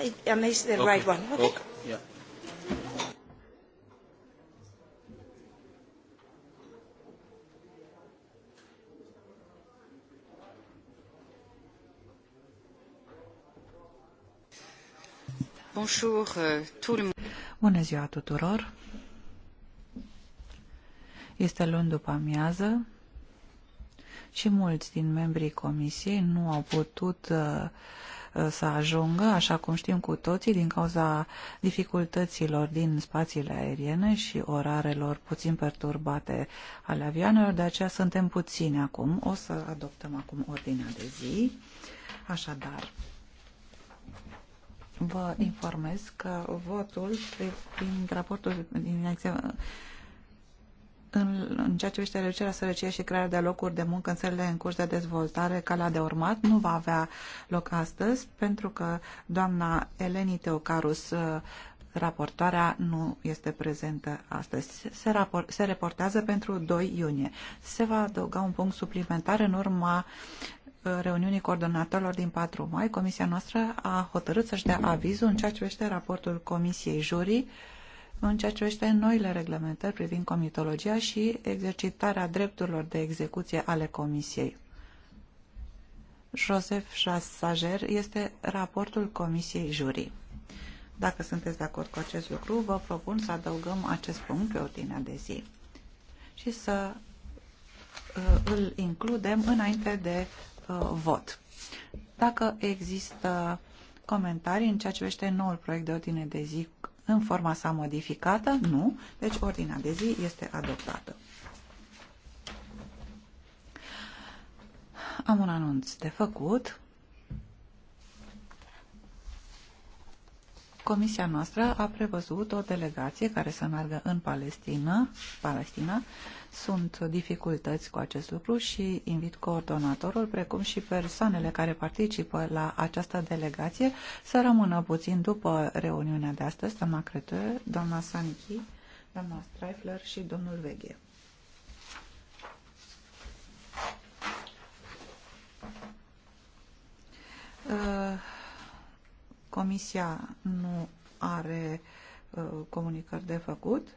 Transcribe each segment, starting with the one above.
I missed the okay. right one. Okay. okay. Yeah. Bonjour, euh, tout le monde. Bună ziua tuturor. Este luni după amiază și mulți din membrii comisiei nu au putut uh, să ajungă, așa cum știm cu toții, din cauza dificultăților din spațiile aeriene și orarelor puțin perturbate ale avioanelor, de aceea suntem puțini acum. O să adoptăm acum ordinea de zi. Așadar, vă informez că votul prin raportul din în, în ceea ce privește reducerea sărăciei și crearea de locuri de muncă în țările în curs de dezvoltare, calea de urmat nu va avea loc astăzi, pentru că doamna Eleni Teocarus, uh, raportoarea, nu este prezentă astăzi. Se, rapor, se reportează pentru 2 iunie. Se va adăuga un punct suplimentar în urma uh, reuniunii coordonatorilor din 4 mai. Comisia noastră a hotărât să-și dea avizul în ceea ce privește raportul Comisiei Jurii în ceea ce privește noile reglementări privind comitologia și exercitarea drepturilor de execuție ale Comisiei. Joseph Chassager este raportul Comisiei Jurii. Dacă sunteți de acord cu acest lucru, vă propun să adăugăm acest punct pe ordinea de zi și să uh, îl includem înainte de uh, vot. Dacă există comentarii în ceea ce vește noul proiect de ordine de zi în forma sa modificată? Nu. Deci ordinea de zi este adoptată. Am un anunț de făcut. Comisia noastră a prevăzut o delegație care să meargă în Palestina. Palestina. Sunt dificultăți cu acest lucru și invit coordonatorul, precum și persoanele care participă la această delegație, să rămână puțin după reuniunea de astăzi, doamna Cretă, doamna Sanichi, doamna Streifler și domnul Veghe. Uh, Comisia nu are uh, comunicări de făcut.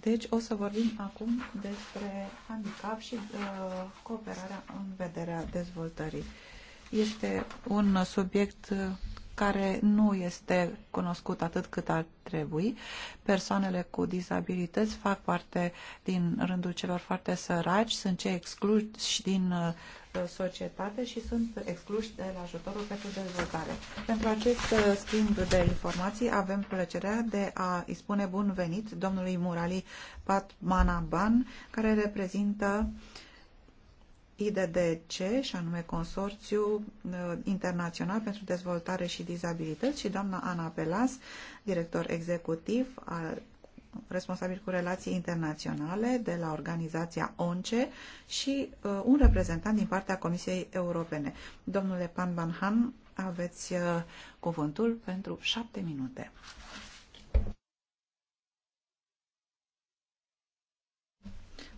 Deci o să vorbim acum despre handicap și uh, cooperarea în vederea dezvoltării. Este un subiect uh, care nu este cunoscut atât cât ar trebui. Persoanele cu dizabilități fac parte din rândul celor foarte săraci, sunt cei excluși din uh, societate și sunt excluși de la ajutorul pentru dezvoltare. Pentru acest uh, schimb de informații avem plăcerea de a îi spune bun venit domnului Murali Patmanaban, care reprezintă uh, IDDC, și anume Consorțiu uh, Internațional pentru Dezvoltare și Dizabilități, și doamna Ana Pelas, director executiv al responsabil cu relații internaționale de la organizația ONCE și uh, un reprezentant din partea Comisiei Europene. Domnule Pan Van Han, aveți uh, cuvântul pentru șapte minute.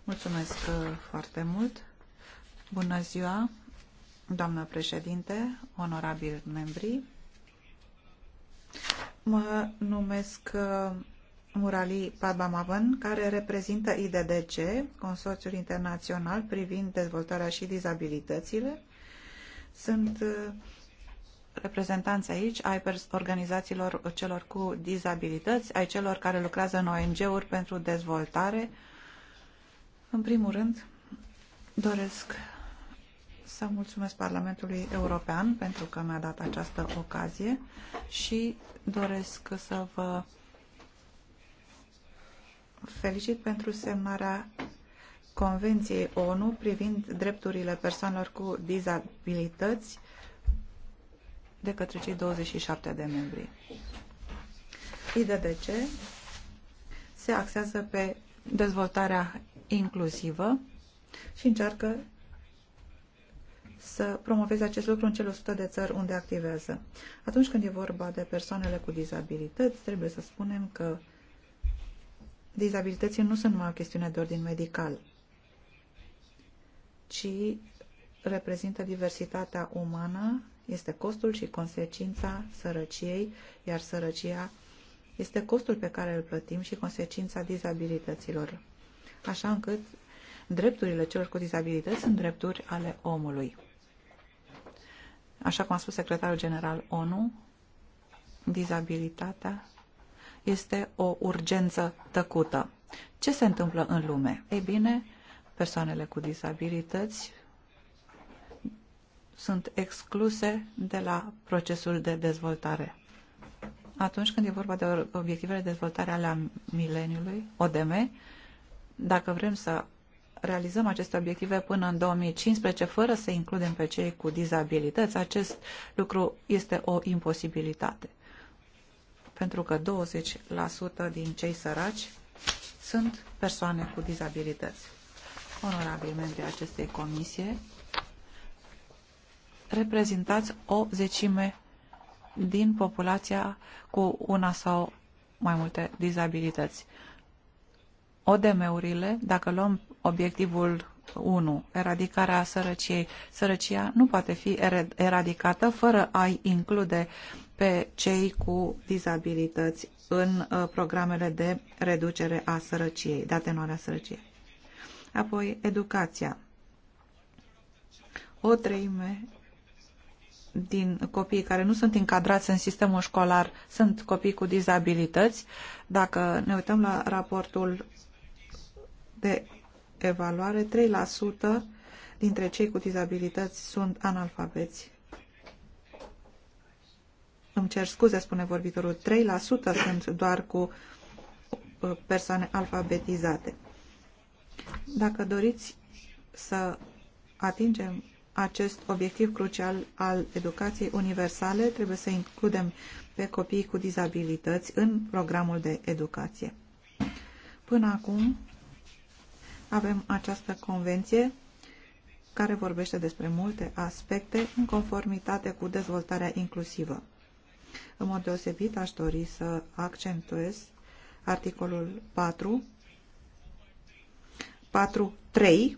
Mulțumesc uh, foarte mult. Bună ziua, doamnă președinte, onorabili membri. Mă numesc uh, Murali Padbamavan, care reprezintă IDDC, Consorțiul Internațional privind dezvoltarea și dizabilitățile. Sunt uh, reprezentanți aici ai organizațiilor celor cu dizabilități, ai celor care lucrează în ONG-uri pentru dezvoltare. În primul rând, doresc să mulțumesc Parlamentului European pentru că mi-a dat această ocazie și doresc să vă felicit pentru semnarea Convenției ONU privind drepturile persoanelor cu dizabilități de către cei 27 de membri. IDDC se axează pe dezvoltarea inclusivă și încearcă să promoveze acest lucru în cele 100 de țări unde activează. Atunci când e vorba de persoanele cu dizabilități, trebuie să spunem că dizabilității nu sunt numai o chestiune de ordin medical, ci reprezintă diversitatea umană, este costul și consecința sărăciei, iar sărăcia este costul pe care îl plătim și consecința dizabilităților. Așa încât drepturile celor cu dizabilități sunt drepturi ale omului. Așa cum a spus secretarul general ONU, dizabilitatea este o urgență tăcută. Ce se întâmplă în lume? Ei bine, persoanele cu dizabilități sunt excluse de la procesul de dezvoltare. Atunci când e vorba de obiectivele de dezvoltare ale mileniului, ODM, dacă vrem să realizăm aceste obiective până în 2015 fără să includem pe cei cu dizabilități, acest lucru este o imposibilitate. Pentru că 20% din cei săraci sunt persoane cu dizabilități. Onorabil membrii acestei comisie, reprezentați o zecime din populația cu una sau mai multe dizabilități. ODM-urile, dacă luăm obiectivul 1. Eradicarea sărăciei. Sărăcia nu poate fi eradicată fără a-i include pe cei cu dizabilități în uh, programele de reducere a sărăciei, de atenuarea sărăciei. Apoi, educația. O treime din copiii care nu sunt încadrați în sistemul școlar sunt copii cu dizabilități. Dacă ne uităm la raportul de evaluare, 3% dintre cei cu dizabilități sunt analfabeți. Îmi cer scuze, spune vorbitorul, 3% sunt doar cu uh, persoane alfabetizate. Dacă doriți să atingem acest obiectiv crucial al educației universale, trebuie să includem pe copiii cu dizabilități în programul de educație. Până acum, avem această convenție care vorbește despre multe aspecte în conformitate cu dezvoltarea inclusivă. În mod deosebit aș dori să accentuez articolul 4, 3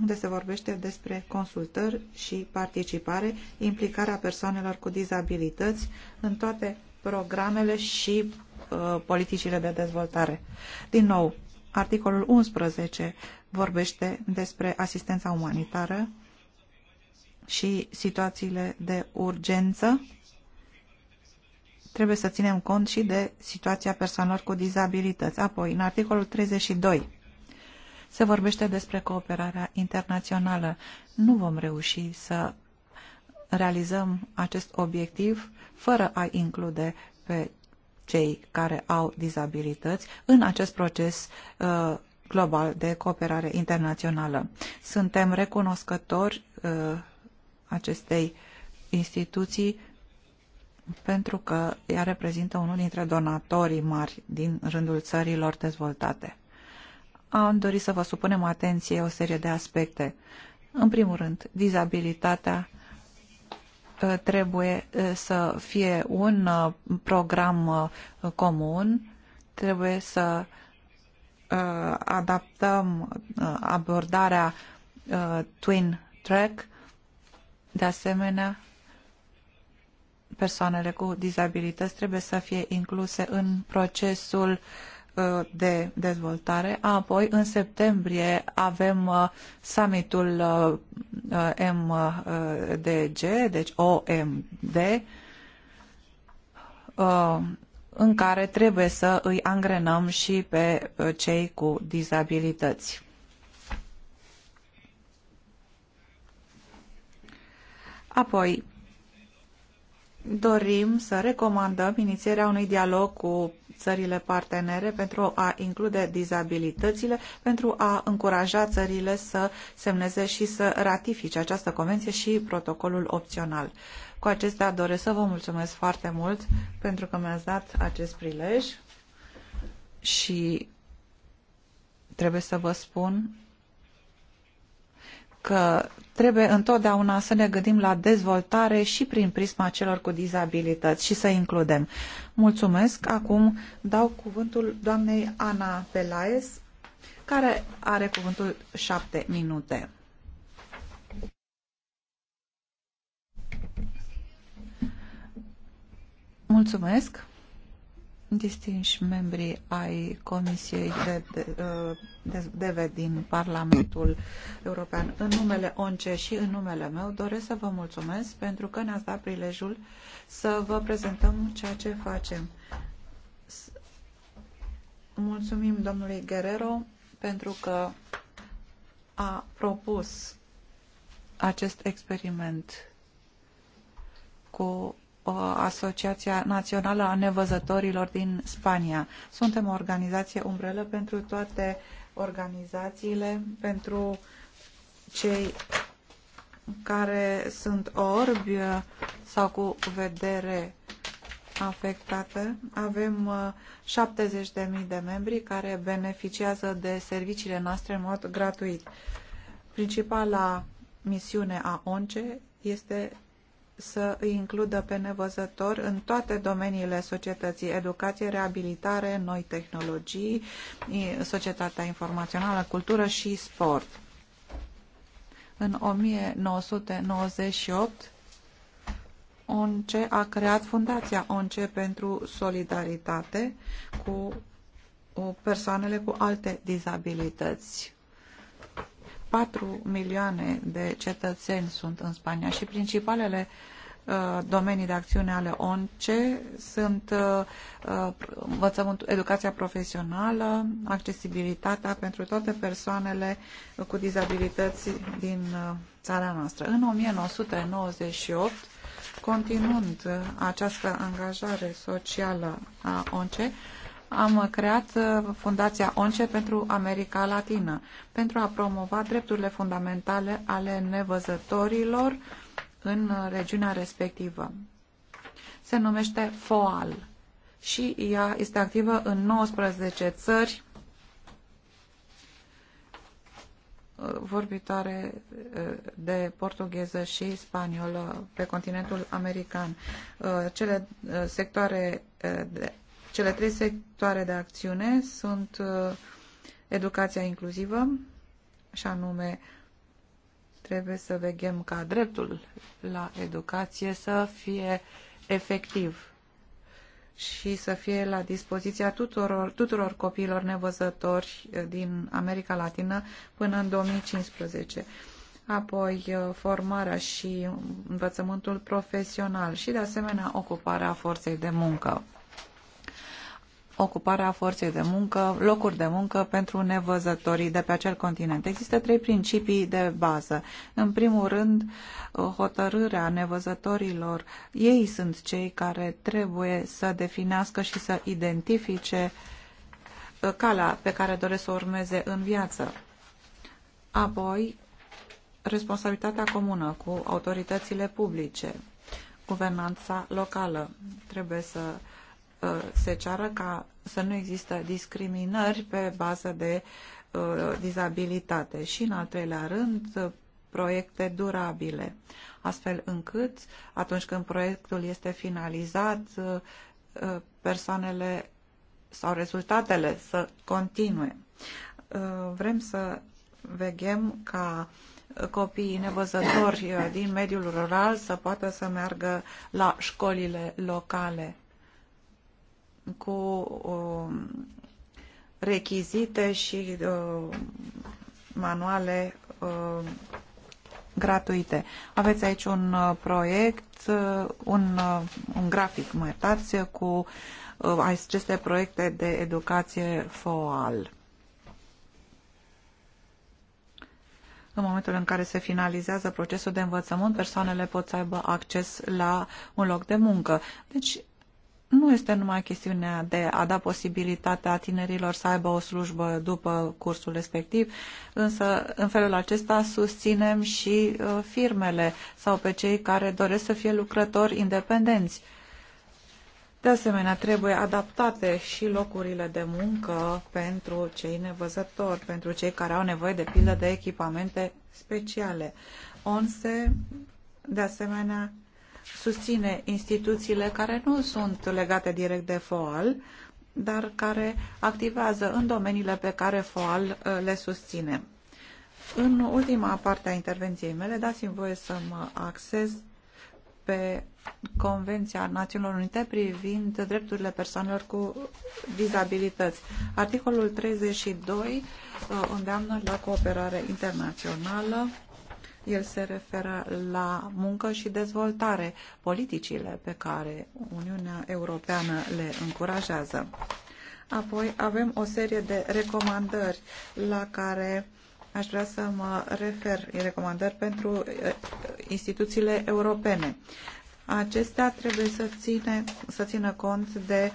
unde se vorbește despre consultări și participare, implicarea persoanelor cu dizabilități în toate programele și uh, politicile de dezvoltare. Din nou, Articolul 11 vorbește despre asistența umanitară și situațiile de urgență. Trebuie să ținem cont și de situația persoanelor cu dizabilități. Apoi, în articolul 32 se vorbește despre cooperarea internațională. Nu vom reuși să realizăm acest obiectiv fără a include pe cei care au dizabilități în acest proces uh, global de cooperare internațională. Suntem recunoscători uh, acestei instituții pentru că ea reprezintă unul dintre donatorii mari din rândul țărilor dezvoltate. Am dorit să vă supunem atenție o serie de aspecte. În primul rând, dizabilitatea Uh, trebuie uh, să fie un uh, program comun, trebuie să adaptăm abordarea twin track, de asemenea persoanele cu dizabilități trebuie să fie incluse în procesul uh, Uh, de dezvoltare. Apoi, în septembrie, avem uh, summitul uh, MDG, deci OMD, în care trebuie să îi angrenăm și pe cei cu dizabilități. Apoi, dorim să recomandăm inițierea unui dialog cu țările partenere pentru a include dizabilitățile, pentru a încuraja țările să semneze și să ratifice această convenție și protocolul opțional. Cu acestea doresc să vă mulțumesc foarte mult pentru că mi-ați dat acest prilej și trebuie să vă spun că Trebuie întotdeauna să ne gândim la dezvoltare și prin prisma celor cu dizabilități și să includem. Mulțumesc. Acum dau cuvântul doamnei Ana Pelaes, care are cuvântul șapte minute. Mulțumesc. Distinși membri ai Comisiei de, de, de, de din Parlamentul European, în numele ONCE și în numele meu, doresc să vă mulțumesc pentru că ne-ați dat prilejul să vă prezentăm ceea ce facem. Mulțumim domnului Guerrero pentru că a propus acest experiment cu Uh, Asociația Națională a Nevăzătorilor din Spania. Suntem o organizație umbrelă pentru toate organizațiile, pentru cei care sunt orbi sau cu vedere afectată. Avem 70.000 uh, de membri care beneficiază de serviciile noastre în mod gratuit. Principala misiune a ONCE este să îi includă pe nevăzători în toate domeniile societății, educație, reabilitare, noi tehnologii, societatea informațională, cultură și sport. În 1998, once a creat Fundația Once pentru solidaritate cu persoanele cu alte dizabilități 4 milioane de cetățeni sunt în Spania și principalele uh, domenii de acțiune ale ONCE sunt uh, uh, învățământ, educația profesională, accesibilitatea pentru toate persoanele cu dizabilități din țara noastră. În 1998, continuând această angajare socială a ONCE, am creat uh, Fundația ONCE pentru America Latină, pentru a promova drepturile fundamentale ale nevăzătorilor în uh, regiunea respectivă. Se numește FOAL și ea este activă în 19 țări uh, vorbitoare de portugheză și spaniolă pe continentul american. Cele sectoare de cele trei sectoare de acțiune sunt uh, educația inclusivă, și anume trebuie să veghem ca dreptul la educație să fie efectiv și să fie la dispoziția tuturor, tuturor copiilor nevăzători uh, din America Latină până în 2015. Apoi uh, formarea și învățământul profesional și de asemenea ocuparea forței de muncă ocuparea forței de muncă, locuri de muncă pentru nevăzătorii de pe acel continent. Există trei principii de bază. În primul rând, hotărârea nevăzătorilor. Ei sunt cei care trebuie să definească și să identifice uh, calea pe care doresc să o urmeze în viață. Apoi, responsabilitatea comună cu autoritățile publice, guvernanța locală. Trebuie să uh, Uh, se ceară ca să nu există discriminări pe bază de uh, dizabilitate și, în al treilea rând, uh, proiecte durabile, astfel încât, atunci când proiectul este finalizat, persoanele sau rezultatele să continue. Vrem să veghem ca copiii nevăzători din mediul rural să poată să meargă la școlile locale cu um, rechizite și uh, manuale uh, gratuite. Aveți aici un uh, proiect, un, un grafic, mă iertați, cu aceste proiecte de educație FOAL. În momentul în care se finalizează procesul de învățământ, persoanele pot să aibă acces la un loc de muncă. Deci nu este numai chestiunea de a da posibilitatea tinerilor să aibă o slujbă după cursul respectiv, însă în felul acesta susținem și uh, firmele sau pe cei care doresc să fie lucrători independenți. De asemenea, trebuie adaptate și locurile de muncă pentru cei nevăzători, pentru cei care au nevoie de pildă de echipamente speciale. ONSE, de asemenea, susține instituțiile care nu sunt legate direct de FOAL, dar care activează în domeniile pe care FOAL uh, le susține. În ultima parte a intervenției mele, dați-mi voie să mă axez pe Convenția Națiunilor Unite privind drepturile persoanelor cu dizabilități. Articolul 32 uh, îndeamnă la cooperare internațională el se referă la muncă și dezvoltare, politicile pe care Uniunea Europeană le încurajează. Apoi avem o serie de recomandări la care aș vrea să mă refer, recomandări pentru instituțiile europene. Acestea trebuie să, ține, să țină cont de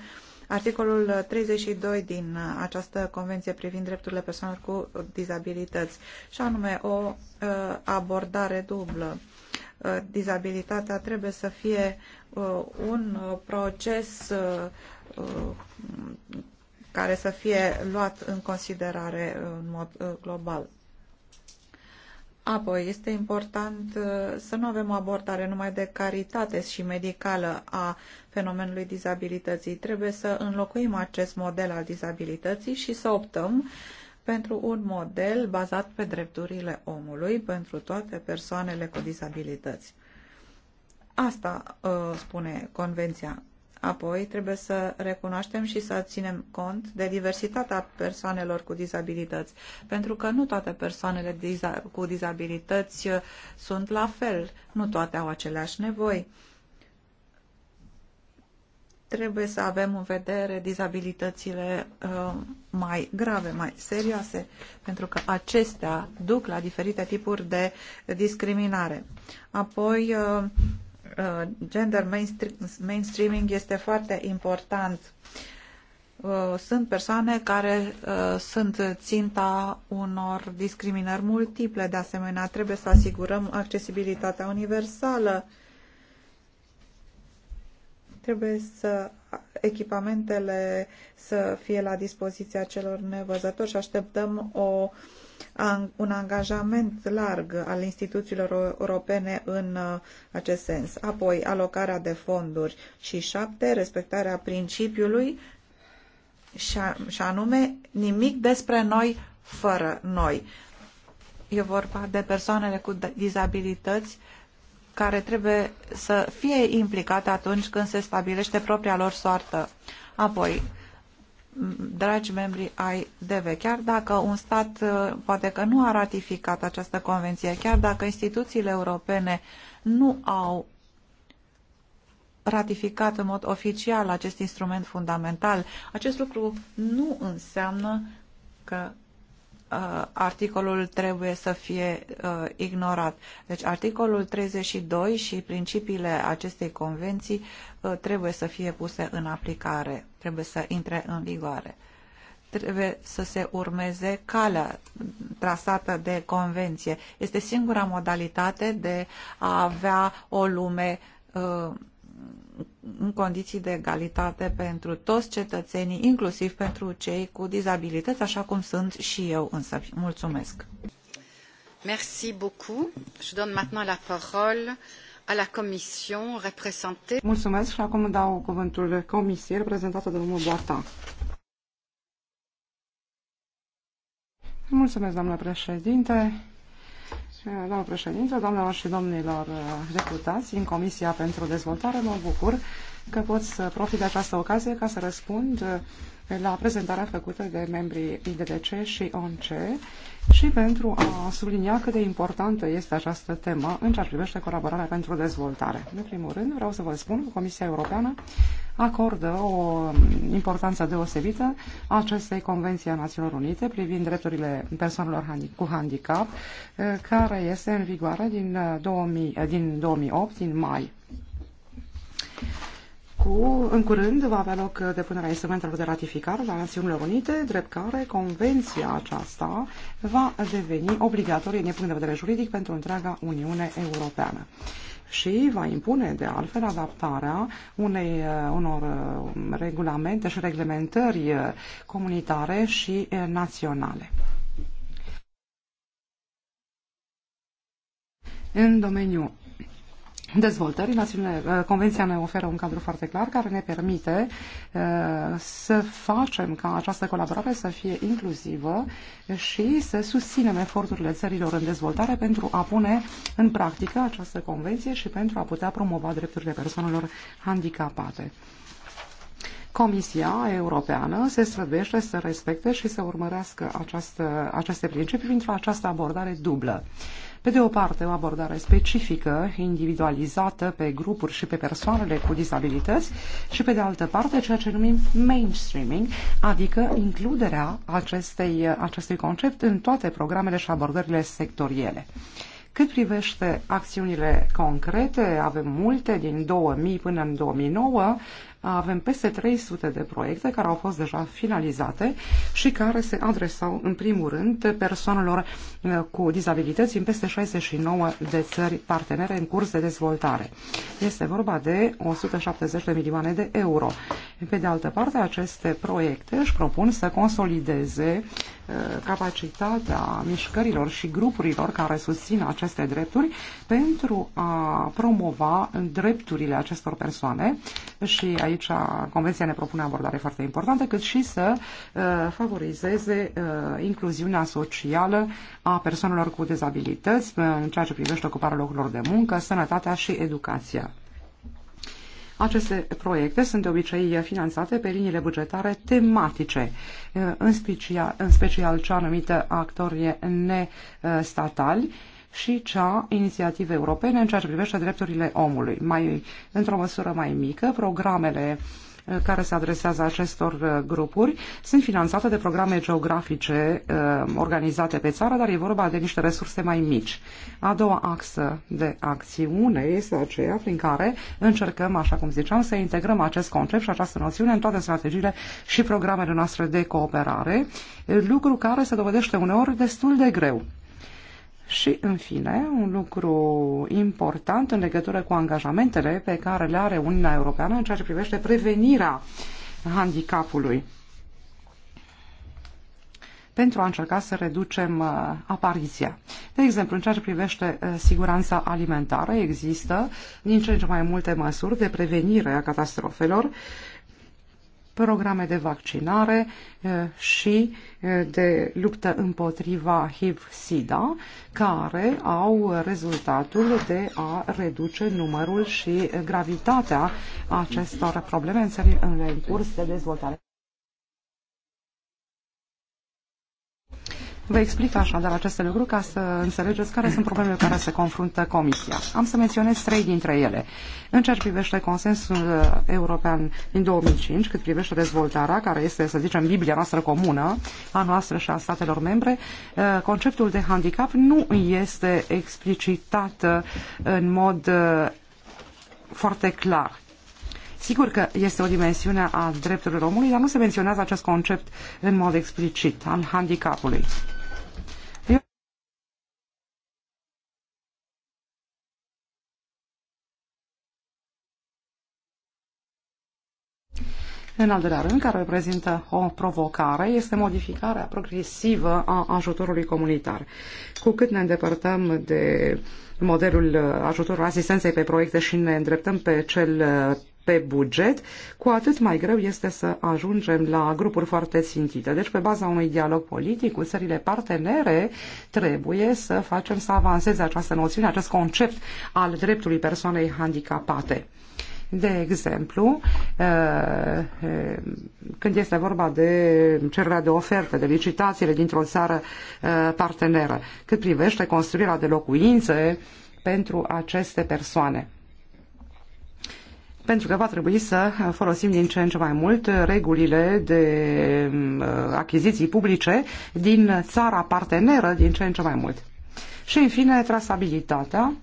Articolul 32 din această convenție privind drepturile persoanelor cu dizabilități și anume o ă, abordare dublă. Ă, dizabilitatea trebuie să fie ă, un proces care să fie luat în considerare în mod global. Apoi, este important uh, să nu avem o abordare numai de caritate și medicală a fenomenului dizabilității. Trebuie să înlocuim acest model al dizabilității și să optăm pentru un model bazat pe drepturile omului pentru toate persoanele cu dizabilități. Asta uh, spune Convenția. Apoi, trebuie să recunoaștem și să ținem cont de diversitatea persoanelor cu dizabilități, pentru că nu toate persoanele cu dizabilități uh, sunt la fel, nu toate au aceleași nevoi. Trebuie să avem în vedere dizabilitățile uh, mai grave, mai serioase, pentru că acestea duc la diferite tipuri de discriminare. Apoi, uh, Uh, gender mainstreaming este foarte important. Uh, sunt persoane care uh, sunt ținta unor discriminări multiple, de asemenea trebuie să asigurăm accesibilitatea universală. Trebuie să echipamentele să fie la dispoziția celor nevăzători și așteptăm o uh, un angajament larg al instituțiilor europene în uh, acest sens. Apoi, alocarea de fonduri și șapte, respectarea principiului și anume nimic despre noi fără noi. E vorba de persoanele cu dizabilități care trebuie să fie implicate atunci când se stabilește propria lor soartă. Apoi, dragi membri ai DV, chiar dacă un stat uh, poate că nu a ratificat această convenție, chiar dacă instituțiile europene nu au ratificat în mod oficial acest instrument fundamental, acest lucru nu înseamnă că Uh, articolul trebuie să fie uh, ignorat. Deci articolul 32 și principiile acestei convenții uh, trebuie să fie puse în aplicare, trebuie să intre în vigoare. Trebuie să se urmeze calea trasată de convenție. Este singura modalitate de a avea o lume în condiții de egalitate pentru toți cetățenii, inclusiv pentru cei cu dizabilități, așa cum sunt și eu însă. Mulțumesc! Merci beaucoup. Je donne maintenant la parole à la Commission représentée. Mulțumesc și acum dau cuvântul Comisiei reprezentată de domnul Boata. Mulțumesc, doamnă președinte. Eh, doamnă președinte, doamnelor și domnilor eh, deputați din Comisia pentru Dezvoltare, mă bucur că pot să profit de această ocazie ca să răspund eh, la prezentarea făcută de membrii IDDC și ONC și pentru a sublinia cât de importantă este această temă în ceea ce privește colaborarea pentru dezvoltare. În primul rând, vreau să vă spun că Comisia Europeană acordă o importanță deosebită acestei Convenții a Națiunilor Unite privind drepturile persoanelor cu handicap, eh, care este în vigoare din, 2000, eh, eh, din 2008, din mai cu, în curând va avea loc depunerea instrumentelor de ratificare la Națiunile Unite, drept care convenția aceasta va deveni obligatorie din punct de vedere juridic pentru întreaga Uniune Europeană și va impune de altfel adaptarea unei, uh, unor uh, regulamente și reglementări uh, comunitare și naționale. În domeniul dezvoltării. Națiunile, uh, Convenția ne oferă un cadru foarte clar care ne permite uh, să facem ca această colaborare să fie inclusivă și să susținem eforturile țărilor în dezvoltare pentru a pune în practică această convenție și pentru a putea promova drepturile persoanelor handicapate. Comisia Europeană se străduiește să respecte și să urmărească această, aceste principii printr-o această abordare dublă. Pe de o parte, o abordare specifică, individualizată pe grupuri și pe persoanele cu dizabilități și pe de altă parte ceea ce numim mainstreaming, adică includerea acestei, acestui concept în toate programele și abordările sectoriele. Cât privește acțiunile concrete, avem multe din 2000 până în 2009 avem peste 300 de proiecte care au fost deja finalizate și care se adresau în primul rând persoanelor uh, cu dizabilități în peste 69 de țări partenere în curs de dezvoltare. Este vorba de 170 de milioane de euro. Pe de altă parte, aceste proiecte își propun să consolideze uh, capacitatea mișcărilor și grupurilor care susțin aceste drepturi pentru a promova drepturile acestor persoane și a aici Convenția ne propune abordare foarte importantă, cât și să uh, favorizeze uh, incluziunea socială a persoanelor cu dezabilități uh, în ceea ce privește ocuparea locurilor de muncă, sănătatea și educația. Aceste proiecte sunt de obicei finanțate pe liniile bugetare tematice, în special, în special cea numită actorie nestatali, și cea inițiative europene în ceea ce privește drepturile omului. Mai, într-o măsură mai mică, programele uh, care se adresează acestor uh, grupuri sunt finanțate de programe geografice uh, organizate pe țară, dar e vorba de niște resurse mai mici. A doua axă de acțiune este aceea prin care încercăm, așa cum ziceam, să integrăm acest concept și această noțiune în toate strategiile și programele noastre de cooperare, lucru care se dovedește uneori destul de greu. Și, în fine, un lucru important în legătură cu angajamentele pe care le are Uniunea Europeană în ceea ce privește prevenirea handicapului pentru a încerca să reducem uh, apariția. De exemplu, în ceea ce privește uh, siguranța alimentară, există din ce în ce mai multe măsuri de prevenire a catastrofelor programe de vaccinare și de luptă împotriva HIV-SIDA, care au rezultatul de a reduce numărul și gravitatea acestor probleme în în curs de dezvoltare. Vă explic așadar aceste lucruri ca să înțelegeți care sunt problemele cu care se confruntă Comisia. Am să menționez trei dintre ele. În ceea ce privește consensul uh, european din 2005, cât privește dezvoltarea, care este, să zicem, Biblia noastră comună, a noastră și a statelor membre, uh, conceptul de handicap nu este explicitat uh, în mod foarte clar. Sigur că este o dimensiune a drepturilor omului, dar nu se menționează acest concept în mod explicit al handicapului. În al doilea rând, care reprezintă o provocare, este modificarea progresivă a ajutorului comunitar. Cu cât ne îndepărtăm de modelul ajutorului asistenței pe proiecte și ne îndreptăm pe cel uh, pe buget, cu atât mai greu este să ajungem la grupuri foarte țintite. Deci, pe baza unui dialog politic cu țările partenere, trebuie să facem să avanseze această noțiune, acest concept al dreptului persoanei handicapate. De exemplu, uh, uh, când este vorba de cererea de oferte, de licitațiile dintr-o țară uh, parteneră, cât privește construirea de locuințe pentru aceste persoane pentru că va trebui să folosim din ce în ce mai mult regulile de achiziții publice din țara parteneră din ce în ce mai mult. Și, în fine, trasabilitatea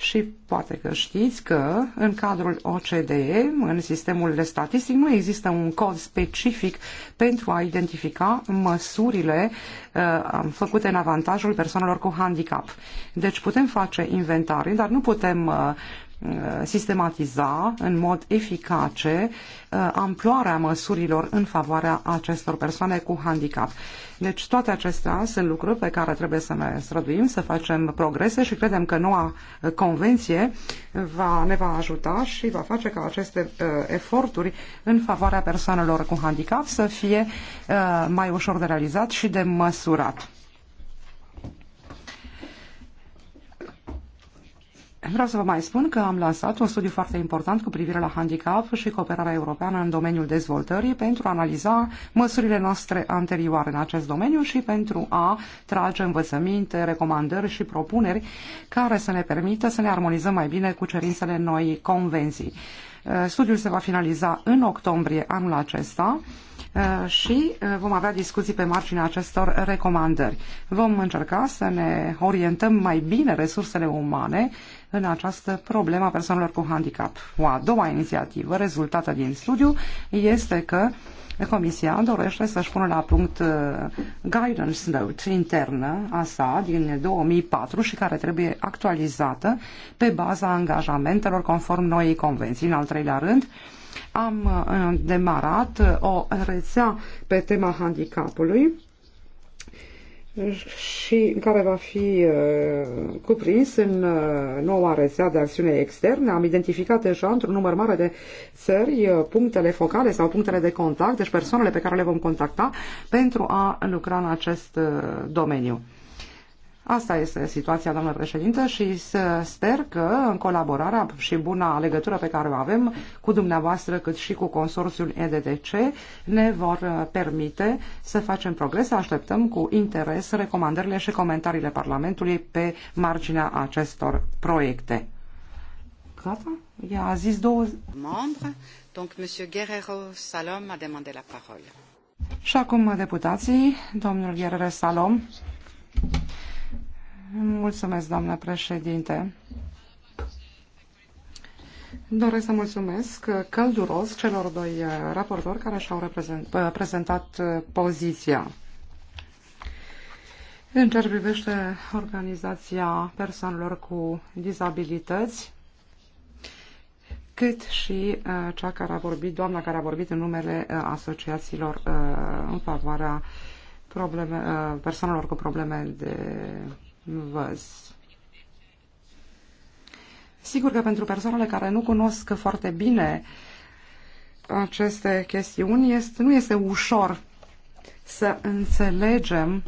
și poate că știți că în cadrul OCDE, în sistemul de statistic, nu există un cod specific pentru a identifica măsurile uh, făcute în avantajul persoanelor cu handicap. Deci putem face inventarii, dar nu putem uh, Uh, sistematiza în mod eficace uh, amploarea măsurilor în favoarea acestor persoane cu handicap. Deci toate acestea sunt lucruri pe care trebuie să ne străduim, să facem progrese și credem că noua uh, convenție va, ne va ajuta și va face ca aceste uh, eforturi în favoarea persoanelor cu handicap să fie uh, mai ușor de realizat și de măsurat. Vreau să vă mai spun că am lansat un studiu foarte important cu privire la handicap și cooperarea europeană în domeniul dezvoltării pentru a analiza măsurile noastre anterioare în acest domeniu și pentru a trage învățăminte, recomandări și propuneri care să ne permită să ne armonizăm mai bine cu cerințele noi convenții. Uh, studiul se va finaliza în octombrie anul acesta uh, și uh, vom avea discuții pe marginea acestor recomandări. Vom încerca să ne orientăm mai bine resursele umane în această problemă a persoanelor cu handicap. O a doua inițiativă rezultată din studiu este că Comisia dorește să-și pună la punct uh, guidance note internă a sa din 2004 și care trebuie actualizată pe baza angajamentelor conform noii convenții. În al treilea rând, am uh, demarat uh, o rețea pe tema handicapului și care va fi uh, cuprins în uh, noua rețea de acțiune externe Am identificat deja într-un număr mare de țări uh, punctele focale sau punctele de contact, deci persoanele pe care le vom contacta pentru a lucra în acest domeniu. Asta este situația, doamnă președintă, și sper că în colaborarea și buna legătură pe care o avem cu dumneavoastră, cât și cu consorțiul EDDC, ne vor permite să facem progrese. Așteptăm cu interes recomandările și comentariile Parlamentului pe marginea acestor proiecte. Gata? Ea a zis două... Membre, donc M. Guerrero Salom a demandat la parole. Și acum deputații, domnul Guerrero Salom. Mulțumesc, doamnă președinte. Doresc să mulțumesc călduros celor doi uh, raportori care și-au uh, prezentat uh, poziția. În ce privește organizația persoanelor cu dizabilități, cât și cea care a vorbit, doamna care a vorbit în numele asociațiilor în favoarea probleme, persoanelor cu probleme de văz. Sigur că pentru persoanele care nu cunosc foarte bine aceste chestiuni, este, nu este ușor să înțelegem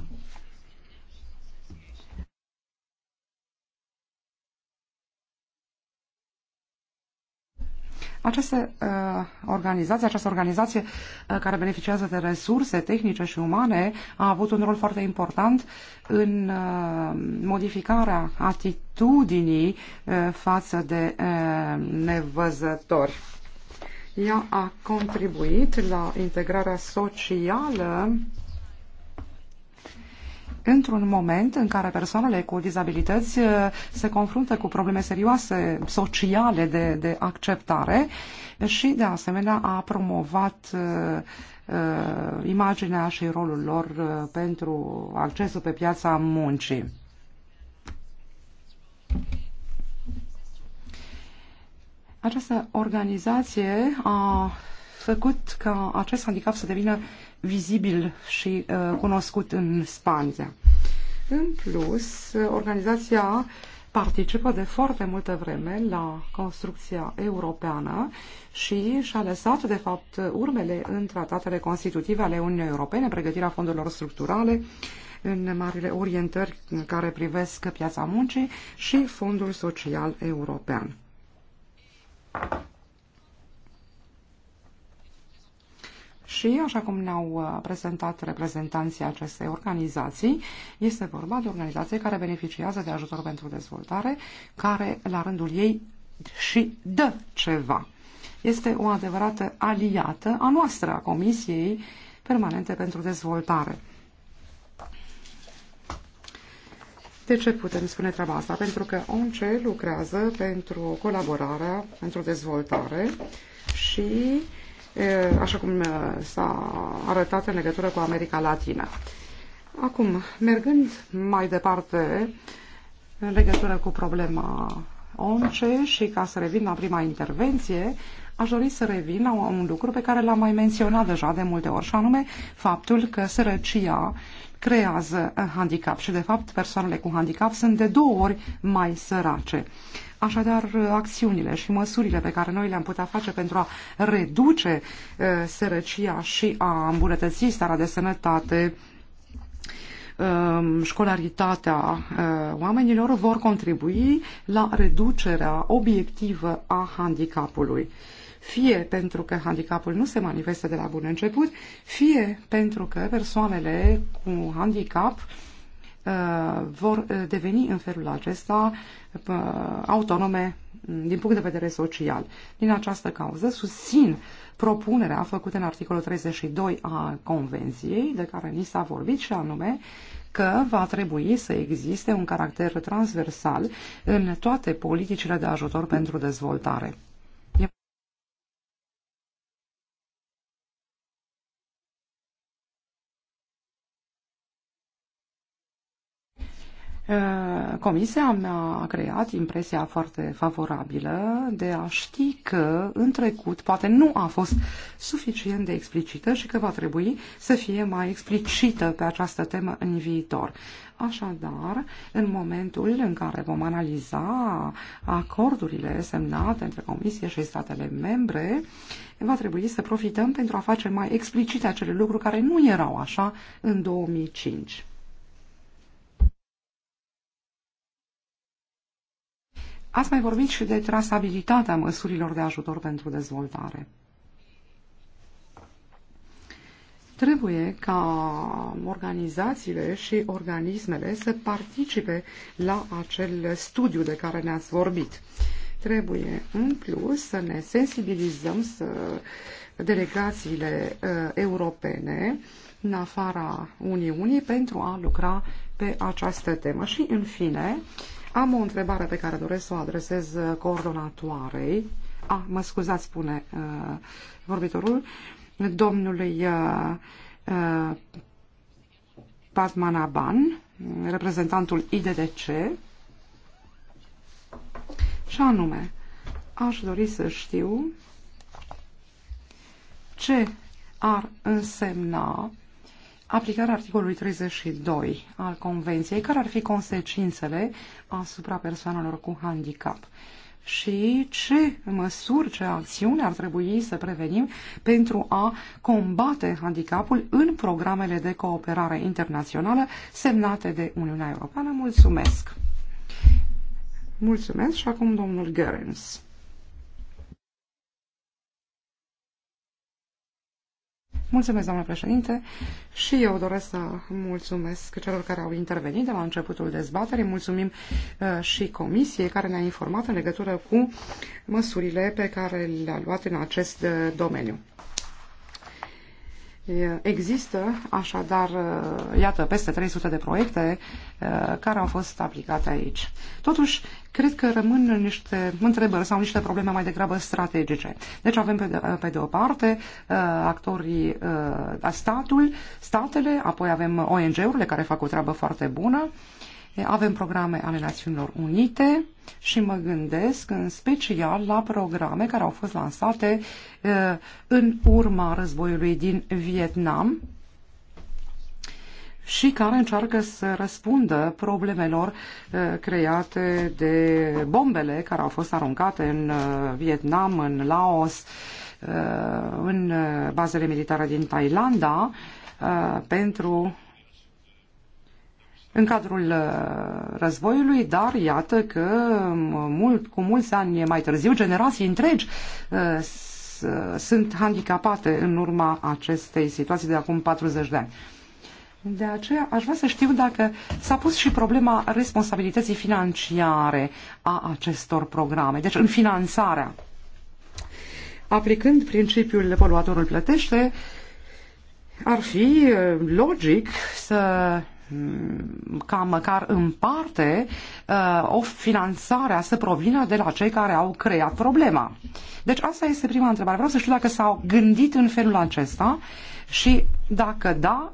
Această uh, organizație, această organizație uh, care beneficiază de resurse tehnice și umane a avut un rol foarte important în uh, modificarea atitudinii uh, față de uh, nevăzători. Ea a contribuit la integrarea socială într-un moment în care persoanele cu dizabilități uh, se confruntă cu probleme serioase sociale de, de acceptare și, de asemenea, a promovat uh, uh, imaginea și rolul lor uh, pentru accesul pe piața muncii. Această organizație a făcut ca acest handicap să devină vizibil și uh, cunoscut în Spania. În plus, organizația participă de foarte multă vreme la construcția europeană și și-a lăsat, de fapt, urmele în tratatele constitutive ale Uniunii Europene, pregătirea fondurilor structurale, în marile orientări care privesc piața muncii și Fondul Social European. și, așa cum ne-au uh, prezentat reprezentanții acestei organizații, este vorba de o organizație care beneficiază de ajutor pentru dezvoltare, care, la rândul ei, și dă ceva. Este o adevărată aliată a noastră, a Comisiei Permanente pentru Dezvoltare. De ce putem spune treaba asta? Pentru că ONC lucrează pentru colaborarea, pentru dezvoltare și uh, așa cum s-a arătat în legătură cu America Latină. Acum, mergând mai departe în legătură cu problema ONCE și ca să revin la prima intervenție, aș dori să revin la un lucru pe care l-am mai menționat deja de multe ori, și anume faptul că sărăcia creează handicap și, de fapt, persoanele cu handicap sunt de două ori mai sărace. Așadar, acțiunile și măsurile pe care noi le-am putea face pentru a reduce uh, sărăcia și a îmbunătăți starea de sănătate, um, școlaritatea uh, oamenilor vor contribui la reducerea obiectivă a handicapului. Fie pentru că handicapul nu se manifestă de la bun început, fie pentru că persoanele cu handicap uh, Uh, vor uh, deveni în felul acesta uh, autonome mm, din punct de vedere social. Din această cauză susțin propunerea făcută în articolul 32 a Convenției de care ni s-a vorbit și anume că va trebui să existe un caracter transversal în toate politicile de ajutor pentru dezvoltare. Uh, comisia mi-a creat impresia foarte favorabilă de a ști că în trecut poate nu a fost suficient de explicită și că va trebui să fie mai explicită pe această temă în viitor. Așadar, în momentul în care vom analiza acordurile semnate între Comisie și statele membre, va trebui să profităm pentru a face mai explicite acele lucruri care nu erau așa în 2005. Ați mai vorbit și de trasabilitatea măsurilor de ajutor pentru dezvoltare. Trebuie ca organizațiile și organismele să participe la acel studiu de care ne-ați vorbit. Trebuie, în plus, să ne sensibilizăm să delegațiile uh, europene în afara Uniunii pentru a lucra pe această temă. Și, în fine, uh, am o întrebare pe care doresc să o adresez uh, coordonatoarei. A, ah, mă scuzați, spune uh, vorbitorul, domnului uh, uh, reprezentantul IDDC, și anume, aș dori să știu ce ar însemna aplicarea articolului 32 al Convenției, care ar fi consecințele asupra persoanelor cu handicap și ce măsuri, ce acțiuni ar trebui să prevenim pentru a combate handicapul în programele de cooperare internațională semnate de Uniunea Europeană. Mulțumesc! Mulțumesc și acum domnul Gerens. Mulțumesc, doamnă președinte, și eu doresc să mulțumesc celor care au intervenit de la începutul dezbaterii. Mulțumim uh, și comisiei care ne-a informat în legătură cu măsurile pe care le-a luat în acest uh, domeniu. Există, așadar, iată, peste 300 de proiecte care au fost aplicate aici. Totuși, cred că rămân niște întrebări sau niște probleme mai degrabă strategice. Deci avem pe de, pe de o parte actorii, statul, statele, apoi avem ONG-urile care fac o treabă foarte bună, avem programe ale Națiunilor Unite și mă gândesc în special la programe care au fost lansate eh, în urma războiului din Vietnam și care încearcă să răspundă problemelor eh, create de bombele care au fost aruncate în eh, Vietnam, în Laos, în bazele militare din Thailanda pentru în cadrul uh, războiului, dar iată că mult, cu mulți ani mai târziu, generații întregi uh, sunt handicapate în urma acestei situații de acum 40 de ani. De aceea aș vrea să știu dacă s-a pus și problema responsabilității financiare a acestor programe, deci în finanțarea. Aplicând principiul poluatorul plătește, ar fi uh, logic să ca măcar în parte uh, o finanțare să provină de la cei care au creat problema. Deci asta este prima întrebare. Vreau să știu dacă s-au gândit în felul acesta și dacă da,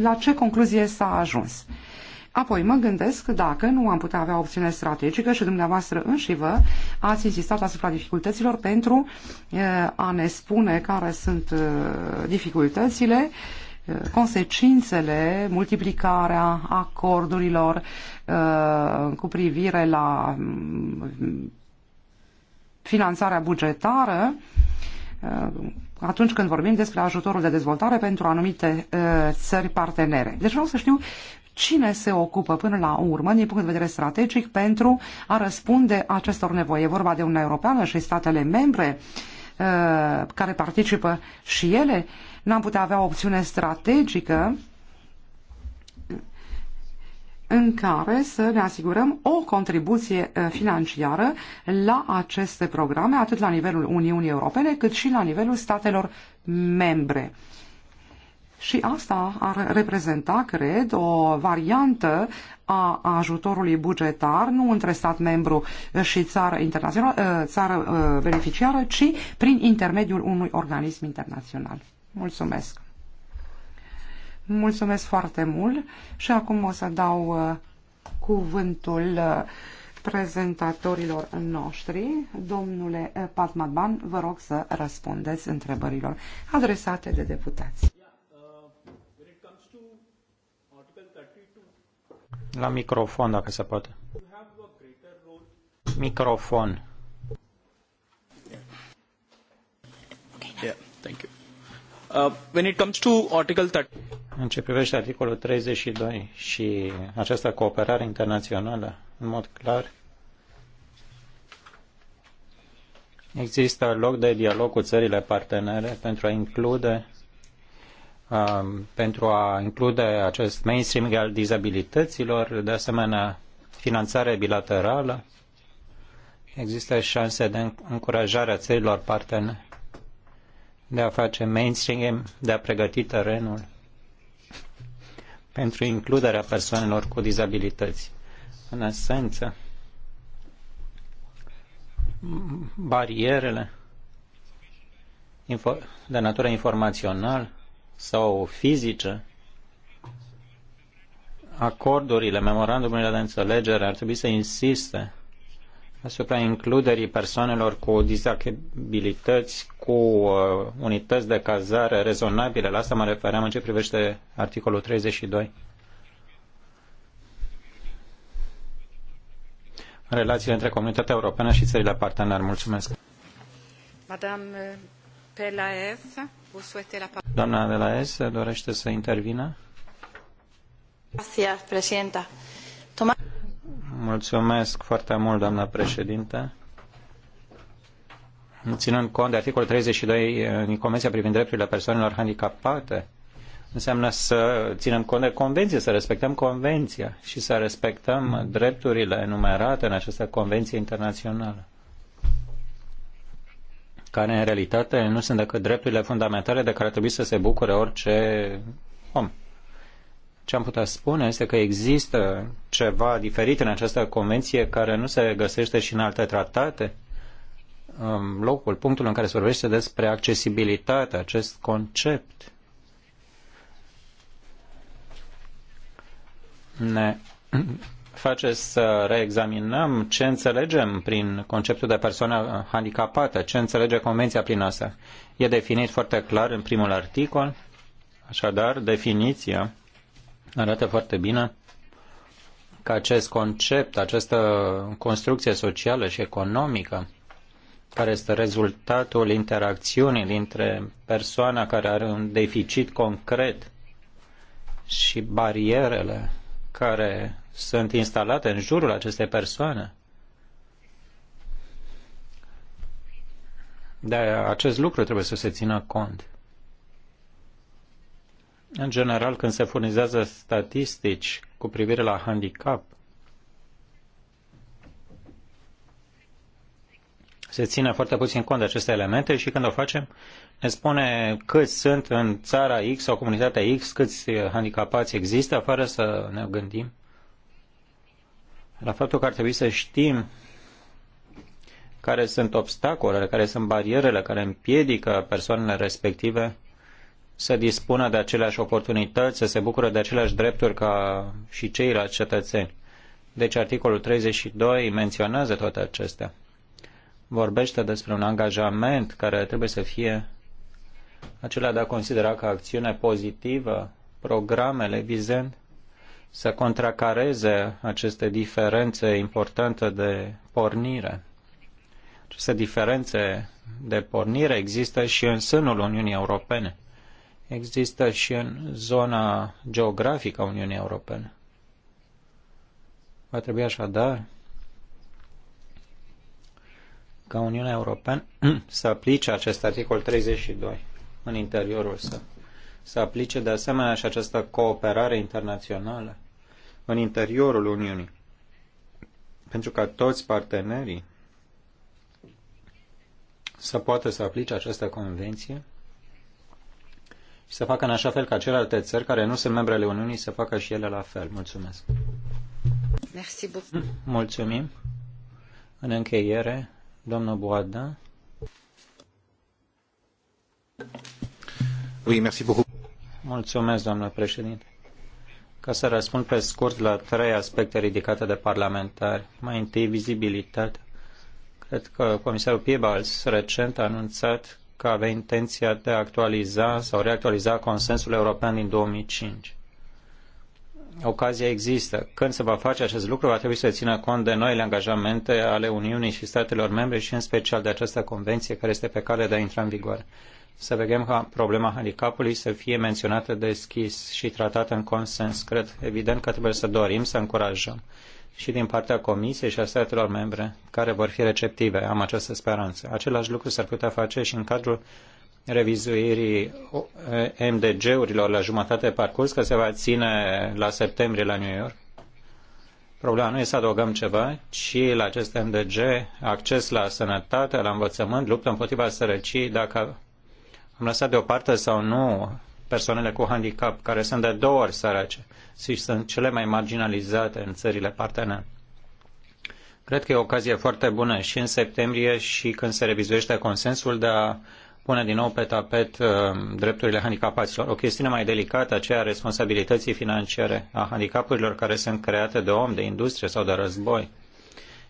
la ce concluzie s-a ajuns. Apoi mă gândesc dacă nu am putea avea opțiune strategică și dumneavoastră înși vă ați insistat asupra dificultăților pentru uh, a ne spune care sunt uh, dificultățile consecințele, multiplicarea acordurilor uh, cu privire la mm, finanțarea bugetară uh, atunci când vorbim despre ajutorul de dezvoltare pentru anumite uh, țări partenere. Deci vreau să știu cine se ocupă până la urmă, din punct de vedere strategic, pentru a răspunde acestor nevoi. E vorba de Uniunea Europeană și statele membre care participă și ele nu am putea avea o opțiune strategică în care să ne asigurăm o contribuție eh, financiară la aceste programe, atât la nivelul Uniunii Europene, cât și la nivelul statelor membre. Și asta ar reprezenta, cred, o variantă a ajutorului bugetar, nu între stat membru eh, și țară, internațională, eh, țară beneficiară, ci prin intermediul unui organism internațional. Mulțumesc! Mulțumesc foarte mult și acum o să dau uh, cuvântul uh, prezentatorilor noștri. Domnule uh, Patmaban, vă rog să răspundeți întrebărilor adresate de deputați. La microfon, dacă se poate. Microfon. Yeah, thank you. Uh, when it comes to Article 30... În ce privește articolul 32 și această cooperare internațională, în mod clar, există loc de dialog cu țările partenere pentru a include um, pentru a include acest mainstream al dizabilităților, de asemenea finanțare bilaterală, există șanse de încurajare a țărilor partenere de a face mainstream, de a pregăti terenul pentru includerea persoanelor cu dizabilități. În esență, barierele de natură informațională sau fizice, acordurile, memorandumurile de înțelegere ar trebui să insiste asupra includerii persoanelor cu dizabilități, cu uh, unități de cazare rezonabile. La asta mă refeream în ce privește articolul 32. În relațiile între comunitatea europeană și țările partener. Mulțumesc. Madame uh, pelaev, vous souhaitez la parole. Doamna pelaev, dorește să intervină? Gracias, presidenta. Toma... Mulțumesc foarte mult, doamna președinte. Ținând cont de articolul 32 eh, din Convenția privind drepturile persoanelor handicapate, înseamnă să ținem cont de convenție, să respectăm convenția și să respectăm drepturile enumerate în această convenție internațională care în realitate nu sunt decât drepturile fundamentale de care trebuie să se bucure orice om. Ce am putea spune este că există ceva diferit în această convenție care nu se găsește și în alte tratate. Um, locul, punctul în care se vorbește despre accesibilitate, acest concept ne face să reexaminăm ce înțelegem prin conceptul de persoană handicapată, ce înțelege Convenția prin asta. E definit foarte clar în primul articol, așadar definiția arată foarte bine că acest concept, această construcție socială și economică, care este rezultatul interacțiunii dintre persoana care are un deficit concret și barierele care sunt instalate în jurul acestei persoane. De acest lucru trebuie să se țină cont. În general, când se furnizează statistici cu privire la handicap, se ține foarte puțin cont de aceste elemente și când o facem, ne spune câți sunt în țara X sau comunitatea X, câți handicapați există, fără să ne gândim la faptul că ar trebui să știm care sunt obstacolele, care sunt barierele care împiedică persoanele respective să dispună de aceleași oportunități, să se bucură de aceleași drepturi ca și ceilalți cetățeni. Deci articolul 32 menționează toate acestea. Vorbește despre un angajament care trebuie să fie acela de a considera ca acțiune pozitivă programele vizând să contracareze aceste diferențe importante de pornire. Aceste diferențe de pornire există și în sânul Uniunii Europene există și în zona geografică a Uniunii Europene. Va trebui așadar ca Uniunea Europeană să aplice acest articol 32 în interiorul său. Să aplice de asemenea și această cooperare internațională în interiorul Uniunii. Pentru ca toți partenerii să poată să aplice această convenție și să facă în așa fel ca celelalte țări care nu sunt membre ale Uniunii să facă și ele la fel. Mulțumesc. Merci hm, Mulțumim. În încheiere, domnul Boada. Oui, merci beaucoup. Mulțumesc, doamnă președinte. Ca să răspund pe scurt la trei aspecte ridicate de parlamentari. Mai întâi, vizibilitatea. Cred că comisarul Piebalgs recent a anunțat că avea intenția de a actualiza sau reactualiza consensul european din 2005. Ocazia există. Când se va face acest lucru, va trebui să țină cont de noile angajamente ale Uniunii și statelor membre și în special de această convenție care este pe cale de a intra în vigoare. Să vedem ca problema handicapului să fie menționată deschis și tratată în consens. Cred evident că trebuie să dorim să încurajăm și din partea Comisiei și a statelor membre care vor fi receptive. Am această speranță. Același lucru s-ar putea face și în cadrul revizuirii MDG-urilor la jumătate de parcurs, că se va ține la septembrie la New York. Problema nu e să adăugăm ceva, ci la acest MDG, acces la sănătate, la învățământ, luptă împotriva sărăciei, dacă am lăsat deoparte sau nu persoanele cu handicap, care sunt de două ori sărace și sunt cele mai marginalizate în țările partenere. Cred că e o ocazie foarte bună și în septembrie și când se revizuiește consensul de a pune din nou pe tapet uh, drepturile handicapaților. O chestiune mai delicată, aceea a responsabilității financiare a handicapurilor care sunt create de om, de industrie sau de război.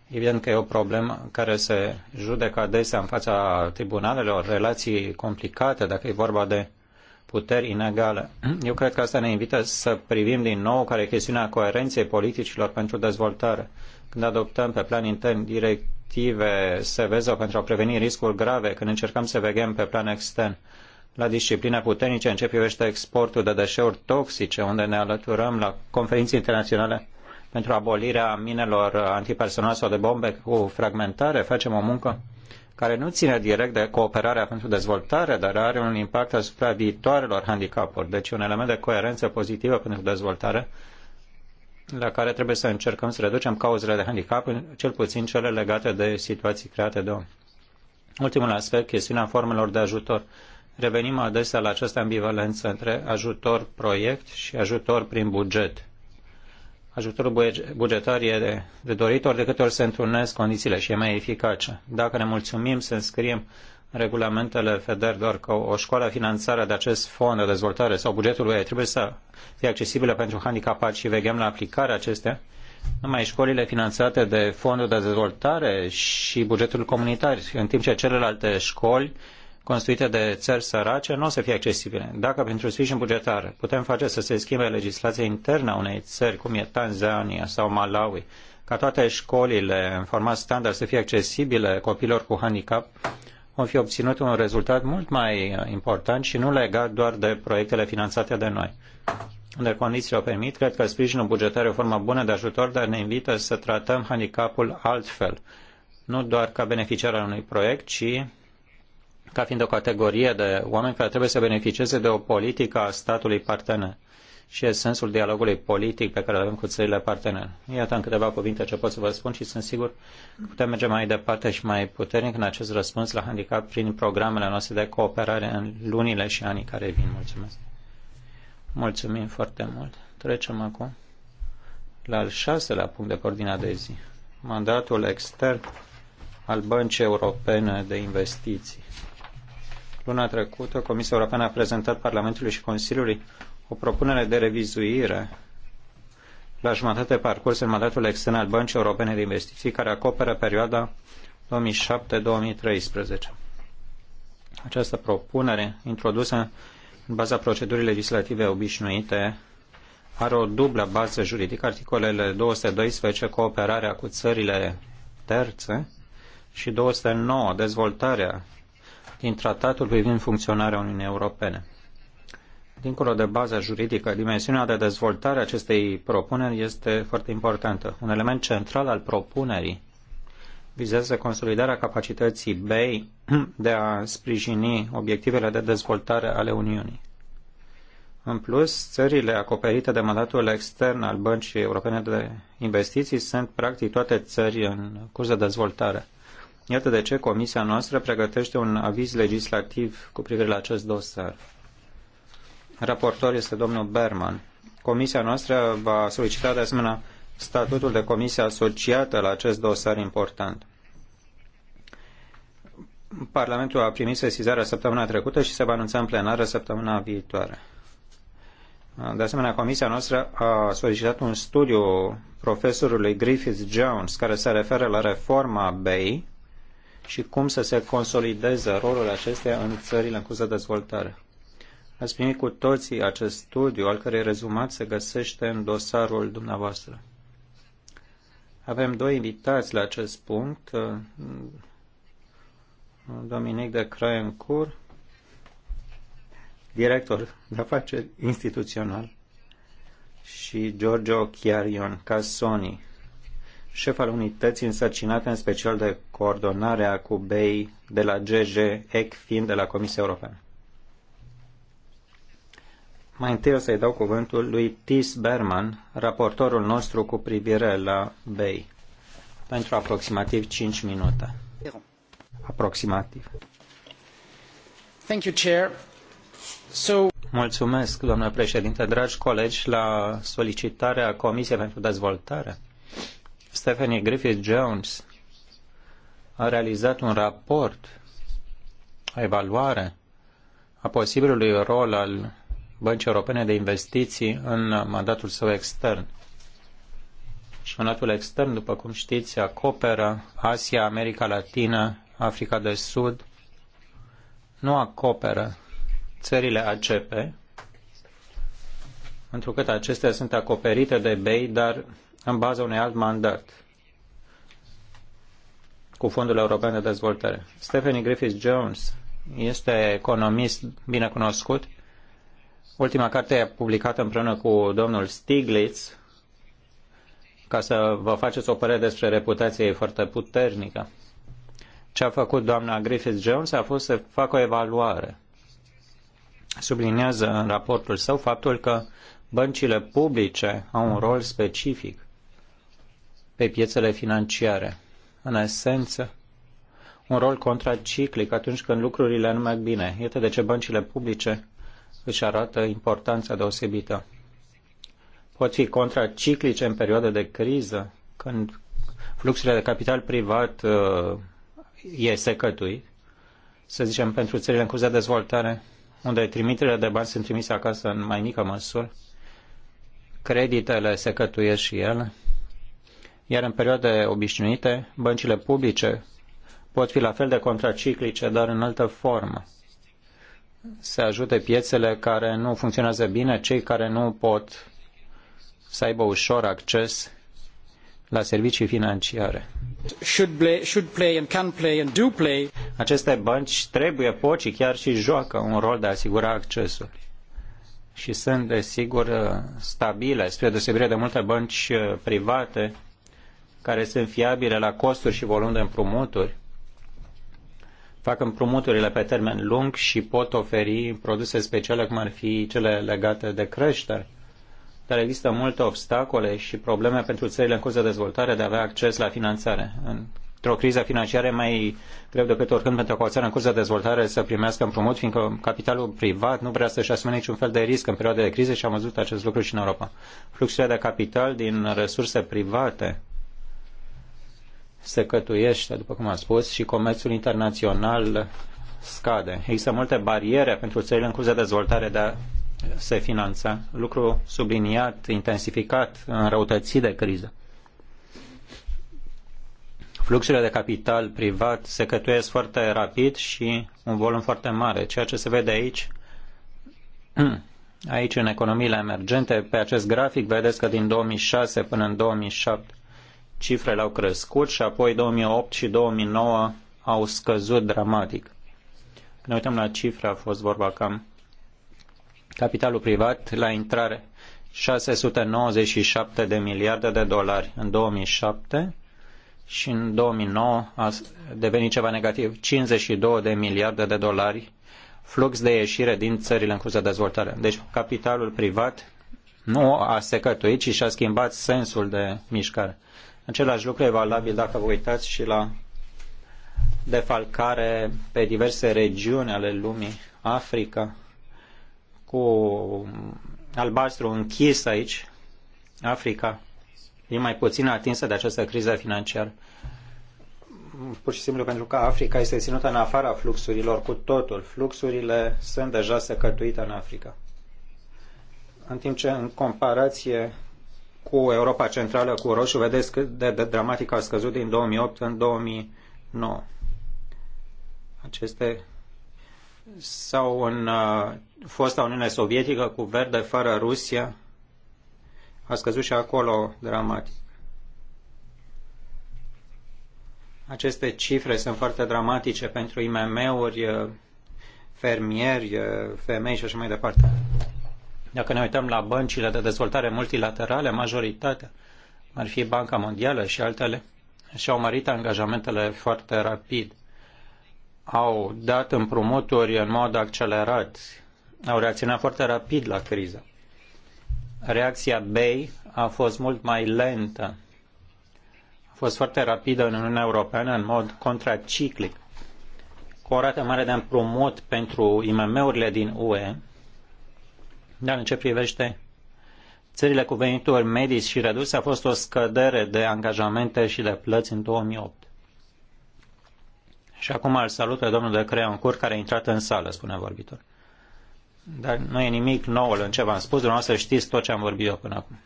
Evident că e o problemă care se judecă adesea în fața tribunalelor, relații complicate, dacă e vorba de puteri inegale. Eu cred că asta ne invită să privim din nou care e chestiunea coerenței politicilor pentru dezvoltare. Când adoptăm pe plan intern directive SEVEZO pentru a preveni riscuri grave, când încercăm să veghem pe plan extern la discipline puternice în ce privește exportul de deșeuri toxice, unde ne alăturăm la conferințe internaționale pentru abolirea minelor antipersonale sau de bombe cu fragmentare, facem o muncă care nu ține direct de cooperarea pentru dezvoltare, dar are un impact asupra viitoarelor handicapuri. Deci un element de coerență pozitivă pentru dezvoltare la care trebuie să încercăm să reducem cauzele de handicap, cel puțin cele legate de situații create de om. Ultimul aspect, chestiunea formelor de ajutor. Revenim adesea la această ambivalență între ajutor proiect și ajutor prin buget ajutorul bugetar e de, de dorit, ori de câte ori se întrunesc condițiile și e mai eficace. Dacă ne mulțumim să înscriem regulamentele FEDER doar că o școală finanțară de acest fond de dezvoltare sau bugetul lui trebuie să fie accesibilă pentru handicapați și veghem la aplicarea acestea, numai școlile finanțate de fondul de dezvoltare și bugetul comunitar, în timp ce celelalte școli construite de țări sărace nu o să fie accesibile. Dacă pentru sprijin bugetar putem face să se schimbe legislația internă a unei țări, cum e Tanzania sau Malawi, ca toate școlile în format standard să fie accesibile copilor cu handicap, vom fi obținut un rezultat mult mai important și nu legat doar de proiectele finanțate de noi. Unde condițiile o permit, cred că sprijinul bugetar e o formă bună de ajutor, dar ne invită să tratăm handicapul altfel, nu doar ca beneficiar al unui proiect, ci ca fiind o categorie de oameni care trebuie să beneficieze de o politică a statului partener și e sensul dialogului politic pe care îl avem cu țările parteneri. Iată în câteva cuvinte ce pot să vă spun și sunt sigur că putem merge mai departe și mai puternic în acest răspuns la handicap prin programele noastre de cooperare în lunile și anii care vin. Mulțumesc! Mulțumim foarte mult! Trecem acum la al șaselea punct de pe ordinea de zi. Mandatul extern al Băncii Europene de Investiții. Luna trecută, Comisia Europeană a prezentat Parlamentului și Consiliului o propunere de revizuire la jumătate parcurs în mandatul extern al Băncii Europene de Investiții, care acoperă perioada 2007-2013. Această propunere, introdusă în baza procedurii legislative obișnuite, are o dublă bază juridică, articolele 212, cooperarea cu țările terțe, și 209, dezvoltarea din tratatul privind funcționarea Uniunii Europene. Dincolo de baza juridică, dimensiunea de dezvoltare a acestei propuneri este foarte importantă. Un element central al propunerii vizează consolidarea capacității BEI de a sprijini obiectivele de dezvoltare ale Uniunii. În plus, țările acoperite de mandatul extern al Băncii Europene de Investiții sunt practic toate țări în curs de dezvoltare. Iată de ce comisia noastră pregătește un aviz legislativ cu privire la acest dosar. Raportor este domnul Berman. Comisia noastră va solicita de asemenea statutul de comisie asociată la acest dosar important. Parlamentul a primit sesizarea săptămâna trecută și se va anunța în plenară săptămâna viitoare. De asemenea, comisia noastră a solicitat un studiu profesorului Griffith Jones care se referă la reforma BEI și cum să se consolideze rolul acesteia în țările în curs de dezvoltare. Ați primit cu toții acest studiu, al cărei rezumat se găsește în dosarul dumneavoastră. Avem doi invitați la acest punct, uh, Dominic de Craiencur, director de afaceri instituțional, și Giorgio Chiarion Cassoni, șef al unității însărcinate în special de coordonarea cu BEI de la GG fiind de la Comisia Europeană. Mai întâi o să-i dau cuvântul lui Tis Berman, raportorul nostru cu privire la BEI, pentru aproximativ 5 minute. Aproximativ. Thank you, Chair. So... Mulțumesc, domnule președinte, dragi colegi, la solicitarea Comisiei pentru Dezvoltare Stephanie Griffith-Jones a realizat un raport, o evaluare a posibilului rol al Băncii Europene de Investiții în mandatul său extern. Și mandatul extern, după cum știți, acoperă Asia, America Latină, Africa de Sud, nu acoperă țările ACP, pentru că acestea sunt acoperite de BEI, dar în baza unui alt mandat cu Fondul European de Dezvoltare. Stephanie Griffith Jones este economist binecunoscut. Ultima carte publicată împreună cu domnul Stiglitz, ca să vă faceți o părere despre reputație foarte puternică. Ce a făcut doamna Griffith Jones a fost să facă o evaluare. Sublinează în raportul său faptul că băncile publice au un rol specific pe piețele financiare. În esență, un rol contraciclic atunci când lucrurile nu merg bine. Iată de ce băncile publice își arată importanța deosebită. Pot fi contraciclice în perioade de criză, când fluxurile de capital privat uh, e secătuit, să zicem pentru țările în curs de dezvoltare, unde trimiterile de bani sunt trimise acasă în mai mică măsură, creditele secătuiesc și ele, iar în perioade obișnuite, băncile publice pot fi la fel de contraciclice, dar în altă formă. Se ajute piețele care nu funcționează bine, cei care nu pot să aibă ușor acces la servicii financiare. Should play, should play and can play and do play. Aceste bănci trebuie, pot și chiar și joacă un rol de a asigura accesul. Și sunt, desigur, stabile, spre deosebire de multe bănci uh, private care sunt fiabile la costuri și volum de împrumuturi, fac împrumuturile pe termen lung și pot oferi produse speciale, cum ar fi cele legate de creștere. Dar există multe obstacole și probleme pentru țările în curs de dezvoltare de a avea acces la finanțare. Într-o criză financiară e mai greu decât oricând pentru o țară în curs de dezvoltare să primească împrumut, fiindcă capitalul privat nu vrea să-și asume niciun fel de risc în perioade de criză și am văzut acest lucru și în Europa. Fluxurile de capital din resurse private se cătuiește, după cum am spus, și comerțul internațional scade. Există multe bariere pentru țările în curs de dezvoltare de a se finanța, lucru subliniat, intensificat, înrăutățit de criză. Fluxurile de capital privat se cătuiesc foarte rapid și un volum foarte mare. Ceea ce se vede aici, aici în economiile emergente, pe acest grafic vedeți că din 2006 până în 2007 cifrele au crescut și apoi 2008 și 2009 au scăzut dramatic. Când ne uităm la cifre, a fost vorba cam capitalul privat la intrare 697 de miliarde de dolari în 2007 și în 2009 a devenit ceva negativ, 52 de miliarde de dolari flux de ieșire din țările în curs de dezvoltare. Deci capitalul privat nu a secătuit, ci și-a schimbat sensul de mișcare. Același lucru e valabil dacă vă uitați și la defalcare pe diverse regiuni ale lumii, Africa, cu albastru închis aici, Africa, e mai puțin atinsă de această criză financiară. Pur și simplu pentru că Africa este ținută în afara fluxurilor cu totul. Fluxurile sunt deja secătuite în Africa. În timp ce, în comparație cu Europa Centrală cu roșu, vedeți cât de, de dramatic a scăzut din 2008 în 2009. Aceste sau în uh, fosta Uniune Sovietică cu verde fără Rusia a scăzut și acolo dramatic. Aceste cifre sunt foarte dramatice pentru IMM-uri, uh, fermieri, uh, femei și așa mai departe. Dacă ne uităm la băncile de dezvoltare multilaterale, majoritatea ar fi Banca Mondială și altele, și-au mărit angajamentele foarte rapid. Au dat împrumuturi în mod accelerat, au reacționat foarte rapid la criză. Reacția BEI a fost mult mai lentă, a fost foarte rapidă în Uniunea Europeană, în mod contraciclic, cu o rată mare de împrumut pentru IMM-urile din UE, dar în ce privește țările cu venituri medii și reduse, a fost o scădere de angajamente și de plăți în 2008. Și acum îl salut pe domnul de Creancur care a intrat în sală, spune vorbitor. Dar nu e nimic nou în ce v-am spus, dumneavoastră știți tot ce am vorbit eu până acum.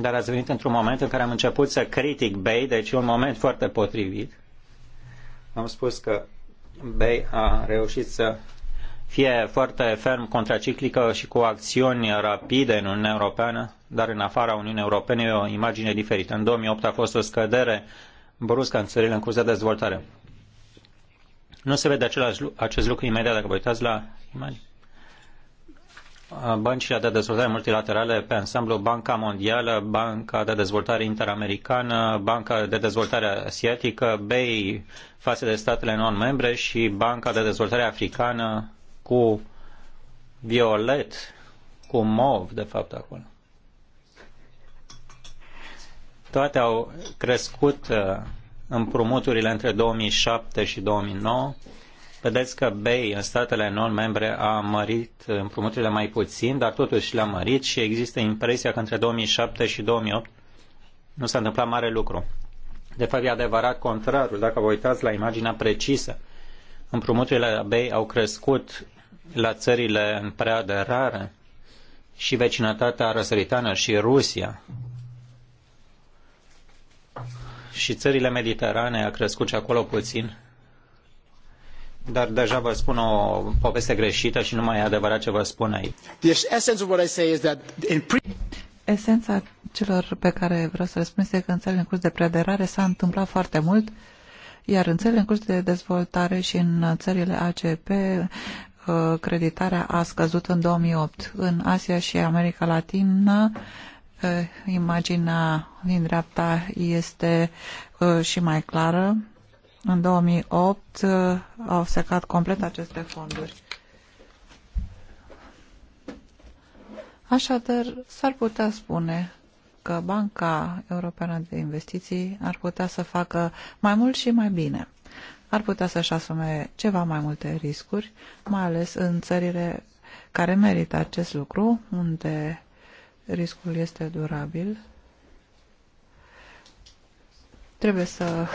Dar ați venit într-un moment în care am început să critic Bay, deci e un moment foarte potrivit. Am spus că Bay a reușit să fie foarte ferm contraciclică și cu acțiuni rapide în Uniunea Europeană, dar în afara Uniunii Europene e o imagine diferită. În 2008 a fost o scădere bruscă în țările în curs de dezvoltare. Nu se vede același, acest lucru imediat dacă vă uitați la imagine. Băncile de dezvoltare multilaterale pe ansamblu, Banca Mondială, Banca de Dezvoltare Interamericană, Banca de Dezvoltare Asiatică, BEI față de statele non-membre și Banca de Dezvoltare Africană cu violet, cu mov, de fapt, acolo. Toate au crescut uh, împrumuturile între 2007 și 2009. Vedeți că BEI în statele non-membre a mărit uh, împrumuturile mai puțin, dar totuși le-a mărit și există impresia că între 2007 și 2008 nu s-a întâmplat mare lucru. De fapt, e adevărat contrarul. Dacă vă uitați la imaginea precisă, împrumuturile BEI au crescut la țările în preaderare și vecinătatea răsăritană și Rusia și țările mediterane a crescut și acolo puțin. Dar deja vă spun o poveste greșită și nu mai e adevărat ce vă spun aici. Esența celor pe care vreau să le spun este că în țările în curs de preaderare s-a întâmplat foarte mult, iar în țările în curs de dezvoltare și în țările ACP Uh, creditarea a scăzut în 2008. În Asia și America Latină, uh, imaginea din dreapta este uh, și mai clară. În 2008 au secat complet aceste fonduri. Așadar, s-ar putea spune că Banca Europeană de Investiții ar putea să facă mai mult și mai bine ar putea să-și asume ceva mai multe riscuri, mai ales în țările care merită acest lucru, unde riscul este durabil. Trebuie să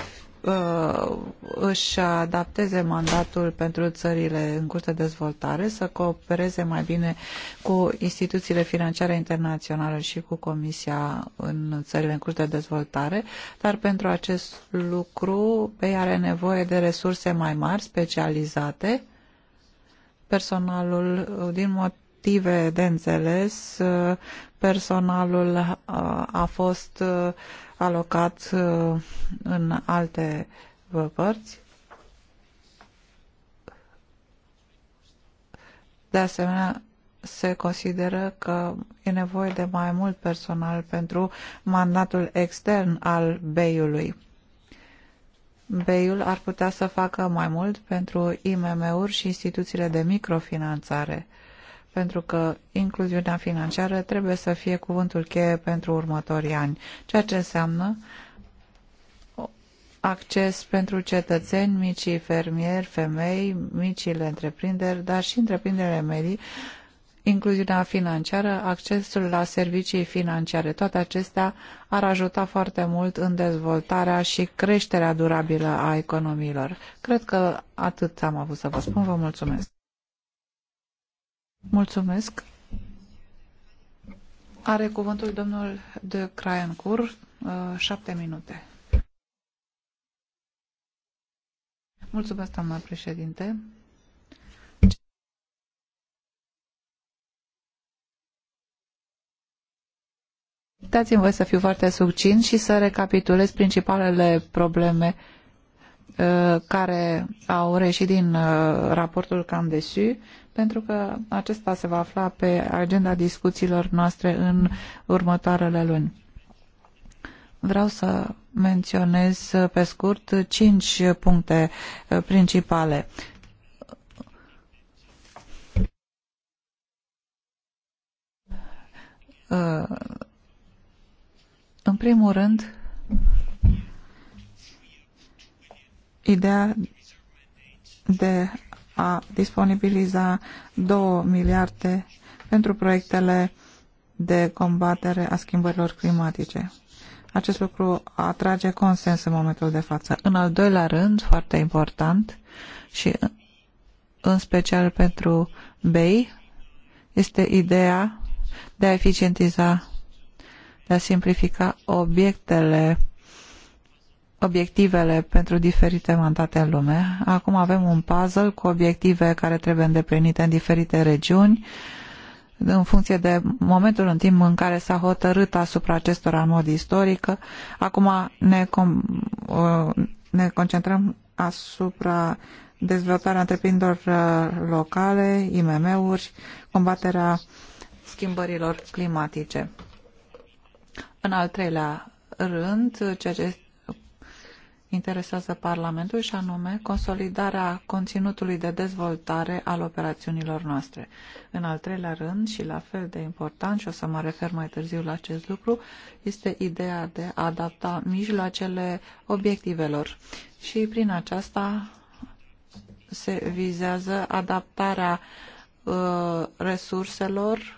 uh, își adapteze mandatul pentru țările în curs de dezvoltare, să coopereze mai bine cu instituțiile financiare internaționale și cu Comisia în țările în curs de dezvoltare, dar pentru acest lucru ei are nevoie de resurse mai mari, specializate, personalul uh, din mod motive de înțeles, personalul uh, a fost uh, alocat uh, în alte părți. De asemenea, se consideră că e nevoie de mai mult personal pentru mandatul extern al BEI-ului. BEI-ul ar putea să facă mai mult pentru IMM-uri și instituțiile de microfinanțare pentru că incluziunea financiară trebuie să fie cuvântul cheie pentru următorii ani, ceea ce înseamnă acces pentru cetățeni, micii fermieri, femei, micile întreprinderi, dar și întreprinderile medii, incluziunea financiară, accesul la servicii financiare. Toate acestea ar ajuta foarte mult în dezvoltarea și creșterea durabilă a economiilor. Cred că atât am avut să vă spun. Vă mulțumesc! Mulțumesc. Are cuvântul domnul de Craiancur, uh, șapte minute. Mulțumesc, doamna președinte. Dați-mi voi să fiu foarte succint și să recapitulez principalele probleme uh, care au reșit din uh, raportul de Candesu, pentru că acesta se va afla pe agenda discuțiilor noastre în următoarele luni. Vreau să menționez pe scurt cinci puncte uh, principale. Uh, în primul rând, ideea de a disponibiliza 2 miliarde pentru proiectele de combatere a schimbărilor climatice. Acest lucru atrage consens în momentul de față. În al doilea rând, foarte important și în special pentru BEI, este ideea de a eficientiza, de a simplifica obiectele obiectivele pentru diferite mandate în lume. Acum avem un puzzle cu obiective care trebuie îndeplinite în diferite regiuni în funcție de momentul în timp în care s-a hotărât asupra acestora în mod istoric. Acum ne, uh, ne concentrăm asupra dezvoltarea întreprinderilor uh, locale, IMM-uri, combaterea schimbărilor climatice. În al treilea rând, ceea ce interesează Parlamentul și anume consolidarea conținutului de dezvoltare al operațiunilor noastre. În al treilea rând și la fel de important, și o să mă refer mai târziu la acest lucru, este ideea de a adapta mijloacele obiectivelor și prin aceasta se vizează adaptarea uh, resurselor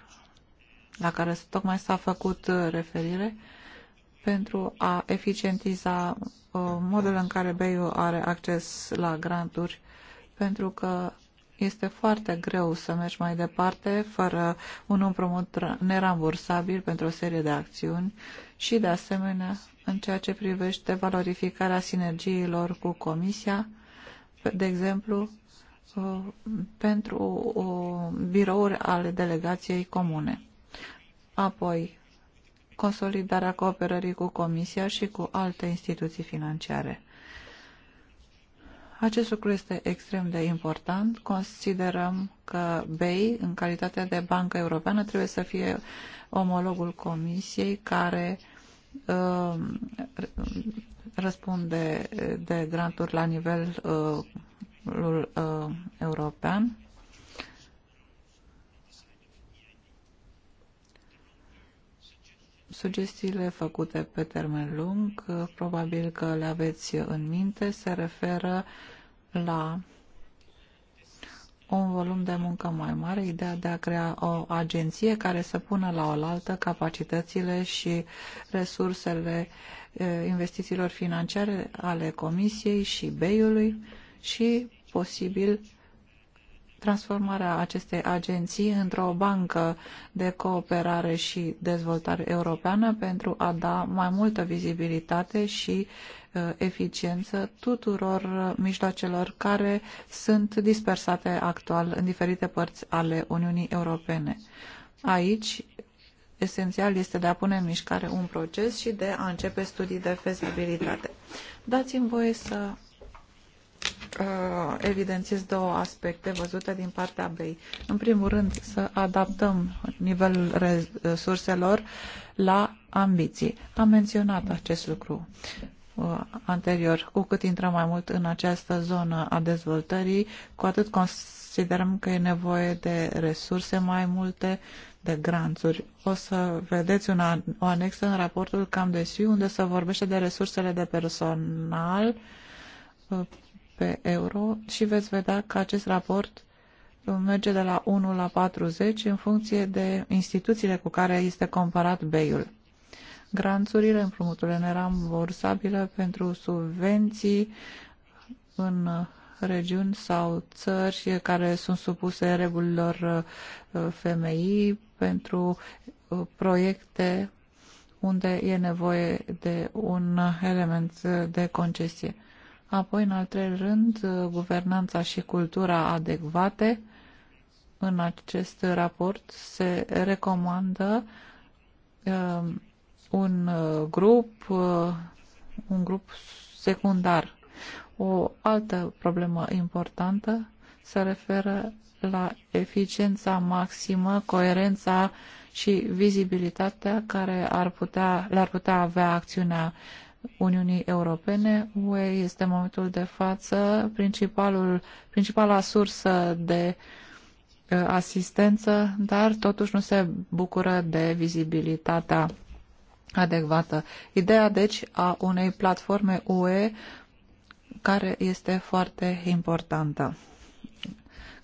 la care tocmai s-a făcut uh, referire pentru a eficientiza Uh, modul în care BEIU are acces la granturi, pentru că este foarte greu să mergi mai departe fără un împrumut nerambursabil pentru o serie de acțiuni și, de asemenea, în ceea ce privește valorificarea sinergiilor cu Comisia, de exemplu, uh, pentru uh, birouri ale delegației comune. Apoi, consolidarea cooperării cu Comisia și cu alte instituții financiare. Acest lucru este extrem de important. Considerăm că BEI, în calitatea de bancă europeană, trebuie să fie omologul Comisiei care um, răspunde de granturi la nivelul uh, european Sugestiile făcute pe termen lung, probabil că le aveți în minte, se referă la un volum de muncă mai mare, ideea de a crea o agenție care să pună la oaltă capacitățile și resursele investițiilor financiare ale Comisiei și BEI-ului și posibil transformarea acestei agenții într-o bancă de cooperare și dezvoltare europeană pentru a da mai multă vizibilitate și uh, eficiență tuturor mijloacelor care sunt dispersate actual în diferite părți ale Uniunii Europene. Aici, esențial este de a pune în mișcare un proces și de a începe studii de fezabilitate. Dați-mi voie să Uh, evidențiez două aspecte văzute din partea BEI. În primul rând, să adaptăm nivelul resurselor la ambiții. Am menționat acest lucru uh, anterior. Cu cât intrăm mai mult în această zonă a dezvoltării, cu atât considerăm că e nevoie de resurse mai multe, de granturi. O să vedeți una, o anexă în raportul cam de SIU unde se vorbește de resursele de personal uh, pe euro și veți vedea că acest raport uh, merge de la 1 la 40 în funcție de instituțiile cu care este comparat BEI-ul. Granțurile, împrumuturile nerambursabile pentru subvenții în regiuni sau țări care sunt supuse regulilor uh, FMI pentru uh, proiecte unde e nevoie de un element de concesie. Apoi, în al treilea rând, guvernanța și cultura adecvate. În acest raport se recomandă uh, un grup, uh, un grup secundar. O altă problemă importantă se referă la eficiența maximă, coerența și vizibilitatea care ar putea, le-ar putea avea acțiunea uh, Uniunii Europene. UE este în momentul de față principalul, principala sursă de ă, asistență, dar totuși nu se bucură de vizibilitatea adecvată. Ideea, deci, a unei platforme UE care este foarte importantă.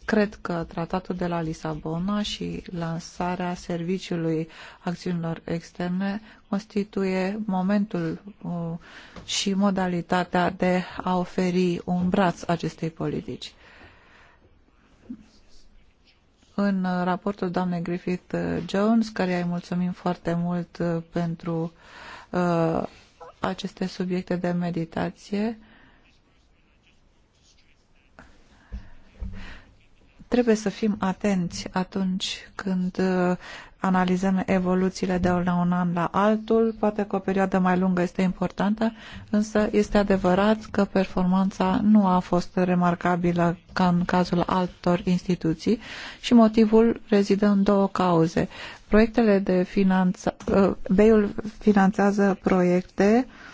Cred că tratatul de la Lisabona și lansarea serviciului acțiunilor externe constituie momentul uh, și modalitatea de a oferi un braț acestei politici. În raportul doamnei Griffith Jones, care îi mulțumim foarte mult uh, pentru uh, aceste subiecte de meditație, Trebuie să fim atenți atunci când uh, analizăm evoluțiile de la un an la altul. Poate că o perioadă mai lungă este importantă, însă este adevărat că performanța nu a fost remarcabilă ca în cazul altor instituții și motivul rezidă în două cauze. Proiectele de finanță... Uh, BEI-ul finanțează proiecte uh,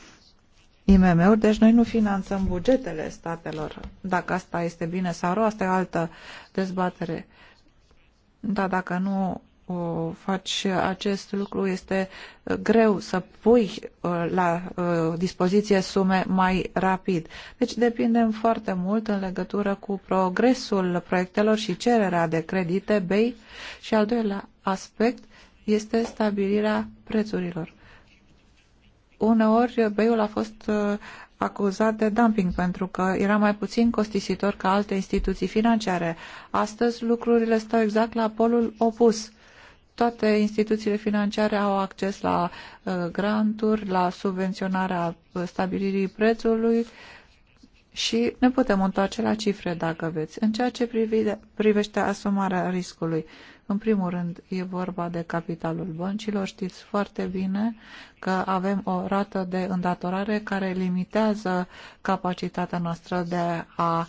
IMM-uri, deci noi nu finanțăm bugetele statelor. Dacă asta este bine sau rău, asta e altă dezbatere. Dar dacă nu o faci acest lucru, este uh, greu să pui uh, la uh, dispoziție sume mai rapid. Deci depindem foarte mult în legătură cu progresul proiectelor și cererea de credite BEI și al doilea aspect este stabilirea prețurilor uneori BEI-ul a fost uh, acuzat de dumping pentru că era mai puțin costisitor ca alte instituții financiare. Astăzi lucrurile stau exact la polul opus. Toate instituțiile financiare au acces la uh, granturi, la subvenționarea uh, stabilirii prețului și ne putem întoarce la cifre dacă veți. În ceea ce privește asumarea riscului, în primul rând, e vorba de capitalul băncilor. Știți foarte bine că avem o rată de îndatorare care limitează capacitatea noastră de a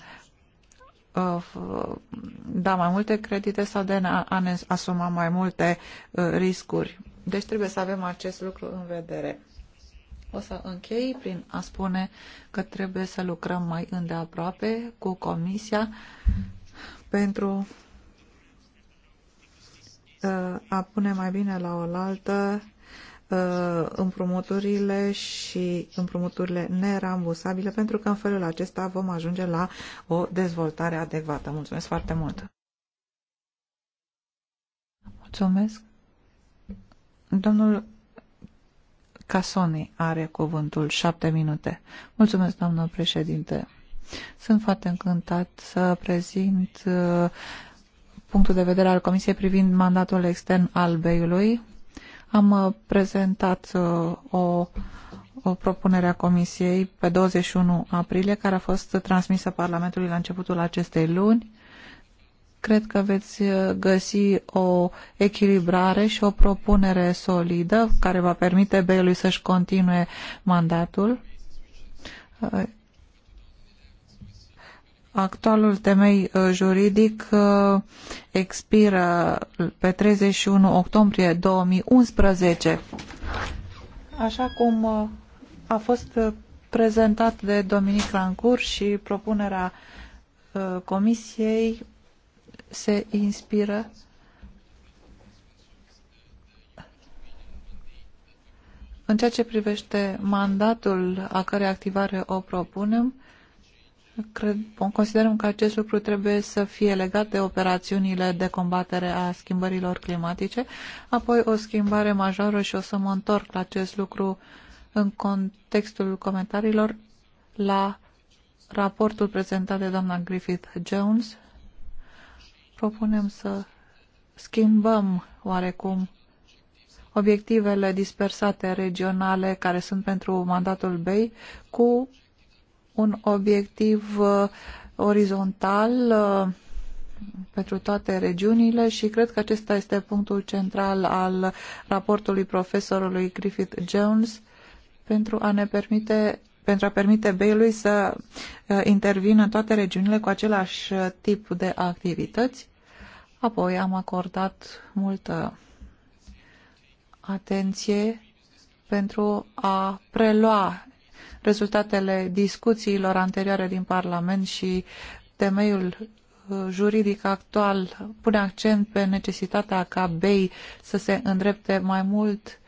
uh, da mai multe credite sau de a ne asuma mai multe uh, riscuri. Deci trebuie să avem acest lucru în vedere. O să închei prin a spune că trebuie să lucrăm mai îndeaproape cu Comisia pentru a pune mai bine la oaltă împrumuturile și împrumuturile nerambursabile, pentru că în felul acesta vom ajunge la o dezvoltare adecvată. Mulțumesc foarte mult! Mulțumesc! Domnul Casoni are cuvântul, șapte minute. Mulțumesc, domnul președinte! Sunt foarte încântat să prezint uh, punctul de vedere al Comisiei privind mandatul extern al BEI-ului. Am uh, prezentat uh, o, o propunere a Comisiei pe 21 aprilie, care a fost transmisă Parlamentului la începutul acestei luni. Cred că veți uh, găsi o echilibrare și o propunere solidă care va permite BEI-ului să-și continue mandatul Actualul temei uh, juridic uh, expiră pe 31 octombrie 2011, așa cum uh, a fost prezentat de Dominic Rancur și propunerea Comisiei se inspiră În ceea ce privește mandatul a cărei activare o propunem, Cred, considerăm că acest lucru trebuie să fie legat de operațiunile de combatere a schimbărilor climatice, apoi o schimbare majoră și o să mă întorc la acest lucru în contextul comentariilor la raportul prezentat de doamna Griffith Jones. Propunem să schimbăm oarecum obiectivele dispersate regionale care sunt pentru mandatul BEI cu un obiectiv uh, orizontal uh, pentru toate regiunile și cred că acesta este punctul central al raportului profesorului Griffith Jones pentru a ne permite pentru a permite Bailey să uh, intervină în toate regiunile cu același tip de activități. Apoi am acordat multă atenție pentru a prelua rezultatele discuțiilor anterioare din Parlament și temeiul uh, juridic actual pune accent pe necesitatea ca BEI să se îndrepte mai mult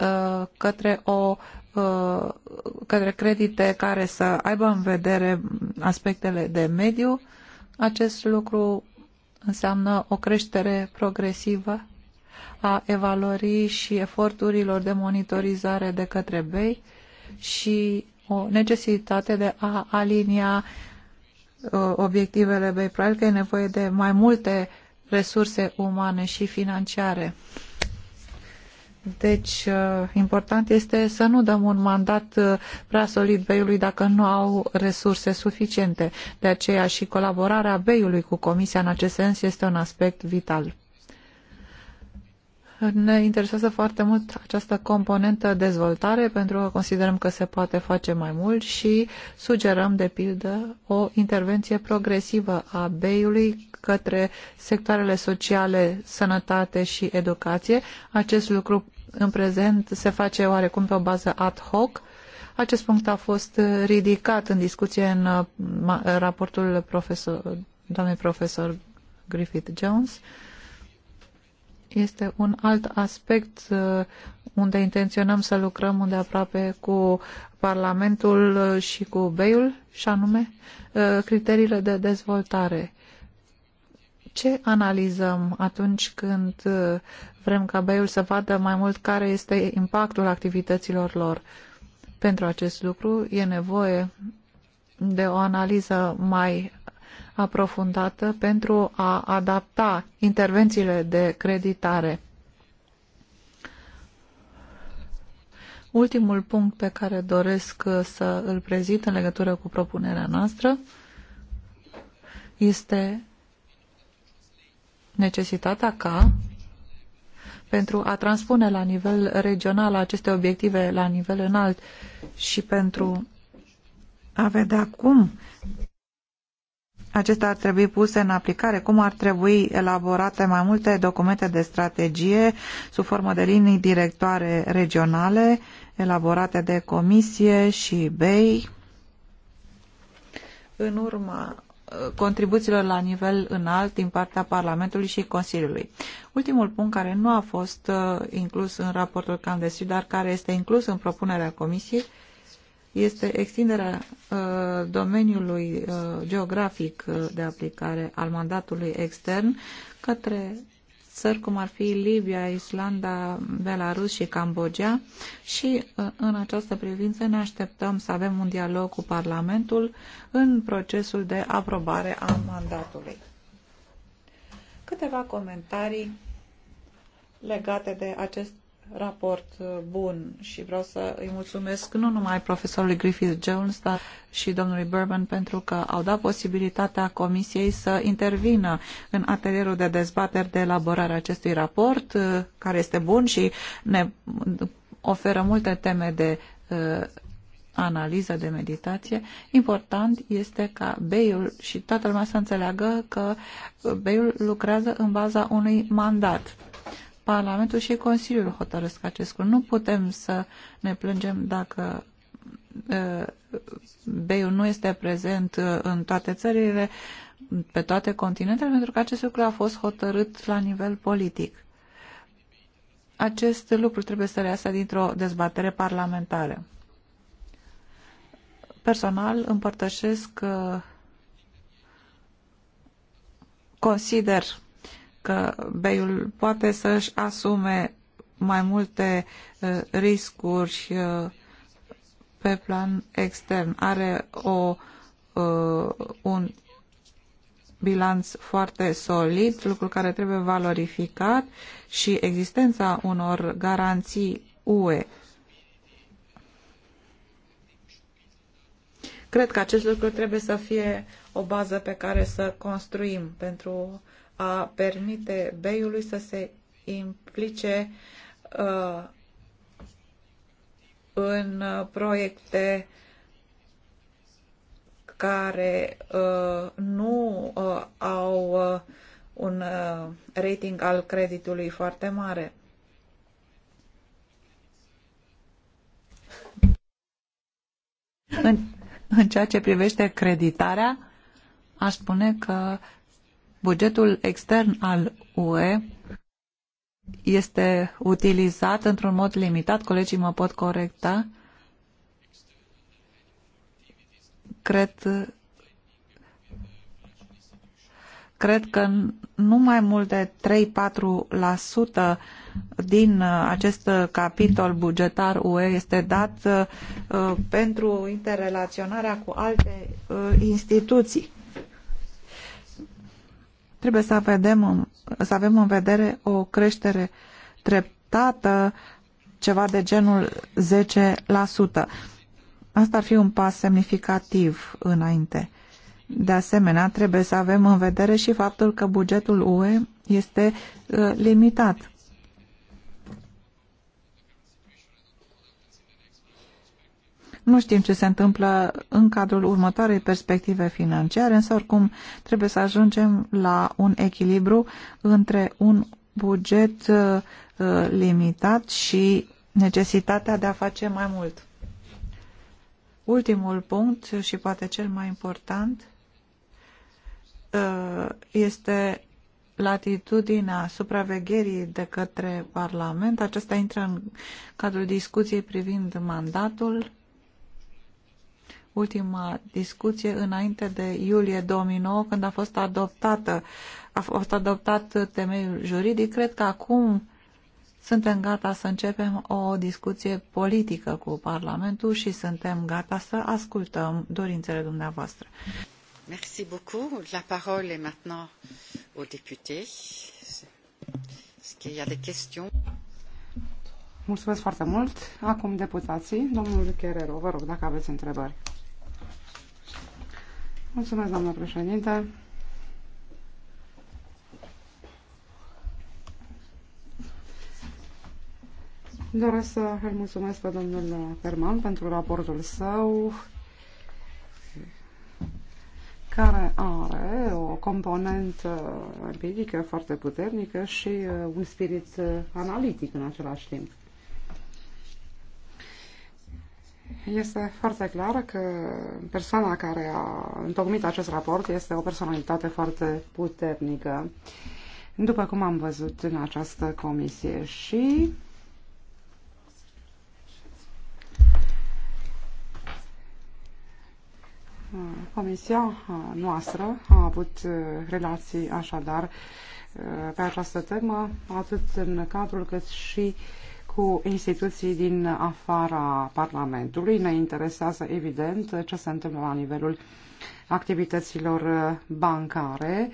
uh, către o uh, către credite care să aibă în vedere aspectele de mediu. Acest lucru înseamnă o creștere progresivă a evaluării și eforturilor de monitorizare de către BEI și o necesitate de a alinia ă, obiectivele BEI. Probabil că e nevoie de mai multe resurse umane și financiare. Deci, ă, important este să nu dăm un mandat ă, prea solid BEI-ului dacă nu au resurse suficiente. De aceea și colaborarea BEI-ului cu Comisia în acest sens este un aspect vital ne interesează foarte mult această componentă dezvoltare pentru că considerăm că se poate face mai mult și sugerăm, de pildă, o intervenție progresivă a BEI-ului către sectoarele sociale, sănătate și educație. Acest lucru în prezent se face oarecum pe o bază ad hoc. Acest punct a fost ridicat în discuție în uh, raportul profesor, doamnei profesor Griffith Jones. Uh, este un alt aspect uh, unde intenționăm să lucrăm unde aproape cu Parlamentul uh, și cu BEI-ul, și anume uh, criteriile de dezvoltare. Ce analizăm atunci când vrem ca BEI-ul să vadă mai mult care este impactul activităților lor? Pentru acest lucru e nevoie de o analiză mai aprofundată pentru a adapta intervențiile de creditare. Ultimul punct pe care doresc să îl prezint în legătură cu propunerea noastră este necesitatea ca pentru a transpune la nivel regional aceste obiective la nivel înalt și pentru a vedea cum acestea ar trebui puse în aplicare, cum ar trebui elaborate mai multe documente de strategie sub formă de linii directoare regionale elaborate de Comisie și BEI în urma uh, contribuțiilor la nivel înalt din partea Parlamentului și Consiliului. Ultimul punct care nu a fost uh, inclus în raportul Cam dar care este inclus în propunerea Comisiei, este extinderea uh, domeniului uh, geografic uh, de aplicare al mandatului extern către țări cum ar fi Libia, Islanda, Belarus și Cambodgia și în această privință ne așteptăm să avem un dialog cu Parlamentul în procesul de aprobare a mandatului. Câteva comentarii legate de acest raport uh, bun și vreau să îi mulțumesc nu numai profesorului Griffith Jones, dar și domnului Berman pentru că au dat posibilitatea comisiei să intervină în atelierul de dezbateri de elaborare a acestui raport, uh, care este bun și ne oferă multe teme de uh, analiză, de meditație. Important este ca Beiul și toată lumea să înțeleagă că Beiul lucrează în baza unui mandat Parlamentul și Consiliul hotărăsc acest lucru. Nu putem să ne plângem dacă Beiu nu este prezent în toate țările, pe toate continentele, pentru că acest lucru a fost hotărât la nivel politic. Acest lucru trebuie să reiasă dintr-o dezbatere parlamentară. Personal împărtășesc, consider că Beiul poate să-și asume mai multe uh, riscuri uh, pe plan extern. Are o, uh, un bilanț foarte solid, lucru care trebuie valorificat și existența unor garanții UE. Cred că acest lucru trebuie să fie o bază pe care să construim pentru a permite Beiului să se implice uh, în uh, proiecte care uh, nu uh, au uh, un uh, rating al creditului foarte mare. În, în ceea ce privește creditarea, aș spune că Bugetul extern al UE este utilizat într-un mod limitat, colegii mă pot corecta, cred cred că nu mai mult de 3-4% din uh, acest capitol bugetar UE este dat uh, pentru interrelaționarea cu alte uh, instituții. Trebuie să, vedem, să avem în vedere o creștere treptată, ceva de genul 10%. Asta ar fi un pas semnificativ înainte. De asemenea, trebuie să avem în vedere și faptul că bugetul UE este uh, limitat. Nu știm ce se întâmplă în cadrul următoarei perspective financiare, însă oricum trebuie să ajungem la un echilibru între un buget uh, limitat și necesitatea de a face mai mult. Ultimul punct și poate cel mai important uh, este latitudinea supravegherii de către Parlament. Acesta intră în cadrul discuției privind mandatul ultima discuție înainte de iulie 2009, când a fost adoptată, a fost adoptat temeiul juridic. Cred că acum suntem gata să începem o discuție politică cu Parlamentul și suntem gata să ascultăm dorințele dumneavoastră. Merci beaucoup. La parole est maintenant aux députés. Est-ce qu'il y a des questions? Mulțumesc foarte mult. Acum deputații, domnul Cherero, vă rog, dacă aveți întrebări. Mulțumesc, doamnă președinte. Doresc să îl mulțumesc pe domnul Perman pentru raportul său, care are o componentă empirică foarte puternică și uh, un spirit uh, analitic în același timp. Este foarte clar că persoana care a întocmit acest raport este o personalitate foarte puternică, după cum am văzut în această comisie. Și Comisia noastră a avut relații așadar pe această temă, atât în cadrul cât și uh, cu instituții din afara Parlamentului. Ne interesează, evident, ce se întâmplă la nivelul activităților bancare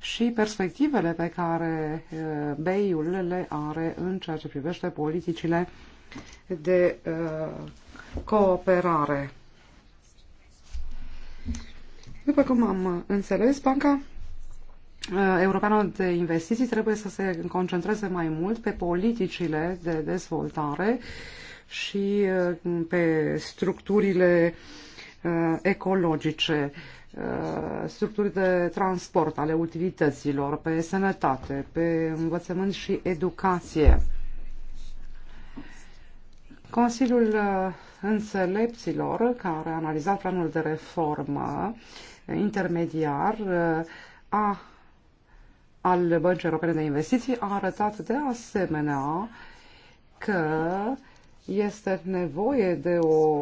și perspectivele pe care eh, BEI-ul le are în ceea ce privește politicile de eh, cooperare. După cum am înțeles, banca Uh, Europeană de Investiții trebuie să se concentreze mai mult pe politicile de dezvoltare și uh, pe structurile uh, ecologice, structuri de transport ale utilităților, pe sănătate, pe învățământ și educație. Consiliul Înțelepților, care a analizat planul de reformă intermediar, a al Băncii Europene de Investiții a arătat de asemenea că este nevoie de o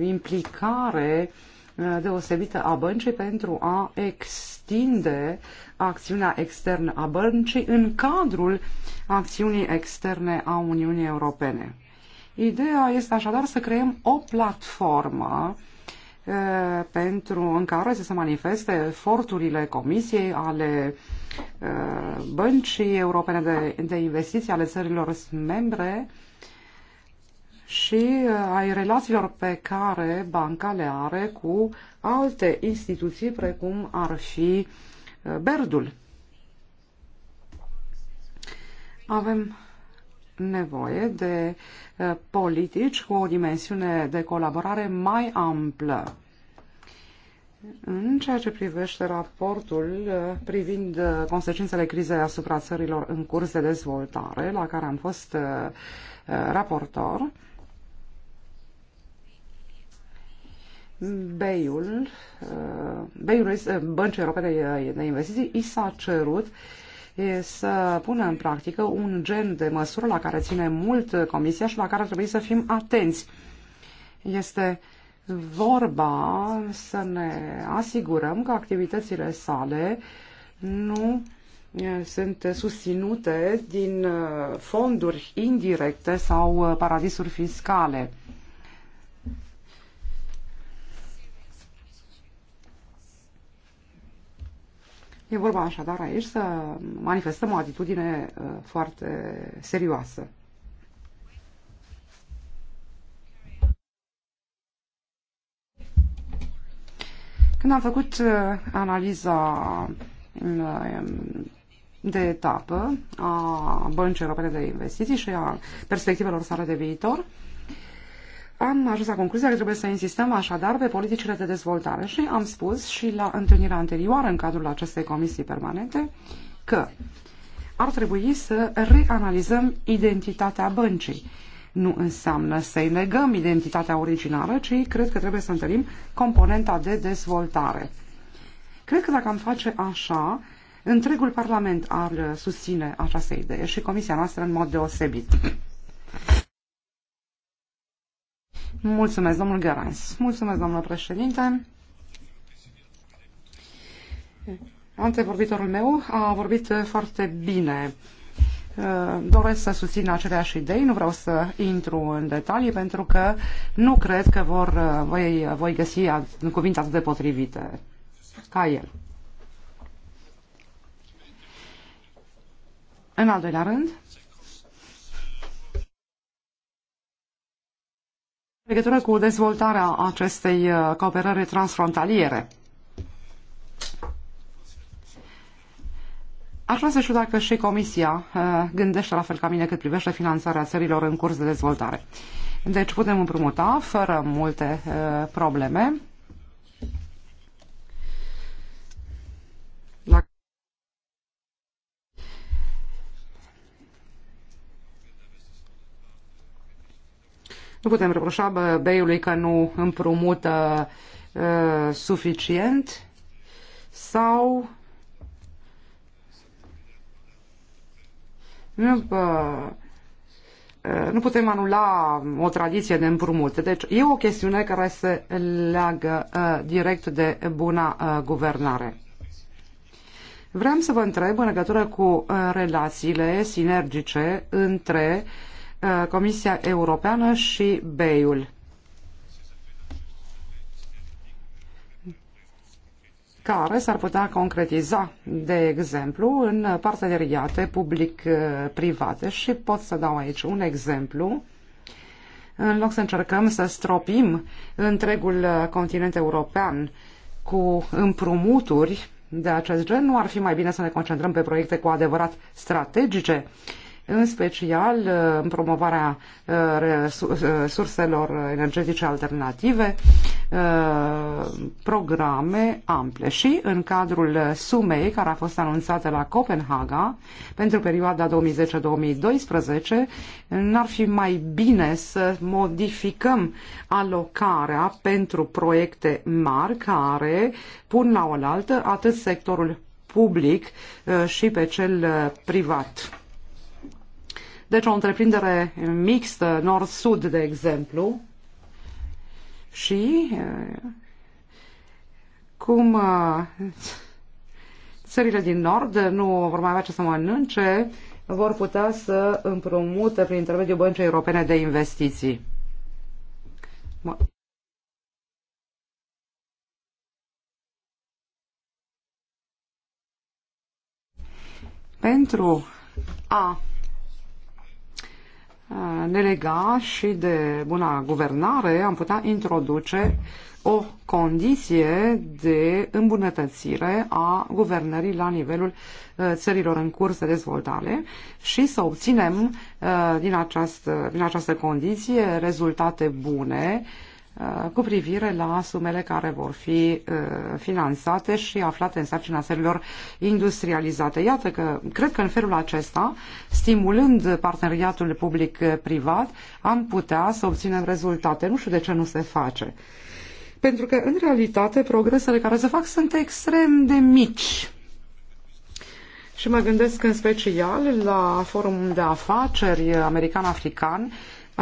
implicare uh, deosebită a băncii pentru a extinde acțiunea externă a băncii în cadrul acțiunii externe a Uniunii Europene. Ideea este așadar să creăm o platformă uh, Uh, pentru în care să se manifeste eforturile Comisiei ale uh, Băncii Europene de, de Investiții ale țărilor membre și uh, ai relațiilor pe care banca le are cu alte instituții precum ar fi Berdul. Avem nevoie de politici cu o dimensiune de colaborare mai amplă. În ceea ce privește raportul uh, privind uh, consecințele crizei asupra țărilor în curs de dezvoltare, la care am fost uh, raportor, Beiul, Beiul Băncii Europene de Investiții i s-a cerut să pună în practică un gen de măsură la care ține mult Comisia și la care trebuie să fim atenți. Este uh, vorba să ne asigurăm că activitățile sale nu eh, sunt susținute din eh, fonduri indirecte sau eh, paradisuri fiscale. E vorba așadar aici să manifestăm o atitudine foarte serioasă. Când am făcut uh, analiza um, de etapă a Băncii Europene de Investiții și a perspectivelor sale de viitor, am ajuns la concluzia că trebuie să insistăm așadar pe politicile de dezvoltare și am spus și la întâlnirea anterioară în cadrul acestei comisii permanente că ar trebui să reanalizăm identitatea băncii nu înseamnă să-i negăm identitatea originală, ci cred că trebuie să întărim componenta de dezvoltare. Cred că dacă am face așa, întregul Parlament ar susține această idee și Comisia noastră în mod deosebit. Mulțumesc, domnul Gărans. Mulțumesc, domnul președinte. Antevorbitorul meu a vorbit foarte bine Uh, doresc să susțin aceleași idei, nu vreau să intru în detalii pentru că nu cred că vor, uh, voi, uh, voi găsi cuvinte atât de potrivite ca el. În al doilea rând, legătură cu dezvoltarea acestei cooperări transfrontaliere. Aș vrea să știu dacă și Comisia uh, gândește la fel ca mine cât privește finanțarea țărilor în curs de dezvoltare. Deci putem împrumuta fără multe uh, probleme. Nu putem reproșa beiului că nu împrumută uh, suficient sau Nu, nu putem anula o tradiție de împrumut. Deci e o chestiune care se leagă direct de buna guvernare. Vreau să vă întreb în legătură cu relațiile sinergice între Comisia Europeană și BEI-ul. care s-ar putea concretiza, de exemplu, în parteneriate public-private și pot să dau aici un exemplu. În loc să încercăm să stropim întregul continent european cu împrumuturi de acest gen, nu ar fi mai bine să ne concentrăm pe proiecte cu adevărat strategice în special uh, în promovarea uh, uh, surselor energetice alternative, programe ample și în cadrul sumei care a fost anunțată la Copenhaga pentru perioada 2010-2012 n-ar fi mai bine să modificăm alocarea pentru proiecte mari care pun la oaltă atât sectorul public și pe cel privat deci o întreprindere mixtă, nord-sud, de exemplu, și cum țările din nord nu vor mai avea ce să mănânce, vor putea să împrumute prin intermediul Băncii Europene de Investiții. Pentru a ne eh, lega și de buna guvernare, am putea introduce o condiție de îmbunătățire a guvernării la nivelul eh, țărilor în curs de dezvoltare și să obținem eh, din această, din această condiție rezultate bune Uh, cu privire la sumele care vor fi uh, finanțate și aflate în sarcina țărilor industrializate. Iată că cred că în felul acesta, stimulând parteneriatul public-privat, am putea să obținem rezultate. Nu știu de ce nu se face. Pentru că, în realitate, progresele care se fac sunt extrem de mici. Și mă gândesc în special la forumul de afaceri american-african,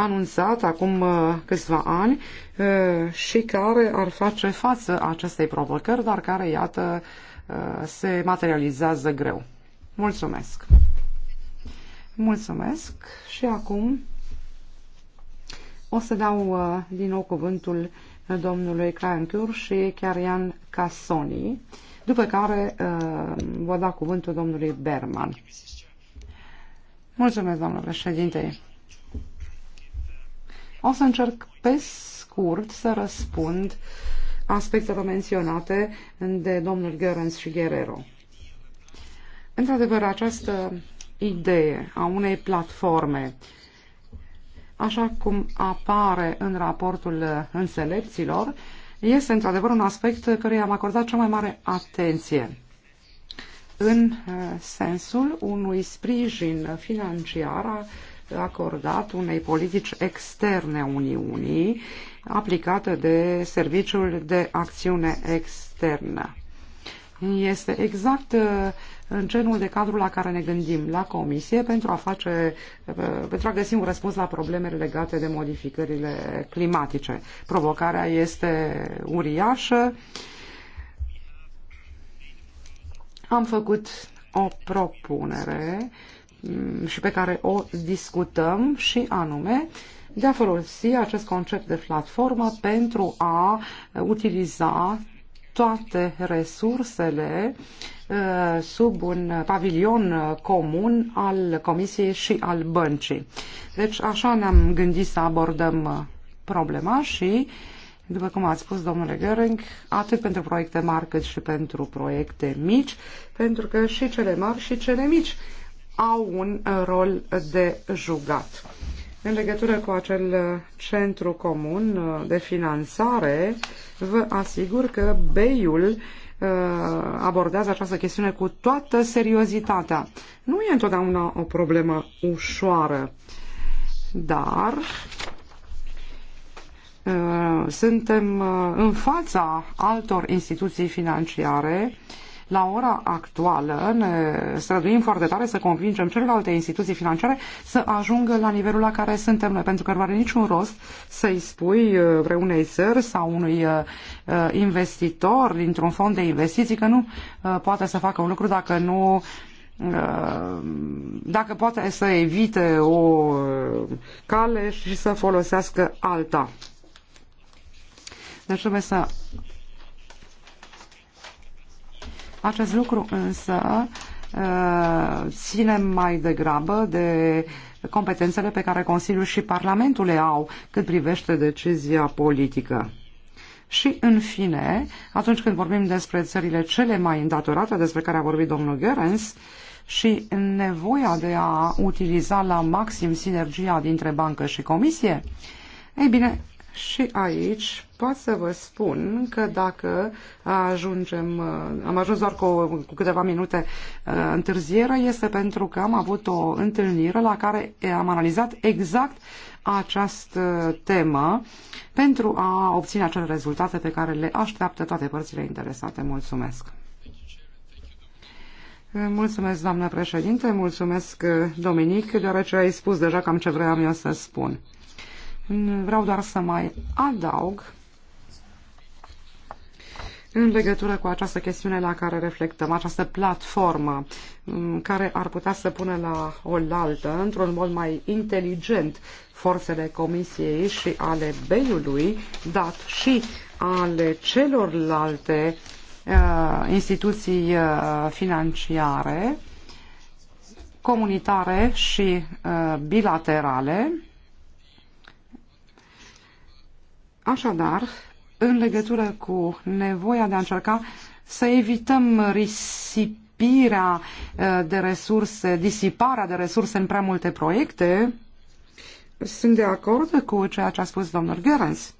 anunțat acum uh, câțiva ani uh, și care ar face față acestei provocări, dar care, iată, uh, se materializează greu. Mulțumesc! Mulțumesc și acum o să dau din nou cuvântul domnului Crancur și Chiarian Casoni, după care vă da cuvântul domnului Berman. Mulțumesc, doamnă președinte. O să încerc pe scurt să răspund aspectele menționate de domnul Gerens și Guerrero. Într-adevăr, această idee a unei platforme, așa cum apare în raportul înțelepților, este într-adevăr un aspect căruia am acordat cea mai mare atenție în uh, sensul unui sprijin financiar acordat unei politici externe Uniunii aplicată de Serviciul de Acțiune Externă. Este exact uh, în genul de cadru la care ne gândim la Comisie pentru a, face, uh, pentru a găsi un răspuns la problemele legate de modificările climatice. Provocarea este uriașă. Am făcut o propunere uh, și pe care o discutăm și anume de a folosi acest concept de platformă pentru a utiliza toate resursele uh, sub un pavilion comun al Comisiei și al băncii. Deci așa ne-am gândit să abordăm problema și, după cum ați spus, domnule Göring, atât pentru proiecte mari cât și pentru proiecte mici, pentru că și cele mari și cele mici au un uh, rol de jucat. În legătură cu acel uh, centru comun uh, de finanțare, vă asigur că BEI-ul abordează această chestiune cu toată seriozitatea. Nu e întotdeauna o problemă ușoară, dar suntem în fața altor instituții financiare uh, la ora actuală ne străduim foarte tare să convingem celelalte instituții financiare să ajungă la nivelul la care suntem noi, pentru că nu are niciun rost să-i spui uh, vreunei țări sau unui uh, uh, investitor dintr-un fond de investiții că nu poate să facă un lucru dacă nu dacă poate să evite o cale și să folosească alta. Deci trebuie să acest lucru însă uh, ține mai degrabă de competențele pe care Consiliul și Parlamentul le au cât privește decizia politică. Și, în fine, atunci când vorbim despre țările cele mai îndatorate, despre care a vorbit domnul Gerens, și nevoia de a utiliza la maxim sinergia dintre bancă și comisie, ei bine, și aici pot să vă spun că dacă ajungem, uh, am ajuns doar cu, cu câteva minute uh, întârziere, este pentru că am avut o întâlnire la care am analizat exact această temă pentru a obține acele rezultate pe care le așteaptă toate părțile interesate. Mulțumesc! Mulțumesc, doamnă președinte, mulțumesc, uh, Dominic, deoarece ai spus deja cam ce vreau eu să spun. Vreau doar să mai adaug în legătură cu această chestiune la care reflectăm, această platformă mm, care ar putea să pună la oaltă, într-un mod mai inteligent, forțele Comisiei și ale Beiului, dar și ale celorlalte uh, instituții uh, financiare, comunitare și uh, bilaterale, Așadar, în legătură cu nevoia de a încerca să evităm risipirea uh, de resurse, disiparea de resurse în prea multe proiecte, sunt de acord cu ceea ce a spus domnul Gerens.